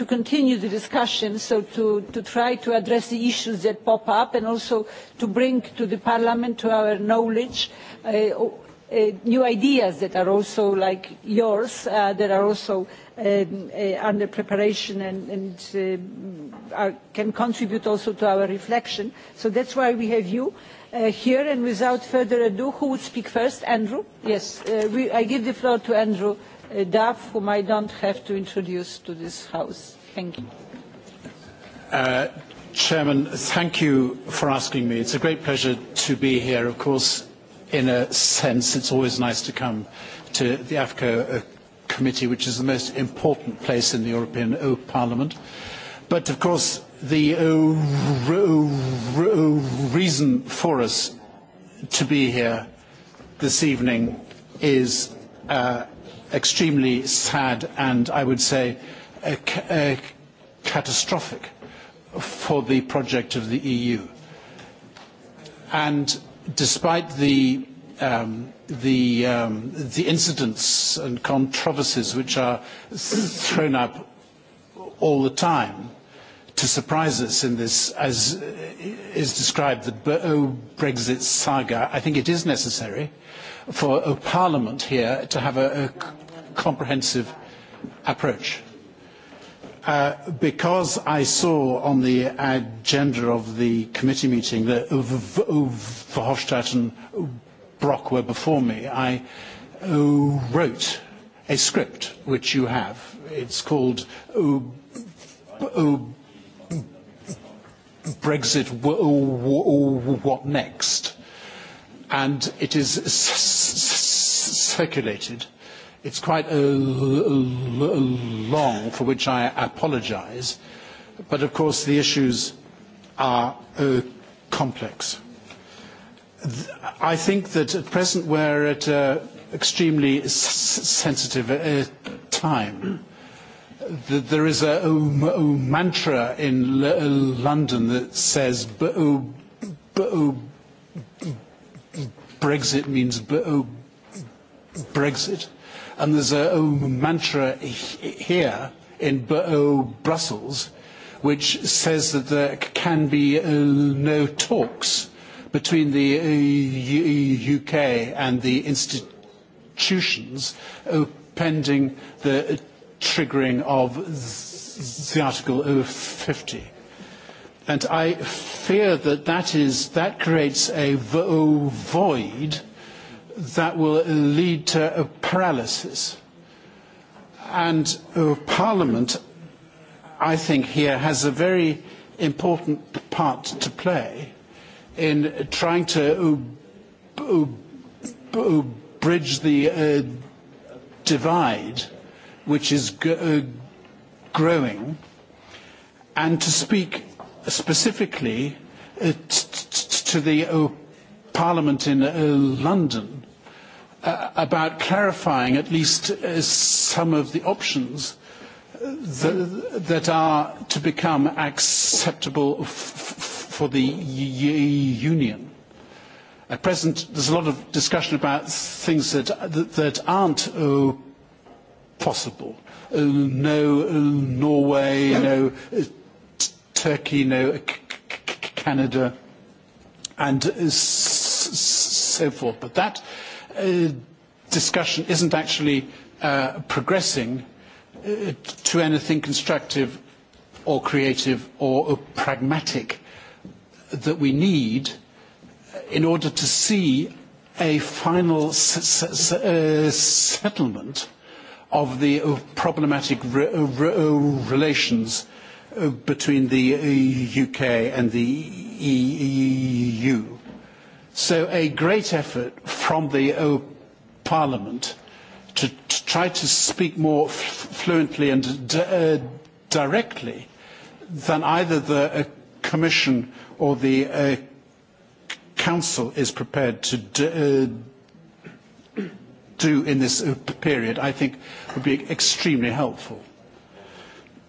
to continue the discussion, so to, to try to address the issues that pop up and also to bring to the Parliament, to our knowledge, uh, Uh, new ideas that are also like yours uh, that are also um, uh, under preparation and, and uh, are, can contribute also to our reflection. So that's why we have you uh, here. And without further ado, who would speak first? Andrew? Yes, uh, we, I give the floor to Andrew Duff, whom I don't have to introduce to this House. Thank you. Uh, Chairman, thank you for asking me. It's a great pleasure to be here. Of course, in a sense, it's always nice to come to the AFCO uh, committee, which is the most important place in the European uh, Parliament. But of course, the reason for us to be here this evening is uh, extremely sad and, I would say, ca catastrophic for the project of the EU. And despite the, um, the, um, the incidents and controversies which are thrown up all the time to surprise us in this, as is described, the Brexit saga, I think it is necessary for a Parliament here to have a, a comprehensive approach. Uh, because I saw on the agenda of the committee meeting that Verhofstadt and Brock were before me, I uh, wrote a script which you have. It's called Brexit, What Next? and it is circulated. It's quite a, long, for which I apologise, but of course the issues are uh, complex. I think that at present we're at an extremely sensitive uh, time. There is a, mantra in London that says, Brexit means oh, Brexit. And there's a oh, mantra here in oh, Brussels which says that there can be no talks between the UK and the institutions pending the triggering of the Article 50. And I fear that that, is, that creates a vo void that will lead to paralysis. And uh, Parliament, I think, here has a very important part to play in trying to uh, uh, uh bridge the uh, divide which is growing and to speak specifically uh, to the uh, Parliament in uh, London about clarifying at least some of the options that, are to become acceptable for the Union. At present, there's a lot of discussion about things that, that, that aren't possible. no Norway, no Turkey, no Canada, and so forth. But that uh, discussion isn't actually uh, progressing uh, to anything constructive or creative or, pragmatic that we need in order to see a final settlement of the problematic relations Uh, between the UK and the EU. So a great effort from the uh, Parliament to, to, try to speak more fluently and uh, directly than either the Commission or the Council is prepared to do in this period, I think would be extremely helpful.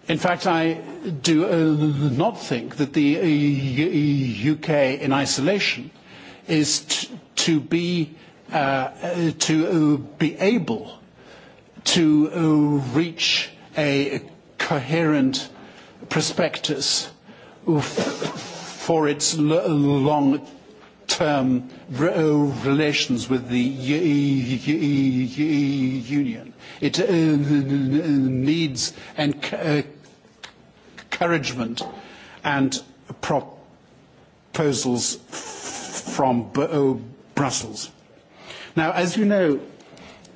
In fact, I do uh, not think that the uh, UK in isolation is to be uh, uh to uh, be able to uh, reach a coherent prospectus for its long term um, oh, relations with the Union. It uh, needs uh, encouragement and proposals from oh, Brussels. Now, as you know,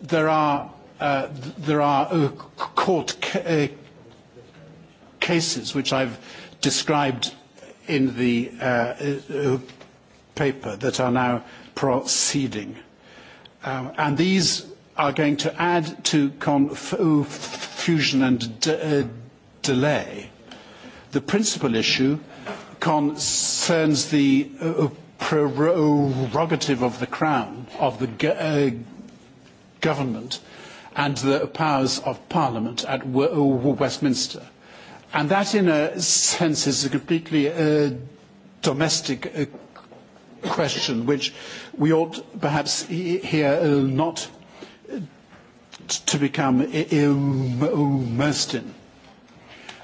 there are, uh, there are uh, court cases which I've described in the paper that are now proceeding. Um, and these are going to add to confusion and de uh, delay. The principal issue concerns the uh, prerogative of the Crown, of the uh, government, and the powers of Parliament at w uh, Westminster. And that, in a sense, is a completely uh, domestic uh, question, which we ought perhaps here uh, not to become immersed in.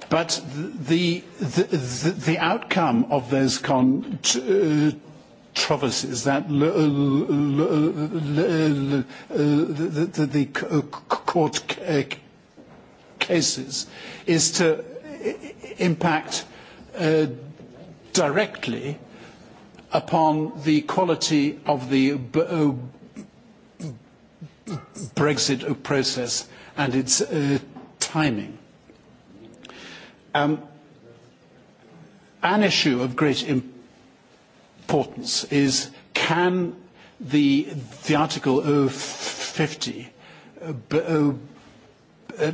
But the, the, the, the outcome of those controversies, uh, that the court cases, is to impact uh, directly upon the quality of the uh, Brexit process and its uh, timing. Um, an issue of great importance is can the, the Article 50 uh, uh,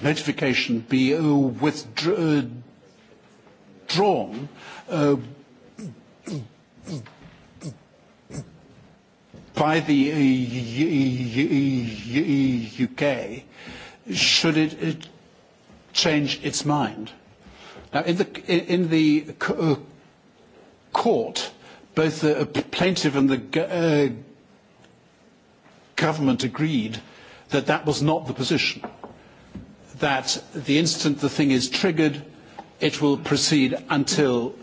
notification be withdrawn drawn uh, by the UK should it change its mind. Now, in the, in the court, both the plaintiff and the government agreed that that was not the position, that the instant the thing is triggered, it will proceed until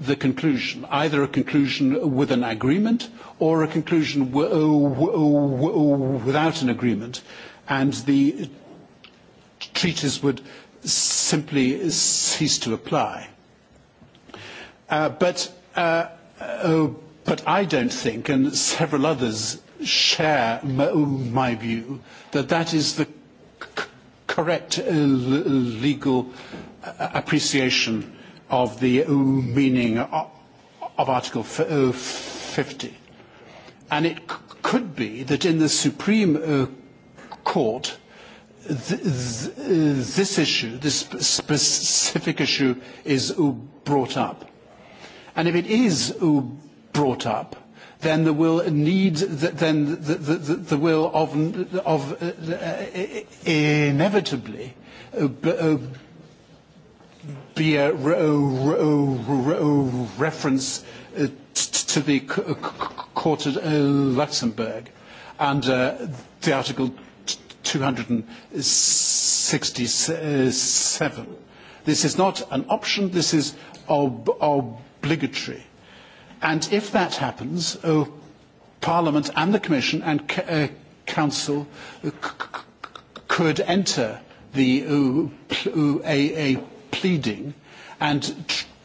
the conclusion, either a conclusion with an agreement or a conclusion without an agreement. And the treaties would simply cease to apply. Uh, but, uh, uh but I don't think, and several others share my view, that that is the correct uh, legal appreciation of the uh, meaning uh, of, Article 50. Uh, And it could be that in the Supreme Court, this issue, this specific issue, is brought up. And if it is brought up, then the will need then the, will of, of inevitably be a reference to the Court of uh, Luxembourg and uh, the Article 267. This is not an option, this is ob obligatory. And if that happens, oh, Parliament and the Commission and uh, Council could enter the uh, a, a pleading and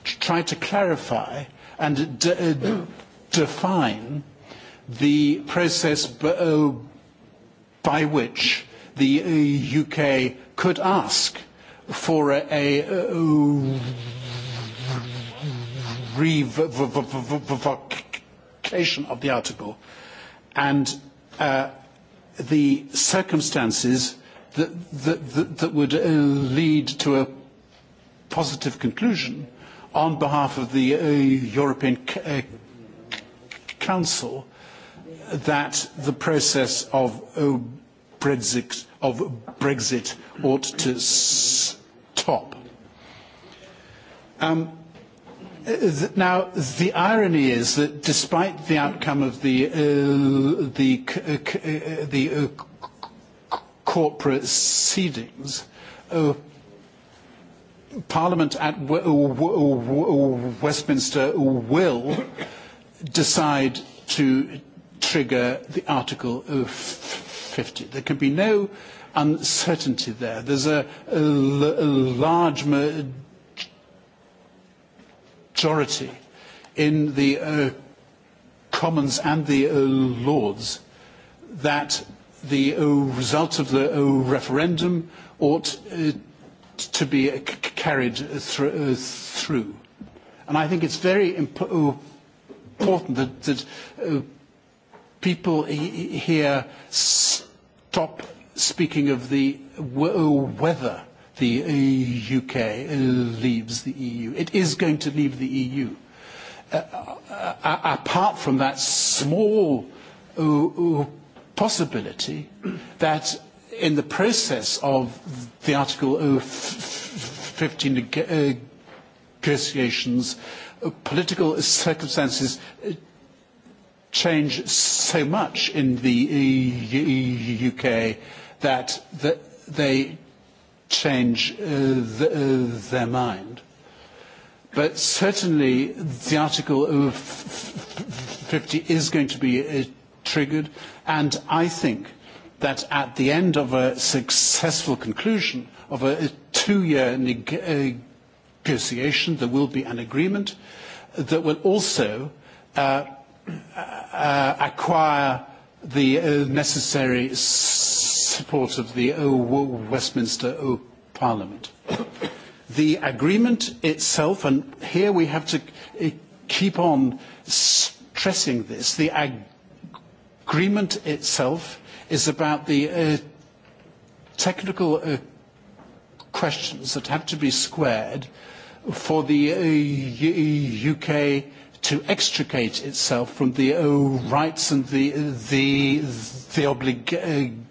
try to clarify and de uh, define the process uh, by which the uh, UK could ask for a, a, revocation of the article and uh, the circumstances that, that, that, that would uh, lead to a positive conclusion on behalf of the uh, European C uh, Council that the process of, uh, Brexit, of Brexit ought to stop. Um, now, the irony is that despite the outcome of the, uh, the, uh, uh, the uh, court proceedings, Parliament at uh, Westminster will decide to trigger the Article 50. Uh, there can be no uncertainty there. There's a, a, a large majority in the uh, Commons and the uh, Lords that the uh, result of the uh, referendum ought to be carried uh, through. And I think it's very uh, important that, that uh, people here stop speaking of the weather the UK leaves the EU. It is going to leave the EU. uh, apart from that small possibility that in the process of the Article 15 uh, negotiations, uh, political circumstances uh, change so much in the UK that they change their mind. But certainly the Article 50 is going to be triggered, and I think – that at the end of a successful conclusion of a, two-year neg uh, negotiation, there will be an agreement that will also uh, uh, acquire the uh, necessary support of the Westminster Parliament. the agreement itself, and here we have to uh, keep on stressing this, the ag agreement itself is about the uh, technical uh, questions that have to be squared for the uh, UK to extricate itself from the uh, rights and the, uh, the, the obligations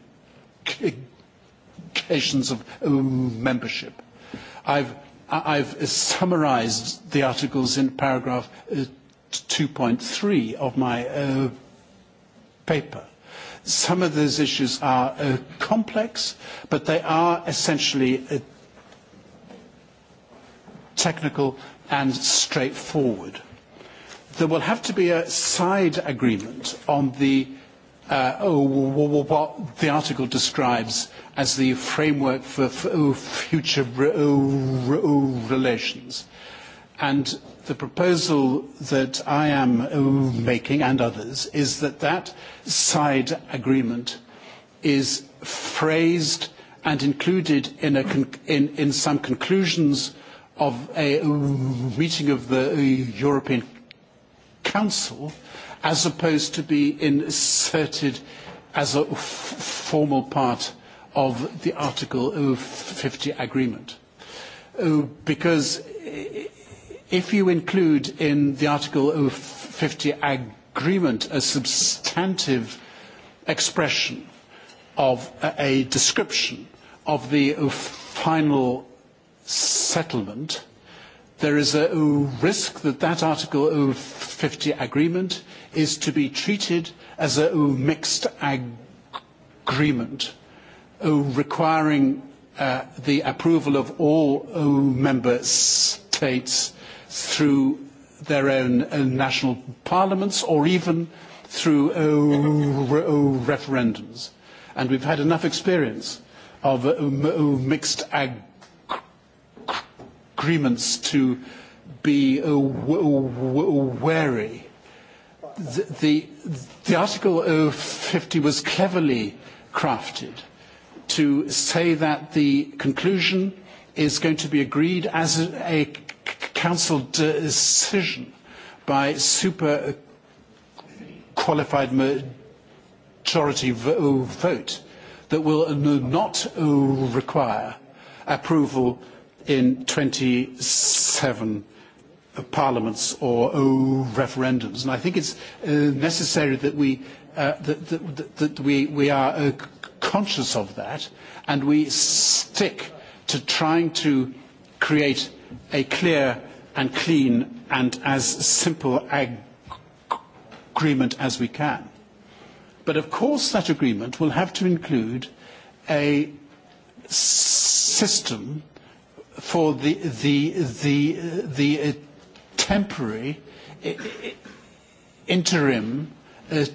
of uh, membership. I've, I've summarised the articles in paragraph 2.3 uh, of my uh, paper. Some of those issues are uh, complex, but they are essentially uh, technical and straightforward. There will have to be a side agreement on the uh, oh, what the article describes as the framework for, oh, future re oh, oh relations. And the proposal that I am uh, making and others is that that side agreement is phrased and included in, a con in, in some conclusions of a meeting of the uh, European Council as opposed to be inserted as a formal part of the Article 50 uh, agreement. Because if you include in the Article 50 agreement a substantive expression of a description of the final settlement, there is a risk that that Article 50 agreement is to be treated as a mixed agreement requiring uh, the approval of all member states through their own, national parliaments or even through oh, re, oh, referendums. And we've had enough experience of uh, oh, mixed ag agreements to be wary. The, the, the Article 50 was cleverly crafted to say that the conclusion is going to be agreed as a council decision by super qualified majority vote that will not require approval in 27 parliaments or referendums. And I think it's uh, necessary that we, uh, that, that, that we, we are uh, conscious of that and we stick to trying to create a clear and clean and as simple ag agreement as we can. But of course that agreement will have to include a system for the, the, the, the uh, temporary uh, interim uh,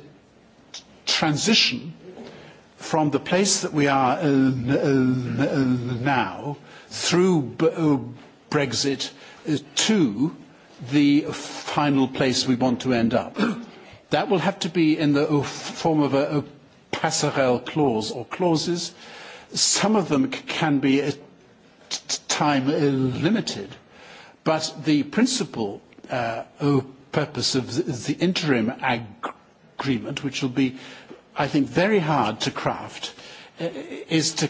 transition from the place that we are uh, uh, uh, now through Brexit to the final place we want to end up. that will have to be in the uh, form of a, a passerelle clause or clauses. Some of them can be uh, time limited, but the principal uh, purpose of the interim agreement, which will be, I think, very hard to craft, uh, is to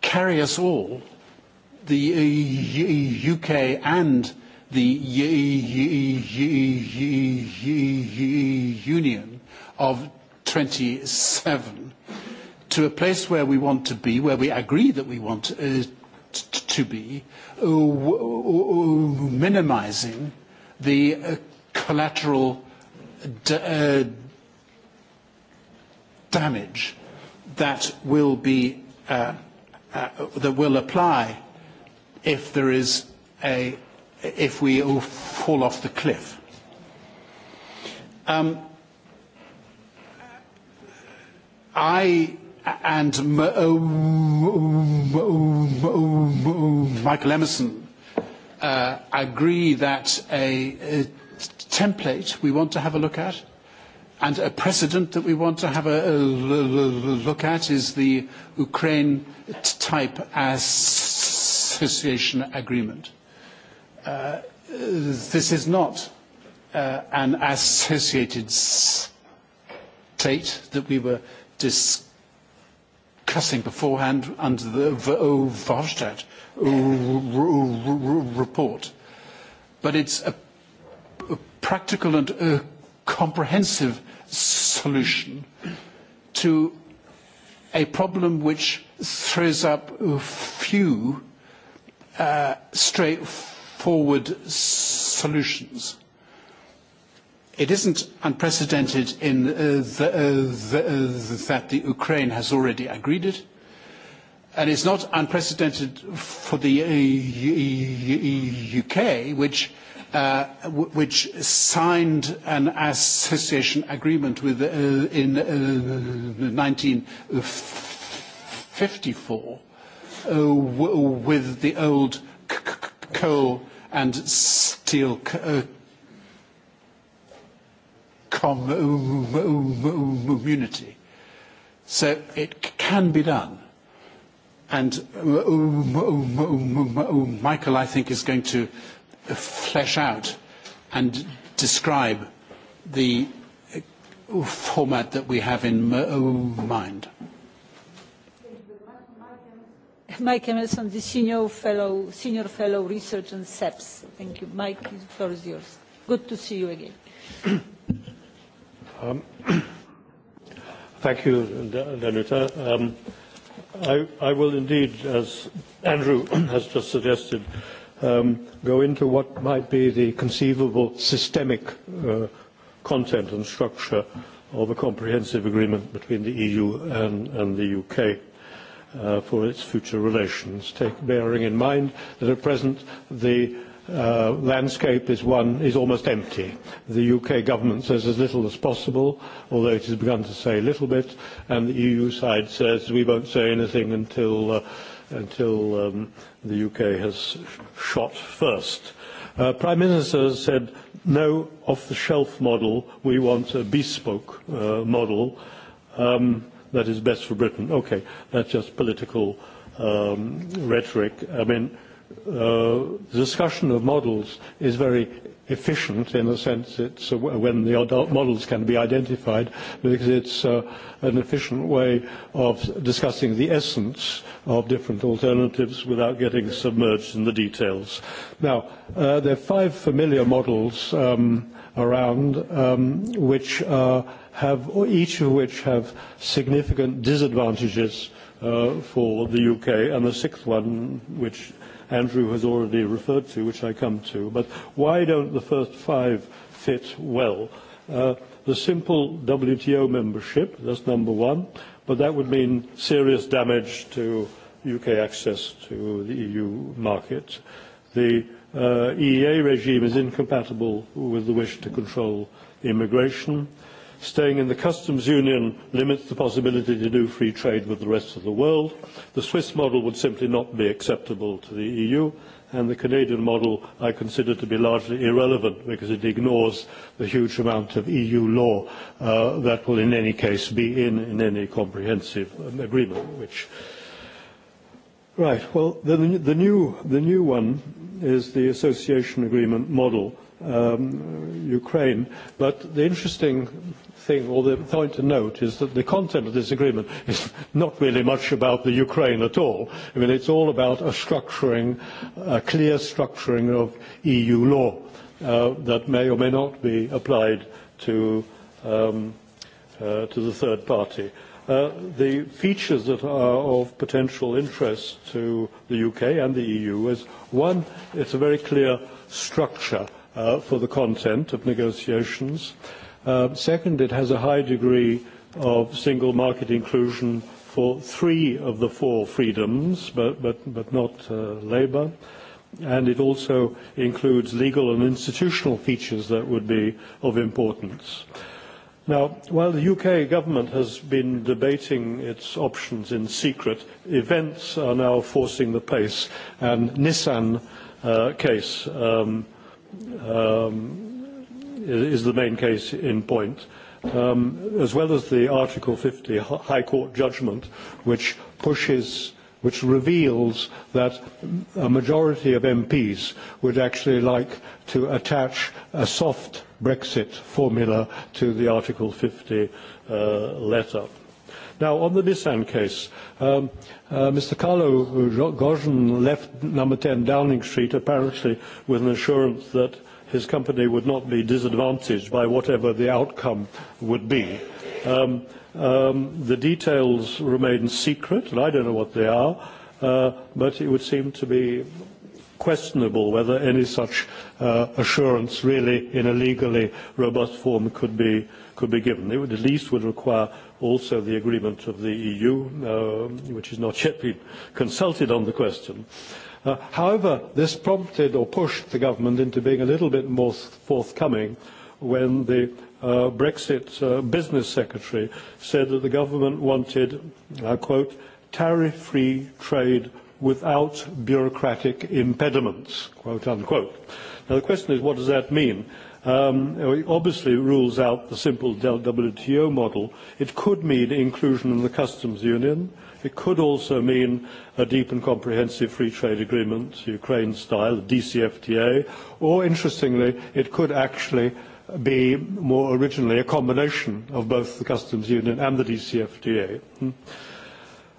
carry us all the UK uh, and the Union of 27 to a place where we want to be, where we agree that we want uh, to be, uh, minimizing the collateral damage that will be that will apply if there is a if we all fall off the cliff. Um, I and M uh, Michael Emerson uh, agree that a, a template we want to have a look at and a precedent that we want to have a, a look at is the Ukraine type as association agreement. Uh, this is not uh, an associated state that we were discussing beforehand under the Verhofstadt report. But it's a, a practical and a comprehensive solution to a problem which throws up few Uh, straightforward solutions. It isn't unprecedented in uh, uh, the, uh, the, that the Ukraine has already agreed it, and it's not unprecedented for the UK, uh, which uh, which signed an association agreement with uh, in uh, 1954 Uh, with the old coal and steel uh, community. Um, um, um, so it can be done. And Michael, I think, is going to flesh out and describe the format that we have in mind. Mike Emerson, the senior fellow, research and SEPS. Thank you. Mike, the floor is yours. Good to see you again. um, thank you, da-, Danuta. Um, I, I will indeed, as Andrew has just suggested, um, go into what might be the conceivable systemic uh, content and structure of a comprehensive agreement between the EU and, and the UK uh, for its future relations, take, bearing in mind that at present the uh, landscape is one is almost empty. The UK government says as little as possible, although it has begun to say a little bit, and the EU side says we won't say anything until, uh, until um, the UK has shot first. Uh, Prime Minister said, no off-the-shelf model, we want a bespoke uh, model. Um, that is best for Britain. Okay, that's just political um, rhetoric. I mean, uh, the discussion of models is very efficient in the sense it's uh, when the adult models can be identified because it's uh, an efficient way of discussing the essence of different alternatives without getting submerged in the details. Now, uh, there are five familiar models um, around um, which are have, each of which have significant disadvantages uh, for the UK, and the sixth one, which Andrew has already referred to, which I come to. But why don't the first five fit well? Uh, the simple WTO membership, that's number one, but that would mean serious damage to UK access to the EU market. The uh, EEA regime is incompatible with the wish to control immigration. Uh, Staying in the customs union limits the possibility to do free trade with the rest of the world. The Swiss model would simply not be acceptable to the EU, and the Canadian model I consider to be largely irrelevant because it ignores the huge amount of EU law uh, that will in any case be in, in any comprehensive um, agreement. Which, right, well, the, the, new, the new one is the association agreement model, um, Ukraine. But the interesting thing or the point to note is that the content of this agreement is not really much about the Ukraine at all. I mean, it's all about a structuring, a clear structuring of EU law uh, that may or may not be applied to, um, uh, to the third party. Uh, the features that are of potential interest to the UK and the EU is one, it's a very clear structure uh, for the content of negotiations. Uh, Um, second, it has a high degree of single market inclusion for three of the four freedoms, but, but, but not uh, labour. And it also includes legal and institutional features that would be of importance. Now, while the UK government has been debating its options in secret, events are now forcing the pace, and Nissan uh, case um, um, is the main case in point, um, as well as the Article 50 High Court judgment, which pushes which reveals that a majority of MPs would actually like to attach a soft Brexit formula to the Article 50 uh, letter. Now, on the Nissan case, um, uh, Mr. Carlo Goshen left number 10 Downing Street apparently with an assurance that his company would not be disadvantaged by whatever the outcome would be. Um, um, the details remain secret, and I don't know what they are, uh, but it would seem to be questionable whether any such uh, assurance really in a legally robust form could be, could be given. It would at least would require also the agreement of the EU, uh, um, which has not yet been consulted on the question. Uh, Uh, however, this prompted or pushed the government into being a little bit more forthcoming when the uh, Brexit uh, business secretary said that the government wanted, uh, quote, tariff-free trade without bureaucratic impediments, quote unquote. Now the question is, what does that mean? Um, it obviously rules out the simple WTO model. It could mean inclusion in the customs union. Uh, It could also mean a deep and comprehensive free trade agreement, Ukraine style, DCFTA, or interestingly, it could actually be more originally a combination of both the customs union and the DCFTA. Hmm.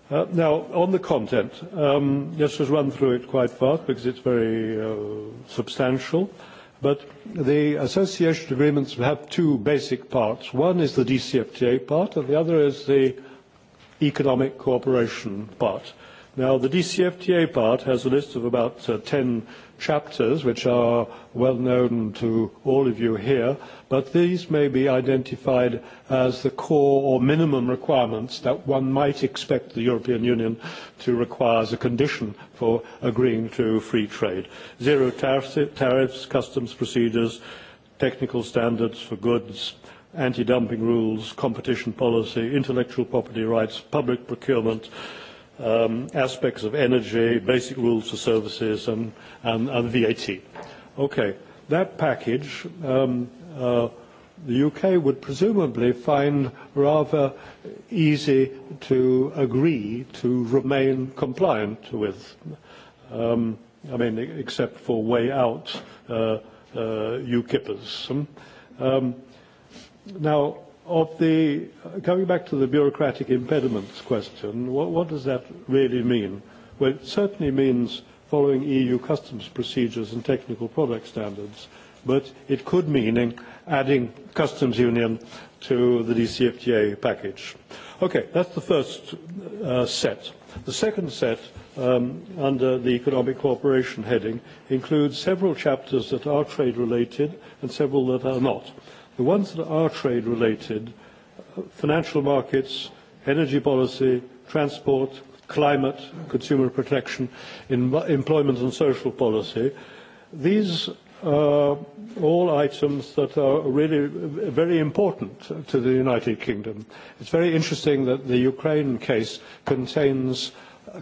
Uh, now, on the content, um, let's just run through it quite fast because it's very uh, substantial. But the association agreements have two basic parts. One is the DCFTA part, and the other is the economic cooperation part. Now, the DCFTA part has a list of about uh, 10 chapters, which are well known to all of you here, but these may be identified as the core or minimum requirements that one might expect the European Union to require as a condition for agreeing to free trade. Zero tariffs, tariffs customs procedures, technical standards for goods, anti-dumping rules, competition policy, intellectual property rights, public procurement, um, aspects of energy, basic rules for services, and, and, and VAT. Okay, that package, um, uh, the UK would presumably find rather easy to agree to remain compliant with. Um, I mean, except for way out uh, uh, UKIPers. Um, um Now, of the coming back to the bureaucratic impediments question, what, what does that really mean? Well, it certainly means following EU customs procedures and technical product standards, but it could mean adding customs union to the DCFTA package. Okay, that's the first uh, set. The second set, um, under the economic cooperation heading, includes several chapters that are trade-related and several that are not. The ones that are trade related, uh, financial markets, energy policy, transport, climate, consumer protection, in, employment and social policy, these are all items that are really very important to the United Kingdom. It's very interesting that the Ukraine case contains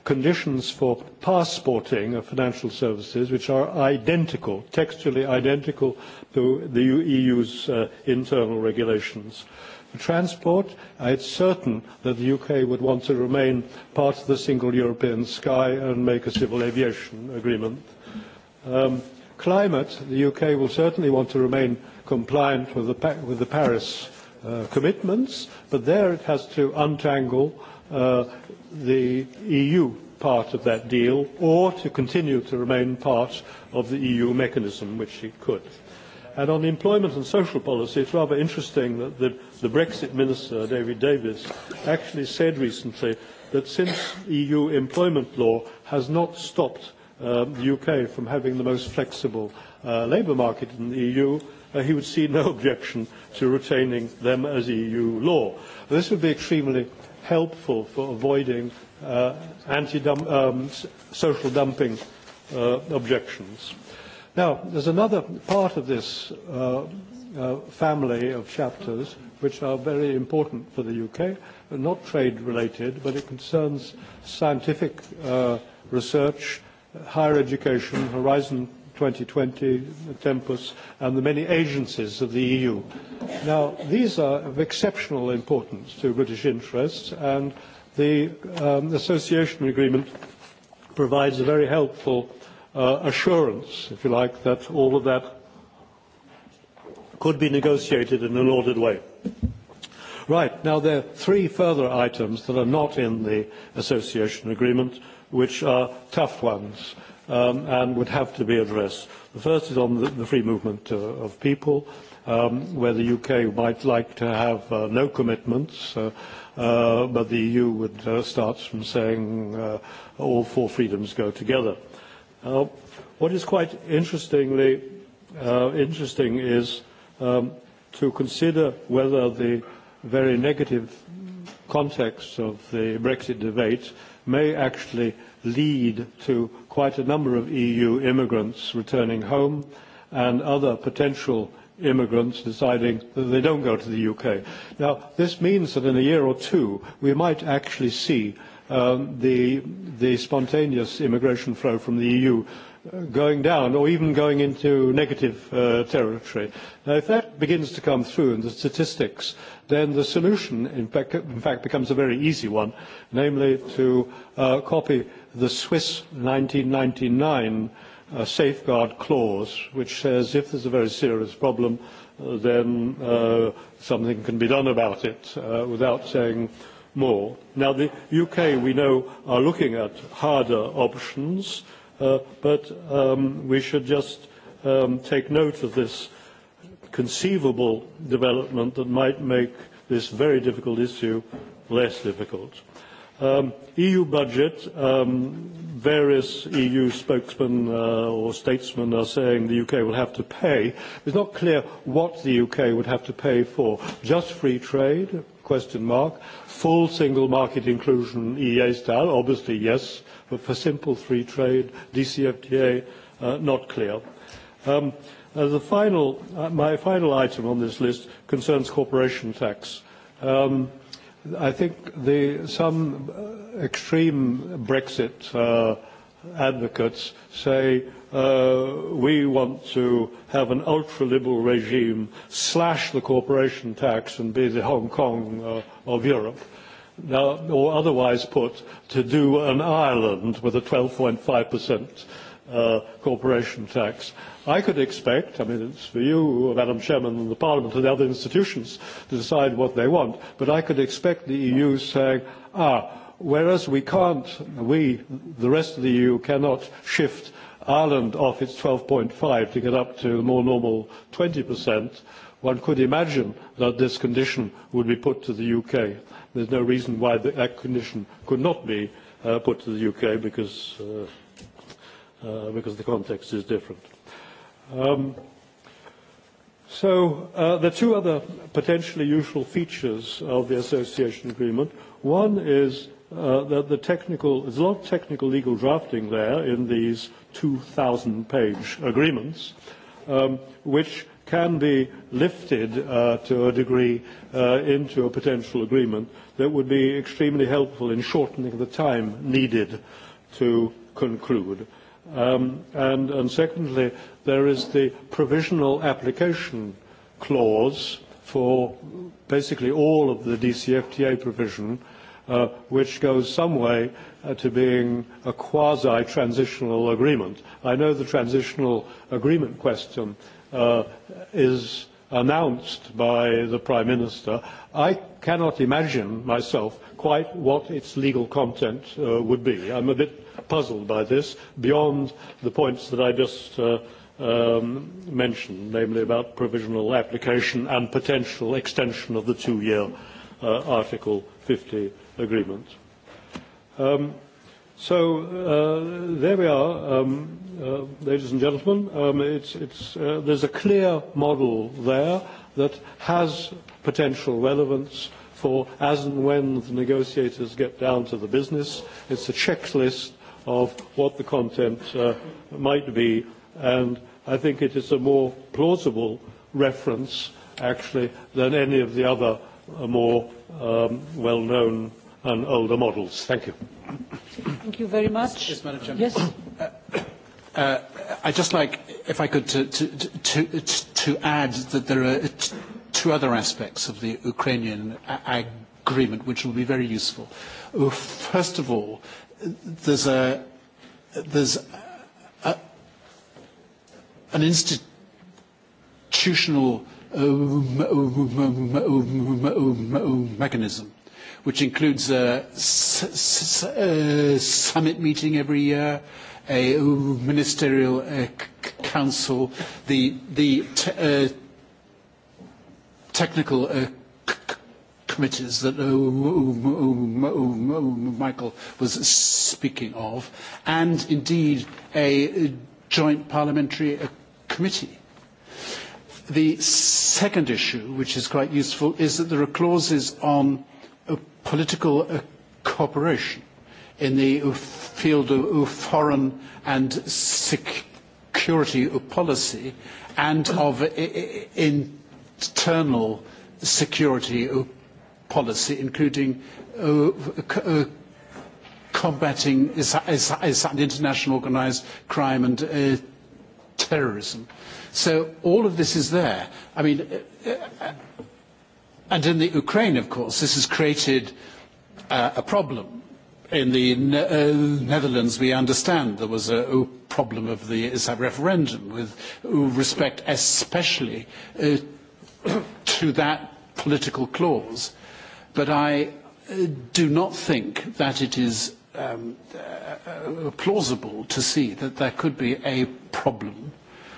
conditions for passporting of financial services, which are identical, textually identical to the EU's uh, internal regulations. For transport, it's certain that the UK would want to remain part of the single European sky and make a civil aviation agreement. Um, climate, the UK will certainly want to remain compliant with the, with the Paris uh, commitments, but there it has to untangle Uh, the EU part of that deal or to continue to remain part of the EU mechanism, which it could. And on employment and social policy, it's rather interesting that the, the Brexit minister, David Davis, actually said recently that since EU employment law has not stopped uh, the UK from having the most flexible uh, labour market in the EU, uh, he would see no objection to retaining them as EU law. This would be extremely helpful for avoiding uh, anti -dum um, social dumping uh, objections. Now, there's another part of this uh, uh, family of chapters which are very important for the UK, not trade related, but it concerns scientific uh, research, higher education, Horizon 2020, Tempus, and the many agencies of the EU. Now, these are of exceptional importance to British interests, and the um, association agreement provides a very helpful uh, assurance, if you like, that all of that could be negotiated in an ordered way. Right, now there are three further items that are not in the association agreement, which are tough ones um, and would have to be addressed. The first is on the, the free movement uh, of people, um, where the UK might like to have uh, no commitments, uh, uh, but the EU would uh, start from saying uh, all four freedoms go together. Uh, what is quite interestingly uh, interesting is um, to consider whether the very negative context of the Brexit debate may actually lead to quite a number of EU immigrants returning home and other potential immigrants deciding that they don't go to the UK. Now, this means that in a year or two, we might actually see um, the, the spontaneous immigration flow from the EU uh, going down or even going into negative uh, territory. Now, if that begins to come through in the statistics, then the solution, in fact, in fact becomes a very easy one, namely to uh, copy the Swiss 1999 uh, safeguard clause, which says if there's a very serious problem, uh, then uh, something can be done about it uh, without saying more. Now, the UK, we know, are looking at harder options, uh, but um, we should just um, take note of this conceivable development that might make this very difficult issue less difficult. Um, EU budget, um, various EU spokesmen uh, or statesmen are saying the UK will have to pay. It's not clear what the UK would have to pay for. Just free trade, question mark. Full single market inclusion, EEA style, obviously yes, but for simple free trade, DCFTA, uh, not clear. Um, the final, uh, my final item on this list concerns corporation tax. Um, I think some uh, extreme Brexit uh, advocates say we want to have an ultra-liberal regime, slash the corporation tax and be the Hong Kong of Europe. Now, or otherwise put, to do an Ireland with a 12.5% uh, corporation tax. I could expect, I mean, it's for you, Madam Chairman, and the Parliament and the other institutions to decide what they want, but I could expect the EU saying, ah, whereas we can't, we, the rest of the EU, cannot shift Ireland off its 12.5 to get up to the more normal 20%, one could imagine that this condition would be put to the UK. There's no reason why that condition could not be uh, put to the UK because uh, uh, because the context is different. Um, so uh, there are two other potentially useful features of the association agreement. One is uh, that the technical, there's a lot of technical legal drafting there in these 2,000-page agreements, um, which can be lifted uh, to a degree uh, into a potential agreement that would be extremely helpful in shortening the time needed to conclude. Uh, Um, and, and secondly, there is the provisional application clause for basically all of the DCFTA provision, uh, which goes some way uh, to being a quasi-transitional agreement. I know the transitional agreement question uh, is announced by the Prime Minister. I cannot imagine myself quite what its legal content uh, would be. I'm a bit puzzled by this beyond the points that I just uh, um, mentioned, namely about provisional application and potential extension of the two-year uh, Article 50 agreement. Um, so uh, there we are, um, uh, ladies and gentlemen. Um, it's, it's, uh, there's a clear model there that has potential relevance for as and when the negotiators get down to the business. It's a checklist of what the content uh, might be, and I think it is a more plausible reference, actually, than any of the other uh, more um, well-known and older models. Thank you. Thank you very much. Yes, Madam Chairman. Yes. Uh, uh, I'd just like, if I could, to, to, to, to add that there are two other aspects of the Ukrainian agreement which will be very useful. Uh, first of all, there's a there's a, an institutional mechanism which includes a summit meeting every year, a ministerial council, the the te uh, technical uh, committees that uh, Michael was speaking of, and indeed a joint parliamentary uh, committee. The second issue, which is quite useful, is that there are clauses on uh, political cooperation in the field of foreign and security policy and of internal security policy, including uh, uh, combating international organised crime and uh, terrorism. So all of this is there. I mean, uh, uh, and in the Ukraine, of course, this has created uh, a problem. In the Netherlands, we understand there was a problem of the referendum with respect especially to that political clause But I uh, do not think that it is um, uh, plausible to see that there could be a problem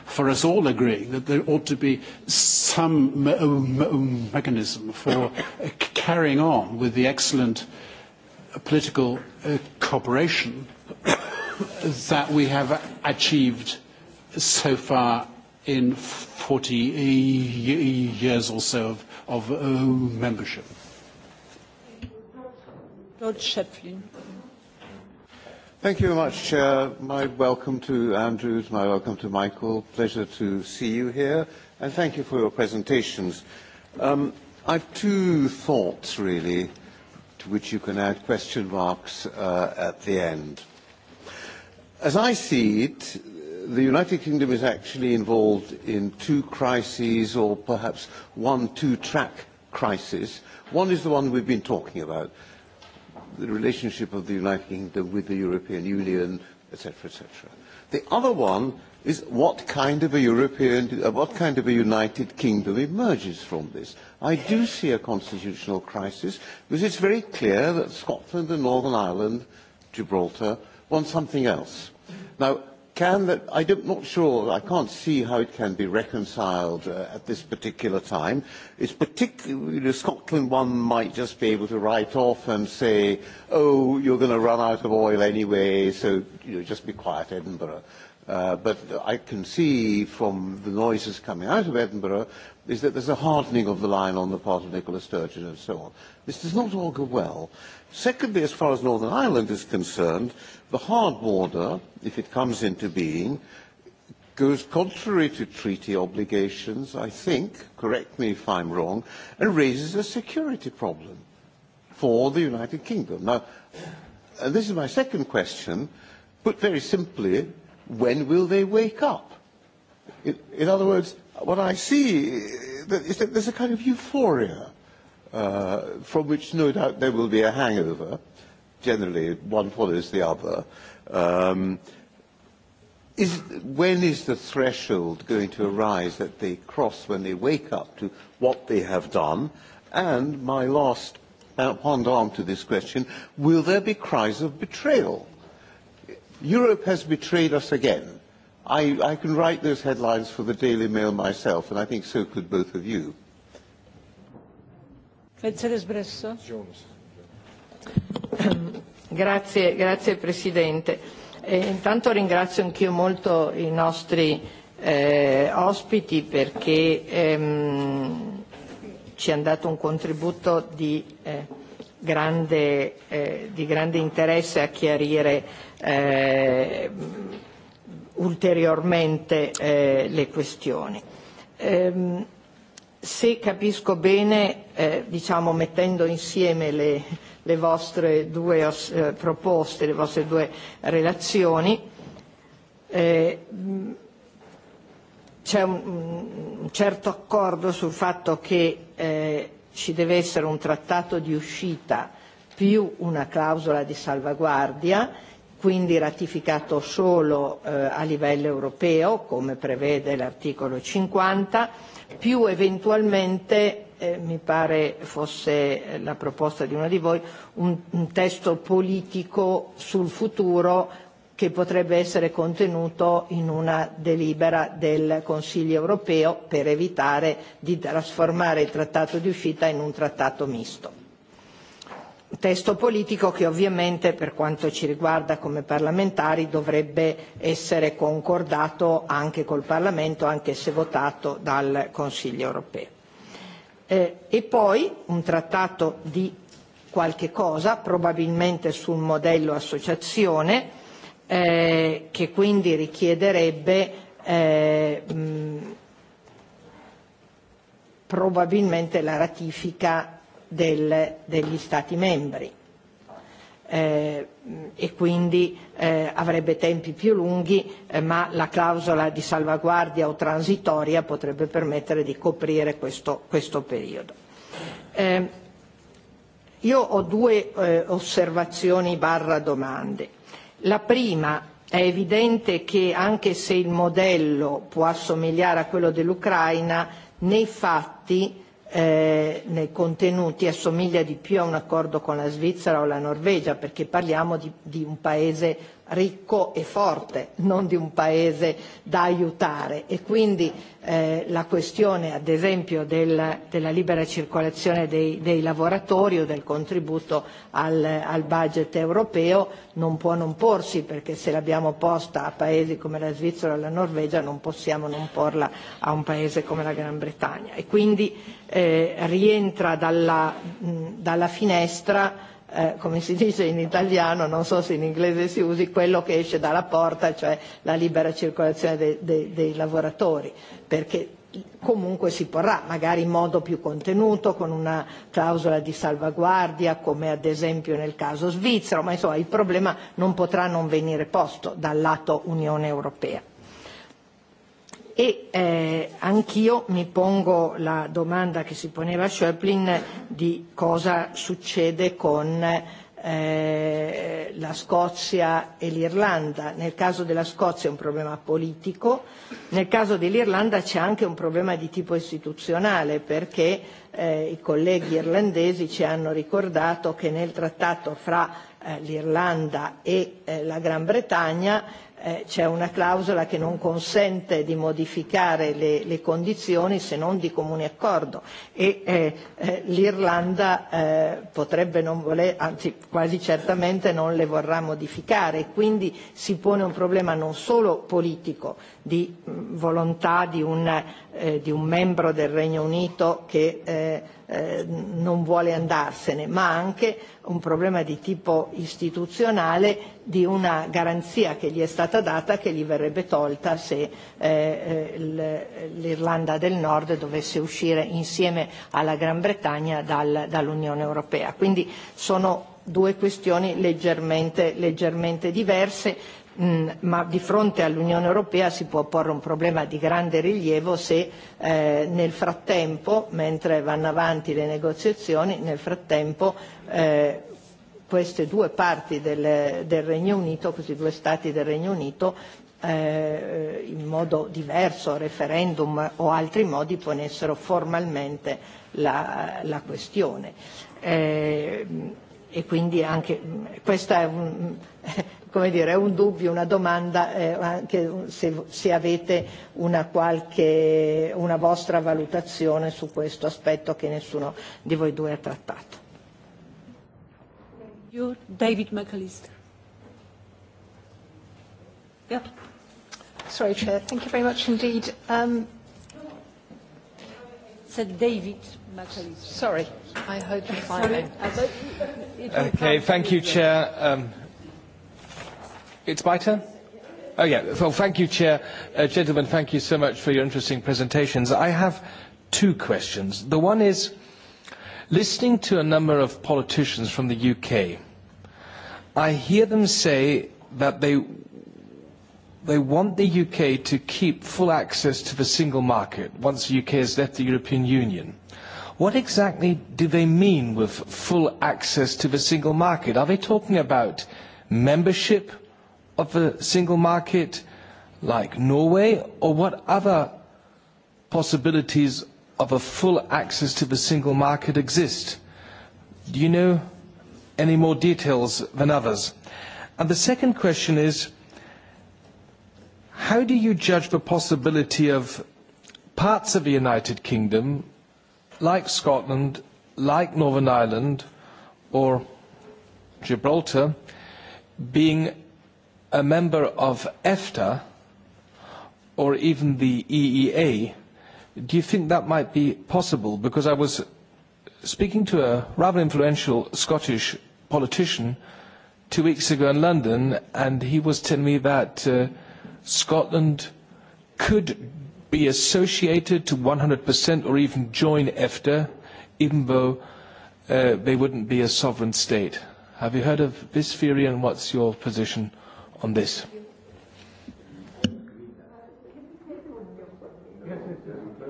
for us all agreeing that there ought to be some me uh, me uh, mechanism for carrying on with the excellent political uh, cooperation that we have achieved so far in 40 years or so of, of membership. Lord Thank you very much. Chair. my welcome to Andrews, my welcome to Michael. Pleasure to see you here, and thank you for your presentations. Um, have two thoughts, really, to which you can add question marks uh, at the end. As I see it, the United Kingdom is actually involved in two crises, or perhaps one two-track crisis. One is the one we've been talking about, the relationship of the United Kingdom with the European Union, etc., etc. The other one is what kind of a European, uh, what kind of a United Kingdom emerges from this. I do see a constitutional crisis because it's very clear that Scotland and Northern Ireland, Gibraltar, want something else. Now, can that I'm not sure I can't see how it can be reconciled uh, at this particular time. It's particularly you know, Scotland one might just be able to write off and say, oh, you're going to run out of oil anyway, so you know, just be quiet, Edinburgh. Uh, but I can see from the noises coming out of Edinburgh is that there's a hardening of the line on the part of Nicola Sturgeon and so on. This does not all go well. Secondly, as far as Northern Ireland is concerned, The hard border, if it comes into being, goes contrary to treaty obligations, I think, correct me if I'm wrong, and raises a security problem for the United Kingdom. Now, and uh, this is my second question, put very simply, when will they wake up? In, in other words, what I see uh, is that there's a kind of euphoria uh, from which no doubt there will be a hangover generally one follows the other. Um, is, when is the threshold going to arise that they cross when they wake up to what they have done? And my last hand uh, on to this question, will there be cries of betrayal? Europe has betrayed us again. I, I can write those headlines for the Daily Mail myself, and I think so could both of you. Jones. Grazie, grazie Presidente. E intanto ringrazio anch'io molto i nostri eh, ospiti perché ehm, ci hanno dato un contributo di, eh, grande, eh, di grande interesse a chiarire eh, ulteriormente eh, le questioni. Ehm, se capisco bene, eh, diciamo mettendo insieme le le vostre due eh, proposte, le vostre due relazioni. Eh, mm, c'è un, un certo accordo sul fatto che eh, ci deve essere un trattato di uscita più una clausola di salvaguardia, quindi ratificato solo eh, a livello europeo, come prevede l'articolo 50, più eventualmente Eh, mi pare fosse la proposta di uno di voi, un, un testo politico sul futuro che potrebbe essere contenuto in una delibera del Consiglio europeo per evitare di trasformare il trattato di uscita in un trattato misto testo politico che ovviamente per quanto ci riguarda come parlamentari dovrebbe essere concordato anche col Parlamento anche se votato dal Consiglio europeo. Eh, e poi un trattato di qualche cosa, probabilmente sul modello associazione, eh, che quindi richiederebbe eh, mh, probabilmente la ratifica del, degli Stati membri. Eh, e quindi eh, avrebbe tempi più lunghi, eh, ma la clausola di salvaguardia o transitoria potrebbe permettere di coprire questo, questo periodo. Eh, io ho due eh, osservazioni barra domande. La prima è evidente che anche se il modello può assomigliare a quello dell'Ucraina, nei fatti eh, nei contenuti assomiglia di più a un accordo con la Svizzera o la Norvegia, perché parliamo di, di un paese ricco e forte, non di un paese da aiutare e quindi eh, la questione ad esempio del, della libera circolazione dei, dei lavoratori o del contributo al, al budget europeo non può non porsi perché se l'abbiamo posta a paesi come la Svizzera o la Norvegia non possiamo non porla a un paese come la Gran Bretagna e quindi eh, rientra dalla, mh, dalla finestra eh, come si dice in italiano, non so se in inglese si usi, quello che esce dalla porta, cioè la libera circolazione de, de, dei lavoratori, perché comunque si porrà, magari in modo più contenuto, con una clausola di salvaguardia, come ad esempio nel caso svizzero, ma insomma il problema non potrà non venire posto dal lato Unione Europea e eh, anch'io mi pongo la domanda che si poneva a Schöpflin di cosa succede con eh, la Scozia e l'Irlanda. Nel caso della Scozia è un problema politico, nel caso dell'Irlanda c'è anche un problema di tipo istituzionale perché eh, i colleghi irlandesi ci hanno ricordato che nel trattato fra Eh, l'Irlanda e eh, la Gran Bretagna eh, c'è una clausola che non consente di modificare le, le condizioni se non di comune accordo e eh, eh l'Irlanda eh, potrebbe non voler, anzi quasi certamente non le vorrà modificare quindi si pone un problema non solo politico di mm, volontà di un eh, eh, di un membro del Regno Unito che eh, eh, non vuole andarsene, ma anche un problema di tipo istituzionale di una garanzia che gli è stata data che gli verrebbe tolta se eh, eh l'Irlanda del Nord dovesse uscire insieme alla Gran Bretagna dal, dall'Unione Europea. Quindi sono due questioni leggermente, leggermente diverse Mm, ma di fronte all'Unione Europea si può porre un problema di grande rilievo se eh, nel frattempo, mentre vanno avanti le negoziazioni, nel frattempo eh, queste due parti del, del Regno Unito, questi due stati del Regno Unito, eh, eh in modo diverso, referendum o altri modi, ponessero formalmente la, la questione. Eh, e quindi anche mm, questa è un, come dire, un dubbio, una domanda, eh, anche se, se avete una, qualche, una vostra valutazione su questo aspetto che nessuno di voi due ha trattato. You're David Sorry, Chair. Thank you very much indeed. Um, said David McAllister. Sorry, I hope you find it. Okay, thank you, Chair. Um, It's my turn? Oh, yeah. Well, thank you, Chair. Uh, gentlemen, thank you so much for your interesting presentations. I have two questions. The one is, listening to a number of politicians from the UK, I hear them say that they, they want the UK to keep full access to the single market once the UK has left the European Union. What exactly do they mean with full access to the single market? Are they talking about membership? of a single market like Norway, or what other possibilities of a full access to the single market exist? Do you know any more details than others? And the second question is, how do you judge the possibility of parts of the United Kingdom, like Scotland, like Northern Ireland, or Gibraltar, being a member of EFTA or even the EEA, do you think that might be possible? Because I was speaking to a rather influential Scottish politician two weeks ago in London, and he was telling me that uh, Scotland could be associated to 100% or even join EFTA, even though uh, they wouldn't be a sovereign state. Have you heard of this theory, and what's your position? on this?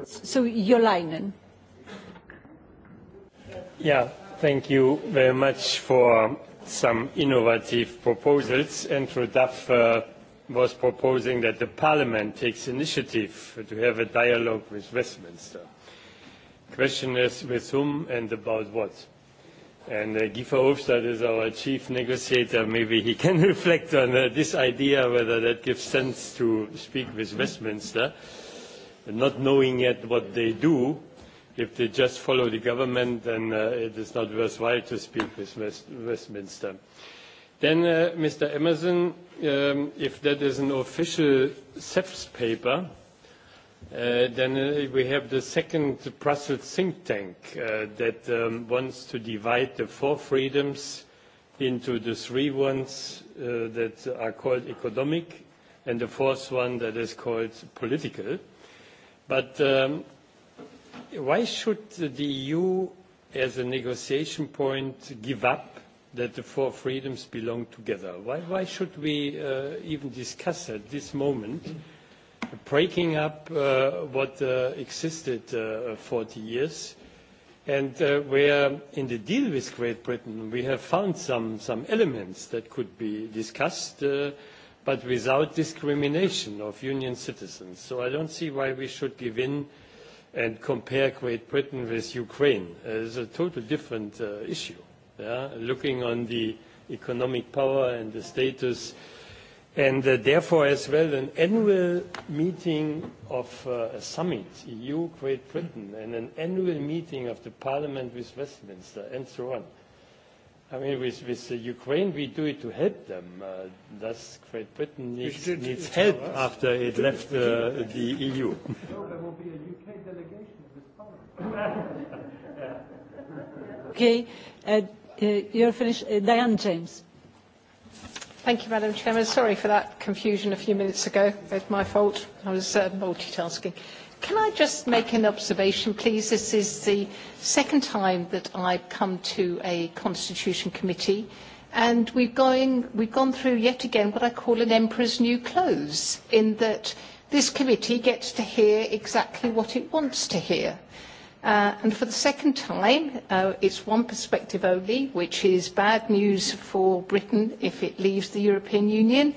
So, Jolainen. Yeah, thank you very much for some innovative proposals. Andrew Duff uh, was proposing that the Parliament takes initiative to have a dialogue with Westminster. Question is with whom and about what? And uh, Guy Verhofstadt is our chief negotiator. Maybe he can reflect on uh, this idea, whether that gives sense to speak with Westminster, not knowing yet what they do. If they just follow the government, then uh, it is not worthwhile to speak with West Westminster. Then, uh, Mr. Emerson, um, if that is an official CEPS paper, Uh, then uh, we have the second Brussels think tank uh, that um, wants to divide the four freedoms into the three ones uh, that are called economic and the fourth one that is called political. But um, why should the EU, as a negotiation point, give up that the four freedoms belong together? Why, why should we uh, even discuss at this moment? Mm -hmm breaking up uh, what uh, existed uh, 40 years and uh, where in the deal with Great Britain we have found some, some elements that could be discussed uh, but without discrimination of union citizens. So I don't see why we should give in and compare Great Britain with Ukraine. Uh, it's a total different uh, issue. Yeah? Looking on the economic power and the status and uh, therefore as well an annual meeting of uh, a summit, EU, Great Britain, and an annual meeting of the parliament with Westminster, and so on. I mean, with, with uh, Ukraine, we do it to help them. Uh, thus, Great Britain needs, did, needs help us. after it did, left uh, the EU. okay, uh, uh, you're finished. Uh, Diane James. Thank you, Madam Chairman. Sorry for that confusion a few minutes ago. It's my fault. I was uh, multitasking. Can I just make an observation, please? This is the second time that I've come to a Constitution Committee, and we've, going, we've gone through yet again what I call an emperor's new clothes, in that this committee gets to hear exactly what it wants to hear. Uh, and for the second time, uh, it's one perspective only, which is bad news for Britain if it leaves the European Union,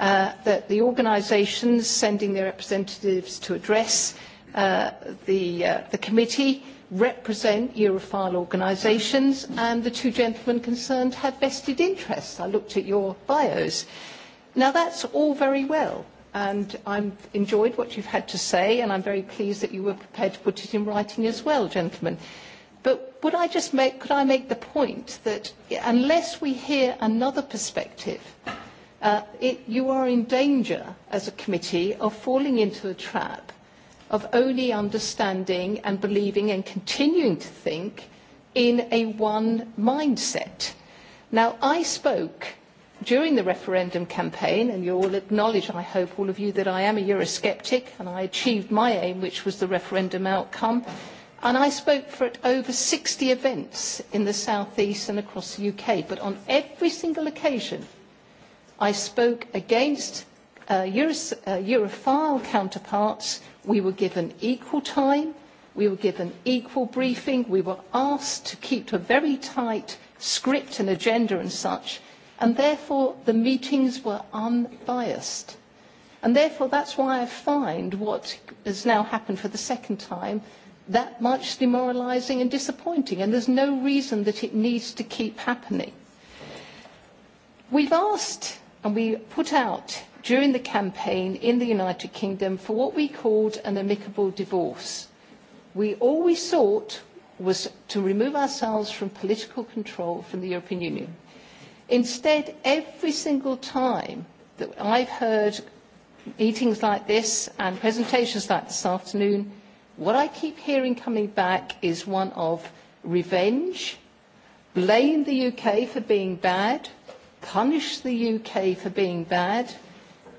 uh, that the organisations sending their representatives to address uh, the, uh, the committee represent Europhile organisations, and the two gentlemen concerned have vested interests. I looked at your bios. Now, that's all very well, and I've enjoyed what you've had to say, and I'm very pleased that you were prepared to put it in writing as well, gentlemen. But would I just make, could I make the point that unless we hear another perspective, uh, it, you are in danger as a committee of falling into the trap of only understanding and believing and continuing to think in a one mindset. Now, I spoke during the referendum campaign, and you all acknowledge, I hope, all of you, that I am a Eurosceptic, and I achieved my aim, which was the referendum outcome. And I spoke for at over 60 events in the South East and across the UK. But on every single occasion, I spoke against uh, Euros, uh, Europhile counterparts. We were given equal time. We were given equal briefing. We were asked to keep a very tight script and agenda and such and therefore the meetings were unbiased. And therefore that's why I find what has now happened for the second time that much demoralising and disappointing, and there's no reason that it needs to keep happening. We've asked and we put out during the campaign in the United Kingdom for what we called an amicable divorce. We all we sought was to remove ourselves from political control from the European Union. Instead, every single time that I've heard meetings like this and presentations like this afternoon, what I keep hearing coming back is one of revenge, blame the UK for being bad, punish the UK for being bad,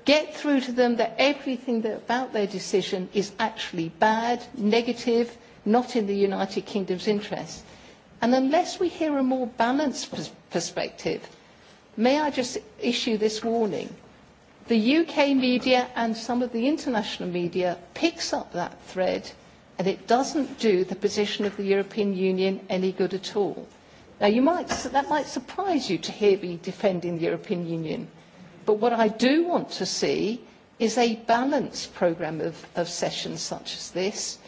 get through to them that everything that about their decision is actually bad, negative, not in the United Kingdom's interest. And unless we hear a more balanced pers perspective, may I just issue this warning? The UK media and some of the international media picks up that thread and it doesn't do the position of the European Union any good at all. Now, you might, that might surprise you to hear me defending the European Union, but what I do want to see is a balanced programme of, of sessions such as this.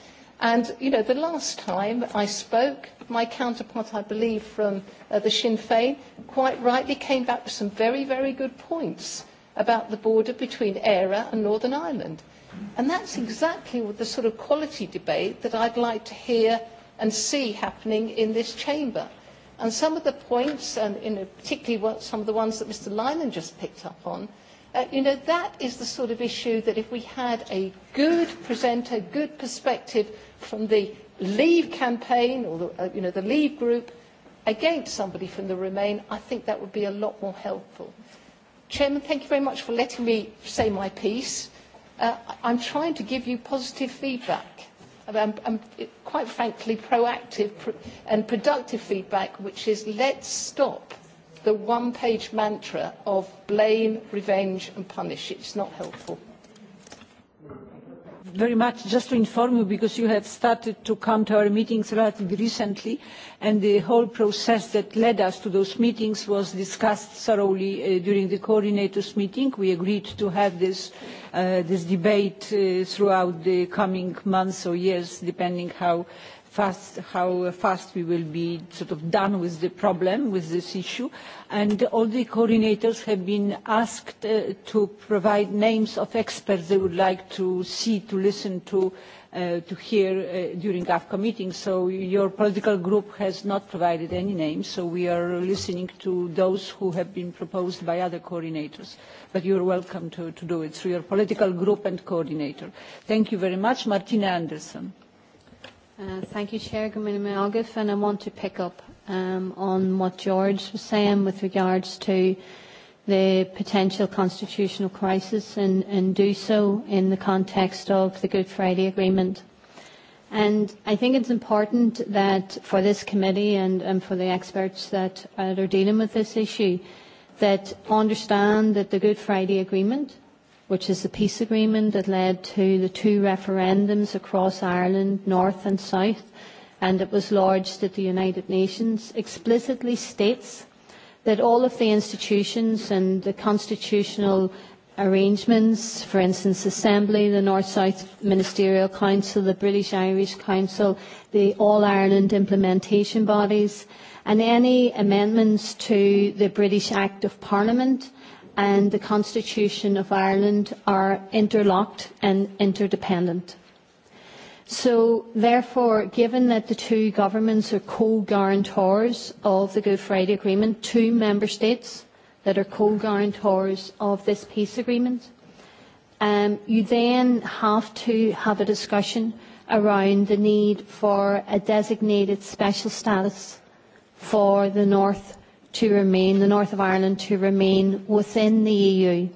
And, you know, the last time I spoke, my counterpart, I believe, from uh, the Sinn Féin, quite rightly came back with some very, very good points about the border between ERA and Northern Ireland. And that's exactly the sort of quality debate that I'd like to hear and see happening in this chamber. And some of the points, and you know, particularly what, some of the ones that Mr. Lyman just picked up on, uh, you know, that is the sort of issue that if we had a good presenter, good perspective from the Leave campaign or the, uh, you know, the Leave group against somebody from the Remain, I think that would be a lot more helpful. Chairman, thank you very much for letting me say my piece. Uh, I'm trying to give you positive feedback. I'm, I'm quite frankly proactive and productive feedback, which is let's stop the one-page mantra of blame, revenge and punish. It's not helpful very much. Just to inform you, because you have started to come to our meetings relatively recently, and the whole process that led us to those meetings was discussed thoroughly uh, during the coordinators' meeting. We agreed to have this, uh, this debate uh, throughout the coming months or years, depending how fast, how fast we will be sort of done with the problem, with this issue. And all the coordinators have been asked uh, to provide names of experts they would like to see, to listen to, uh, to hear uh, during our meetings. So your political group has not provided any names, so we are listening to those who have been proposed by other coordinators. But you're welcome to, to do it through your political group and coordinator. Thank you very much. Martina Anderson. Uh, thank you, Chair Gamina and I want to pick up um, on what George was saying with regards to the potential constitutional crisis and, and do so in the context of the Good Friday Agreement. And I think it's important that for this committee and, and for the experts that are dealing with this issue, that understand that the Good Friday Agreement which is the peace agreement that led to the two referendums across Ireland, North and South, and it was lodged at the United Nations, explicitly states that all of the institutions and the constitutional arrangements, for instance, Assembly, the North-South Ministerial Council, the British-Irish Council, the All-Ireland implementation bodies, and any amendments to the British Act of Parliament and the Constitution of Ireland are interlocked and interdependent. So therefore, given that the two governments are co-guarantors of the Good Friday Agreement, two member states that are co-guarantors of this peace agreement, um, you then have to have a discussion around the need for a designated special status for the North to remain, the north of Ireland to remain within the EU.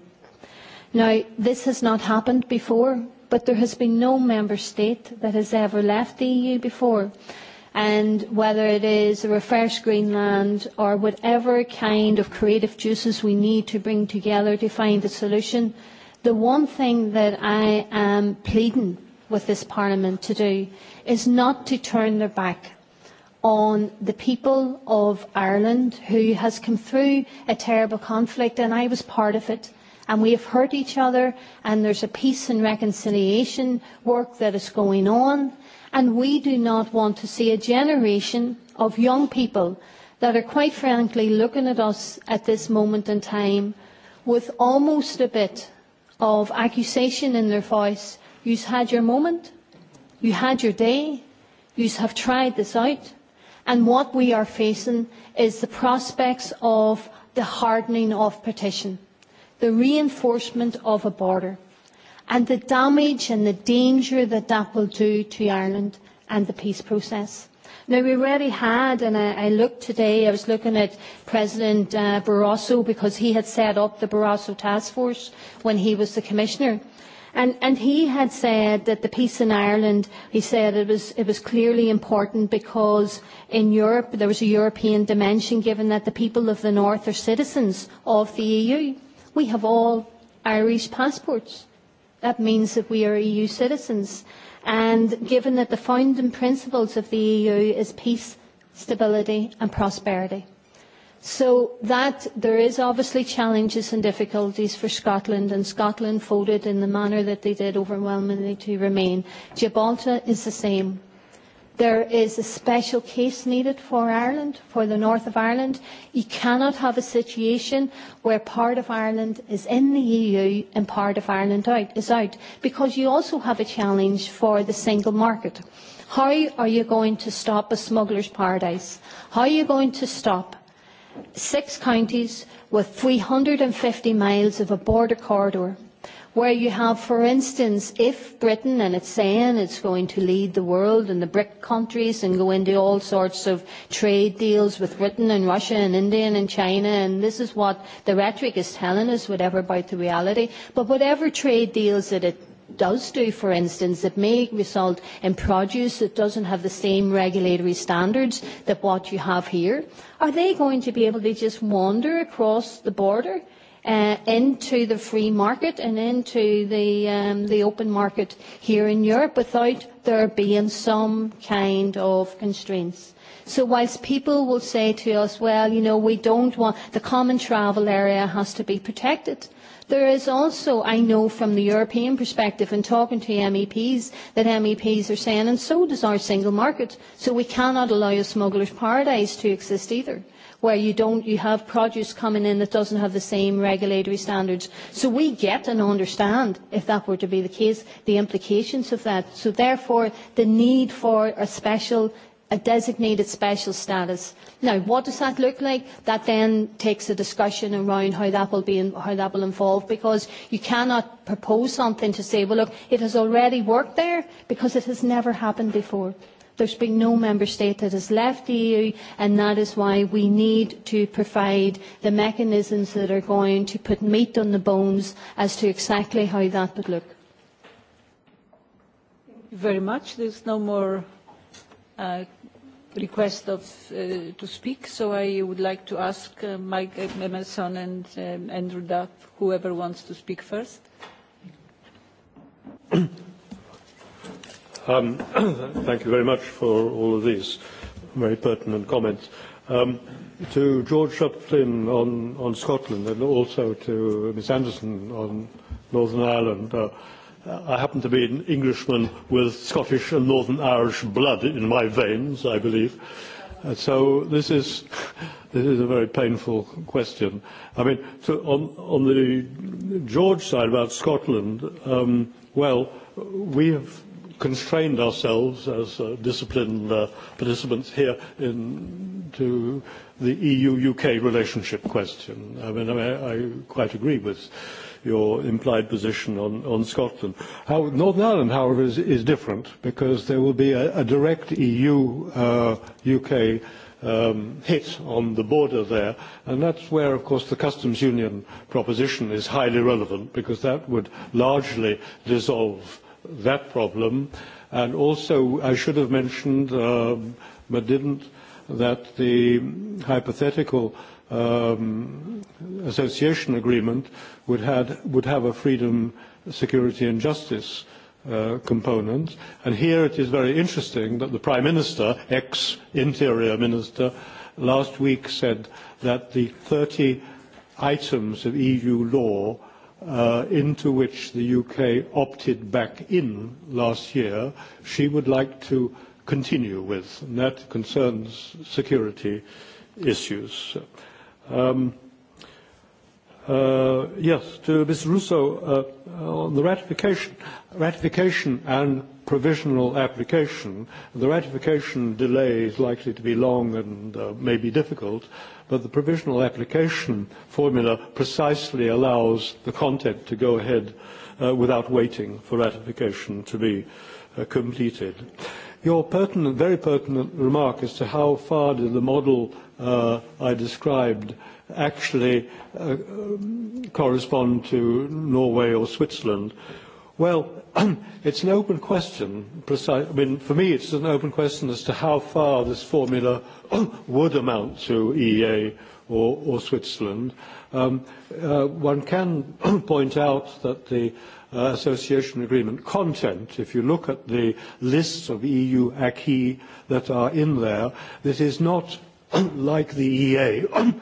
Now, this has not happened before, but there has been no member state that has ever left the EU before. And whether it is a refreshed Greenland or whatever kind of creative juices we need to bring together to find a solution, the one thing that I am pleading with this Parliament to do is not to turn their back on the people of Ireland who has come through a terrible conflict and I was part of it and we have hurt each other and there's a peace and reconciliation work that is going on and we do not want to see a generation of young people that are quite frankly looking at us at this moment in time with almost a bit of accusation in their voice. You've had your moment, you had your day, you have tried this out, And what we are facing is the prospects of the hardening of partition, the reinforcement of a border, and the damage and the danger that that will do to Ireland and the peace process. Now, we already had, and I, I looked today, I was looking at President uh, Barroso because he had set up the Barroso Task Force when he was the Commissioner. And, and he had said that the peace in Ireland, he said it was, it was clearly important because in Europe there was a European dimension given that the people of the North are citizens of the EU. We have all Irish passports. That means that we are EU citizens. And given that the founding principles of the EU is peace, stability and prosperity. So that there is obviously challenges and difficulties for Scotland, and Scotland voted in the manner that they did overwhelmingly to remain. Gibraltar is the same. There is a special case needed for Ireland, for the north of Ireland. You cannot have a situation where part of Ireland is in the EU and part of Ireland out, is out, because you also have a challenge for the single market. How are you going to stop a smuggler's paradise? How are you going to stop six counties with 350 miles of a border corridor where you have, for instance, if Britain, and it's saying it's going to lead the world and the BRIC countries and go into all sorts of trade deals with Britain and Russia and India and China, and this is what the rhetoric is telling us, whatever about the reality, but whatever trade deals that it does do, for instance, it may result in produce that doesn't have the same regulatory standards that what you have here. Are they going to be able to just wander across the border uh, into the free market and into the, um, the open market here in Europe without there being some kind of constraints? So whilst people will say to us, well, you know, we don't want, the common travel area has to be protected – There is also, I know from the European perspective and talking to MEPs, that MEPs are saying, and so does our single market, so we cannot allow a smuggler's paradise to exist either where you don't you have produce coming in that doesn't have the same regulatory standards. So we get and understand if that were to be the case the implications of that. So therefore the need for a special a designated special status. Now, what does that look like? That then takes a discussion around how that will be in, how that will involve, because you cannot propose something to say, well, look, it has already worked there, because it has never happened before. There's been no member state that has left the EU, and that is why we need to provide the mechanisms that are going to put meat on the bones as to exactly how that would look. Thank you very much. There's no more uh, request of, uh, to speak, so I would like to ask uh, Mike Emerson and um, Andrew Duff, whoever wants to speak first. Um, thank you very much for all of these very pertinent comments. Um, to George Shupton on, on Scotland and also to Ms Anderson on Northern Ireland, uh, I happen to be an Englishman with Scottish and Northern Irish blood in my veins, I believe. Uh, so this is this is a very painful question. I mean, to, on on the George side about Scotland, um, well, we have constrained ourselves as uh, disciplined uh, participants here in, to the EU-UK relationship question. I mean, I, I quite agree with your implied position on, on Scotland. How, Northern Ireland, however, is, is different because there will be a, a direct EU uh, UK um, hit on the border there, and that's where, of course, the customs union proposition is highly relevant because that would largely dissolve that problem. And also, I should have mentioned, um, but didn't, that the hypothetical uh, um, association agreement would, had, would have a freedom, security and justice uh, component. And here it is very interesting that the Prime Minister, ex-Interior Minister, last week said that the 30 items of EU law uh, into which the UK opted back in last year, she would like to continue with, and that concerns security issues. Uh, Um, uh, yes, to Ms. Russo, uh, on the ratification, ratification and provisional application, the ratification delay is likely to be long and uh, be difficult, but the provisional application formula precisely allows the content to go ahead uh, without waiting for ratification to be uh, completed. Your pertinent, very pertinent remark as to how far did the model uh, I described actually uh, um, correspond to Norway or Switzerland? Well, it's an open question. Precise, I mean, for me, it's an open question as to how far this formula would amount to EA or, or Switzerland. Um, uh, one can point out that the uh, association agreement content, if you look at the lists of EU acquis that are in there, this is not like the EA,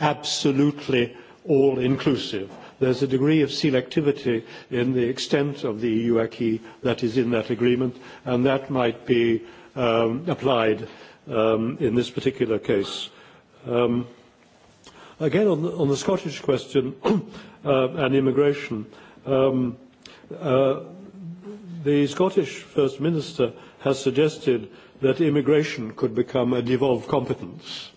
absolutely all-inclusive. There's a degree of selectivity in the extent of the EU acquis that is in that agreement, and that might be um, applied um, in this particular case. Um, again, on the, on the Scottish question uh, and immigration, um, uh, the Scottish First Minister has suggested that immigration could become a devolved competence,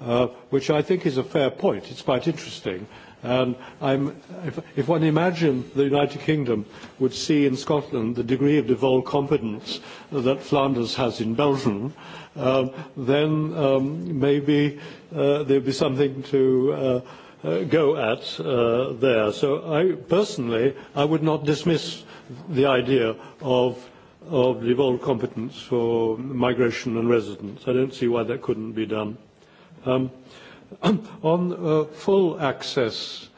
uh, which I think is a fair point. It's quite interesting. And I'm, if, if one imagined the United Kingdom would see in Scotland the degree of devolved competence that Flanders has in Belgium, um, then um, maybe uh, there'd be something to uh, uh, go at uh, there. So I, personally, I would not dismiss the idea of of devolved competence for migration and residence. I don't see why that couldn't be done. Um, on uh, full access,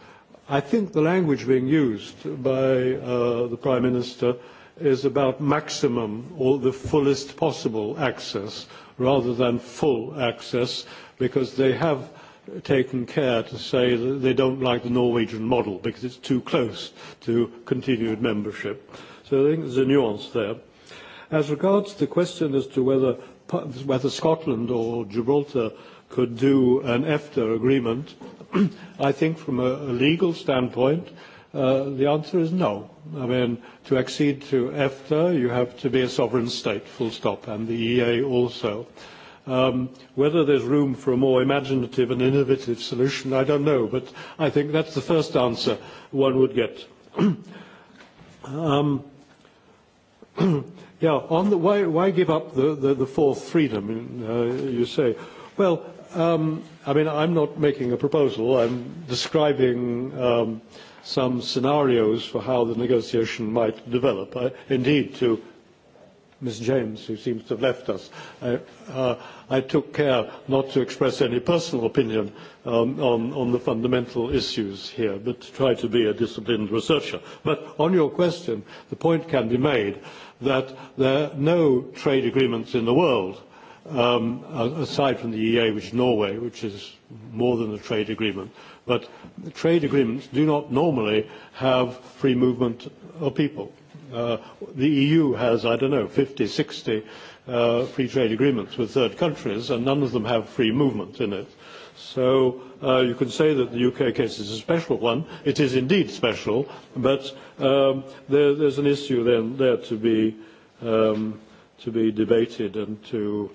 I think the language being used by uh, the Prime Minister is about maximum or the fullest possible access rather than full access because they have taken care to say that they don't like the Norwegian model because it's too close to continued membership. So I think there's a nuance there. As regards the question as to whether, whether Scotland or Gibraltar could do an EFTA agreement, I think from a, a legal standpoint, uh, the answer is no. I mean, to accede to EFTA, you have to be a sovereign state, full stop, and the EA also. Um, whether there's room for a more imaginative and innovative solution, I don't know, but I think that's the first answer one would get. um, Yeah, on the, why, why give up the, the, the fourth freedom, uh, you say? Well, um, I mean, I'm not making a proposal. I'm describing um, some scenarios for how the negotiation might develop. I, indeed, to Ms. James, who seems to have left us, I, uh, I took care not to express any personal opinion um, on, on the fundamental issues here, but to try to be a disciplined researcher. But on your question, the point can be made that there are no trade agreements in the world um, aside from the EA, which is Norway, which is more than a trade agreement. But trade agreements do not normally have free movement of people. Uh, the EU has, I don't know, 50, 60 uh, free trade agreements with third countries, and none of them have free movement in it. Uh, So uh, you could say that the UK case is a special one. It is indeed special, but um, there, there's an issue then there to be um, to be debated and to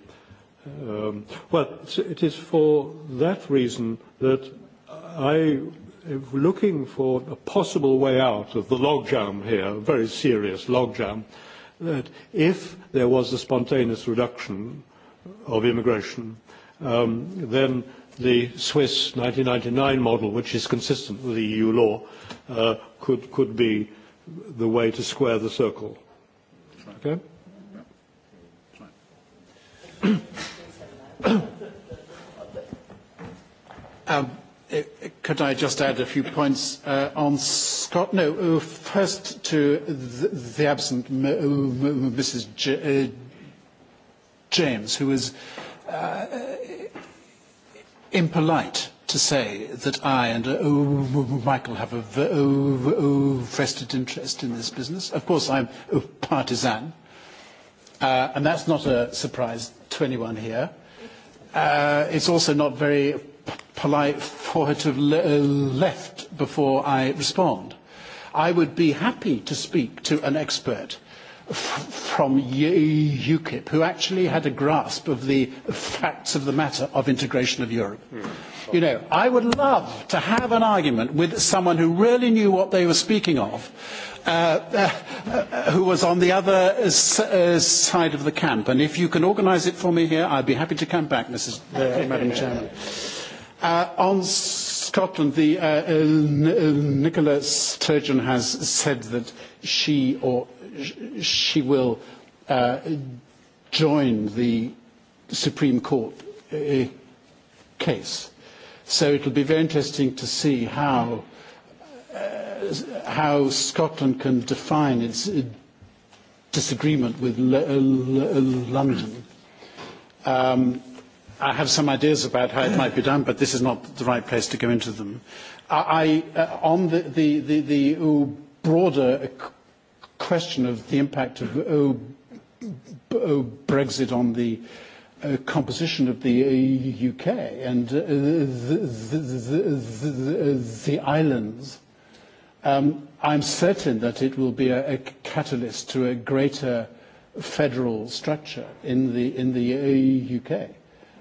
um, well, it is for that reason that I, if looking for a possible way out of the logjam here, a very serious logjam, that if there was a spontaneous reduction of immigration, um, then the Swiss 1999 model, which is consistent with EU law, uh, could, could be the way to square the circle. Okay? um, eh, eh, could I just add a few points uh, on Scott? No, uh, first to the, the absent uh, Mrs. J uh, James, who was uh, impolite to say that I and uh, oh, Michael have a oh, oh, vested interest in this business. Of course, I'm a partisan, uh, and that's not a surprise to anyone here. Uh, it's also not very polite for her to have uh, le left before I respond. I would be happy to speak to an expert from UKIP, who actually had a grasp of the facts of the matter of integration of Europe. Hmm. You know, I would love to have an argument with someone who really knew what they were speaking of, uh, uh, uh, who was on the other uh, side of the camp. And if you can organise it for me here, I'd be happy to come back, Mrs. Uh, Madam Chairman. Uh, on Scotland, the, Nicola Sturgeon has said that she or she will uh, join the Supreme Court uh, case. So it will be very interesting to see how, uh, how Scotland can define its disagreement with L London. Um, I have some ideas about how it might be done, but this is not the right place to go into them. I, uh, on the, the, the, the broader question of the impact of oh, oh, Brexit on the uh, composition of the uh, UK and uh, the, the, the, the islands, um, I'm certain that it will be a, a catalyst to a greater federal structure in the, in the UK uh,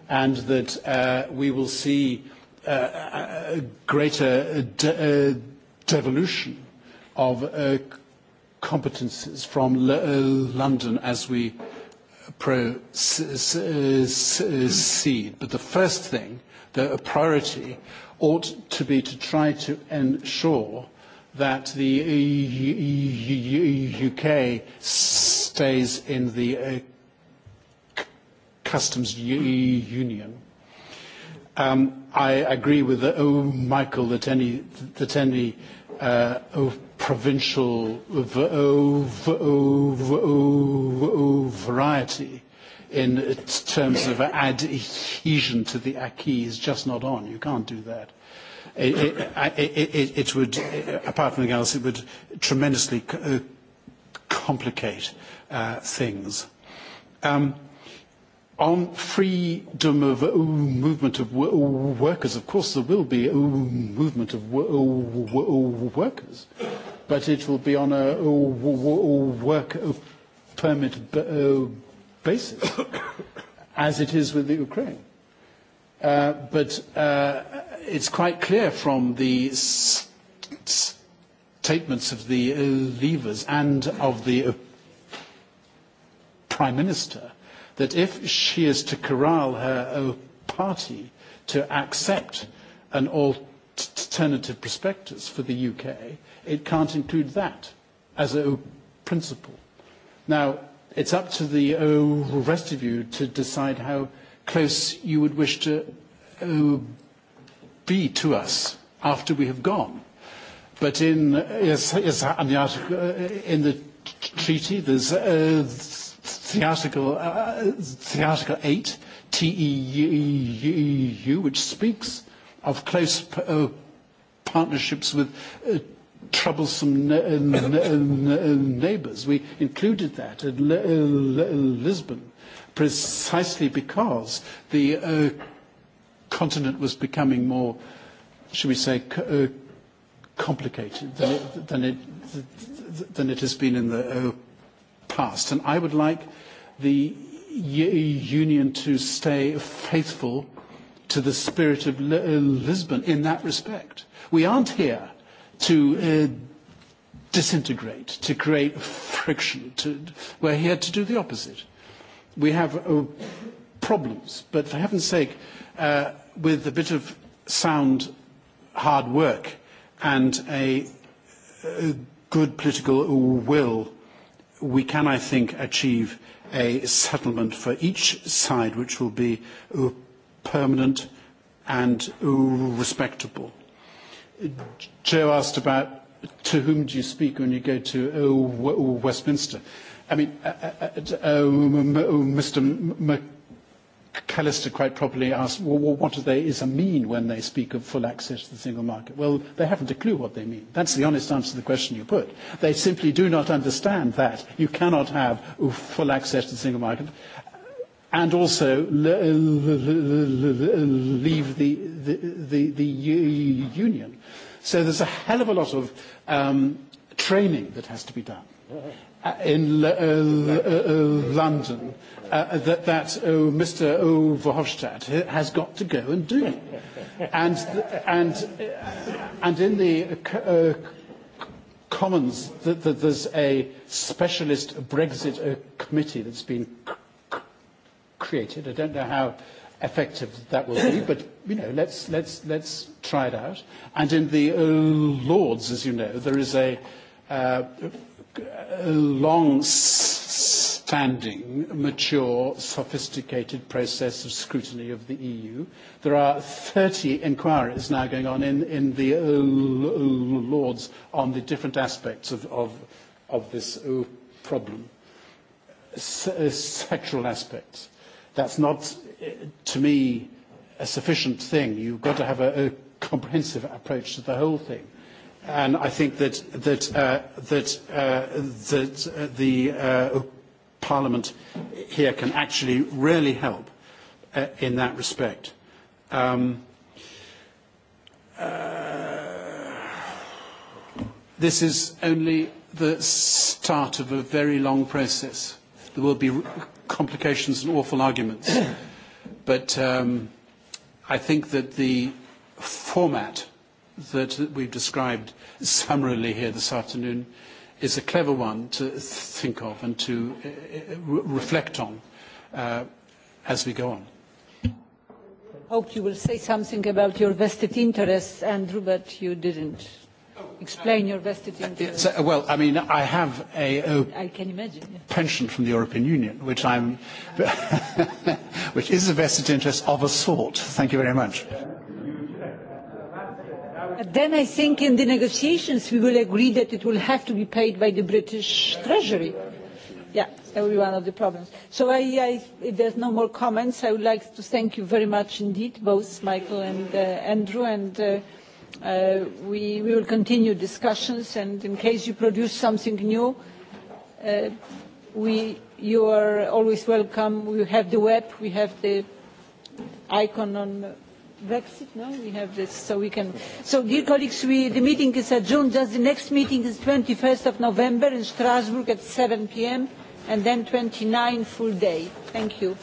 and that uh, we will see uh, a greater uh, de uh, devolution of uh, competences from uh, London as we proceed. But the first thing, the priority, ought to be to try to ensure that the UK uh, stays in the uh, customs union. Um, I agree with oh, Michael that any, that any uh, provincial variety in terms of adhesion to the acquis is just not on. You can't do that. It, it, it, it would, apart from anything else, it would tremendously uh, complicate uh, things. Um, On freedom of uh, movement of workers, of course there will be uh, movement of uh, workers, but it will be on a work permit basis, as it is with the Ukraine. Uh, but uh, it's quite clear from the statements of the leavers and of the Prime Minister that if she is to corral her own party to accept an alternative prospectus for the UK, it can't include that as a principle. Now, it's up to the rest of you to decide how close you would wish to uh, be to us after we have gone. But in, the uh, article in the treaty, there's uh, Theatical, uh, uh Theatical 8, TEU, which speaks of close uh, partnerships with uh, troublesome uh, uh, neighbours. We included that in Lisbon precisely because the uh, continent was becoming more, should we say, uh, complicated than it, than, it, than it has been in the uh, passed. And I would like the Union to stay faithful to the spirit of uh, Lisbon in that respect. We aren't here to uh, disintegrate, to create friction. To, we're here to do the opposite. We have uh, problems, but for heaven's sake, uh, with a bit of sound, hard work and a, a uh, good political will we can, I think, achieve a settlement for each side which will be uh, permanent and uh, respectable. Joe asked about to whom do you speak when you go to uh, Westminster. I mean, Mr. Callister quite properly asked, well, what do they is a mean when they speak of full access to the single market? Well, they haven't a clue what they mean. That's the honest answer to the question you put. They simply do not understand that you cannot have full access to the single market and also leave the, the, the, the union. So there's a hell of a lot of um, training that has to be done uh, in uh, uh, London uh, that, that oh, Mr. Oh, Verhofstadt has got to go and do. and, and, and in the uh, uh, Commons, the, the, there's a specialist Brexit uh, committee that's been created. I don't know how effective that will be, but you know, let's let's let's try it out. And in the uh, Lords, as you know, there is a, uh, a long. S- long mature, sophisticated process of scrutiny of the EU. There are 30 inquiries now going on in, in the Lords on the different aspects of, of, of this uh, problem. Uh, sexual aspects. That's not, uh, to me, a sufficient thing. You've got to have a, a comprehensive approach to the whole thing and I think that that uh, that uh, that uh, the uh, Parliament here can actually really help uh, in that respect. Um, uh, this is only the start of a very long process. There will be complications and awful arguments. but um, I think that the format that we've described summarily here this afternoon is a clever one to think of and to uh, uh reflect on uh, as we go on. Hope you will say something about your vested interests, and but you didn't explain your vested uh, interests. Uh, well, I mean, I have a, a I can imagine, yeah. pension from the European Union, which I'm, which is a vested interest of a sort. Thank you very much. Then I think in the negotiations we will agree that it will have to be paid by the British Treasury. Yeah, that will be one of the problems. So I, I, if there's no more comments, I would like to thank you very much indeed, both Michael and uh, Andrew, and uh, uh, we, we will continue discussions, and in case you produce something new, uh, we, you are always welcome. We have the web, we have the icon on Brexit, no? We have this, so we can... So, dear colleagues, we, the meeting is adjourned. Just the next meeting is 21st of November in Strasbourg at 7 p.m. and then 29 full day. Thank you.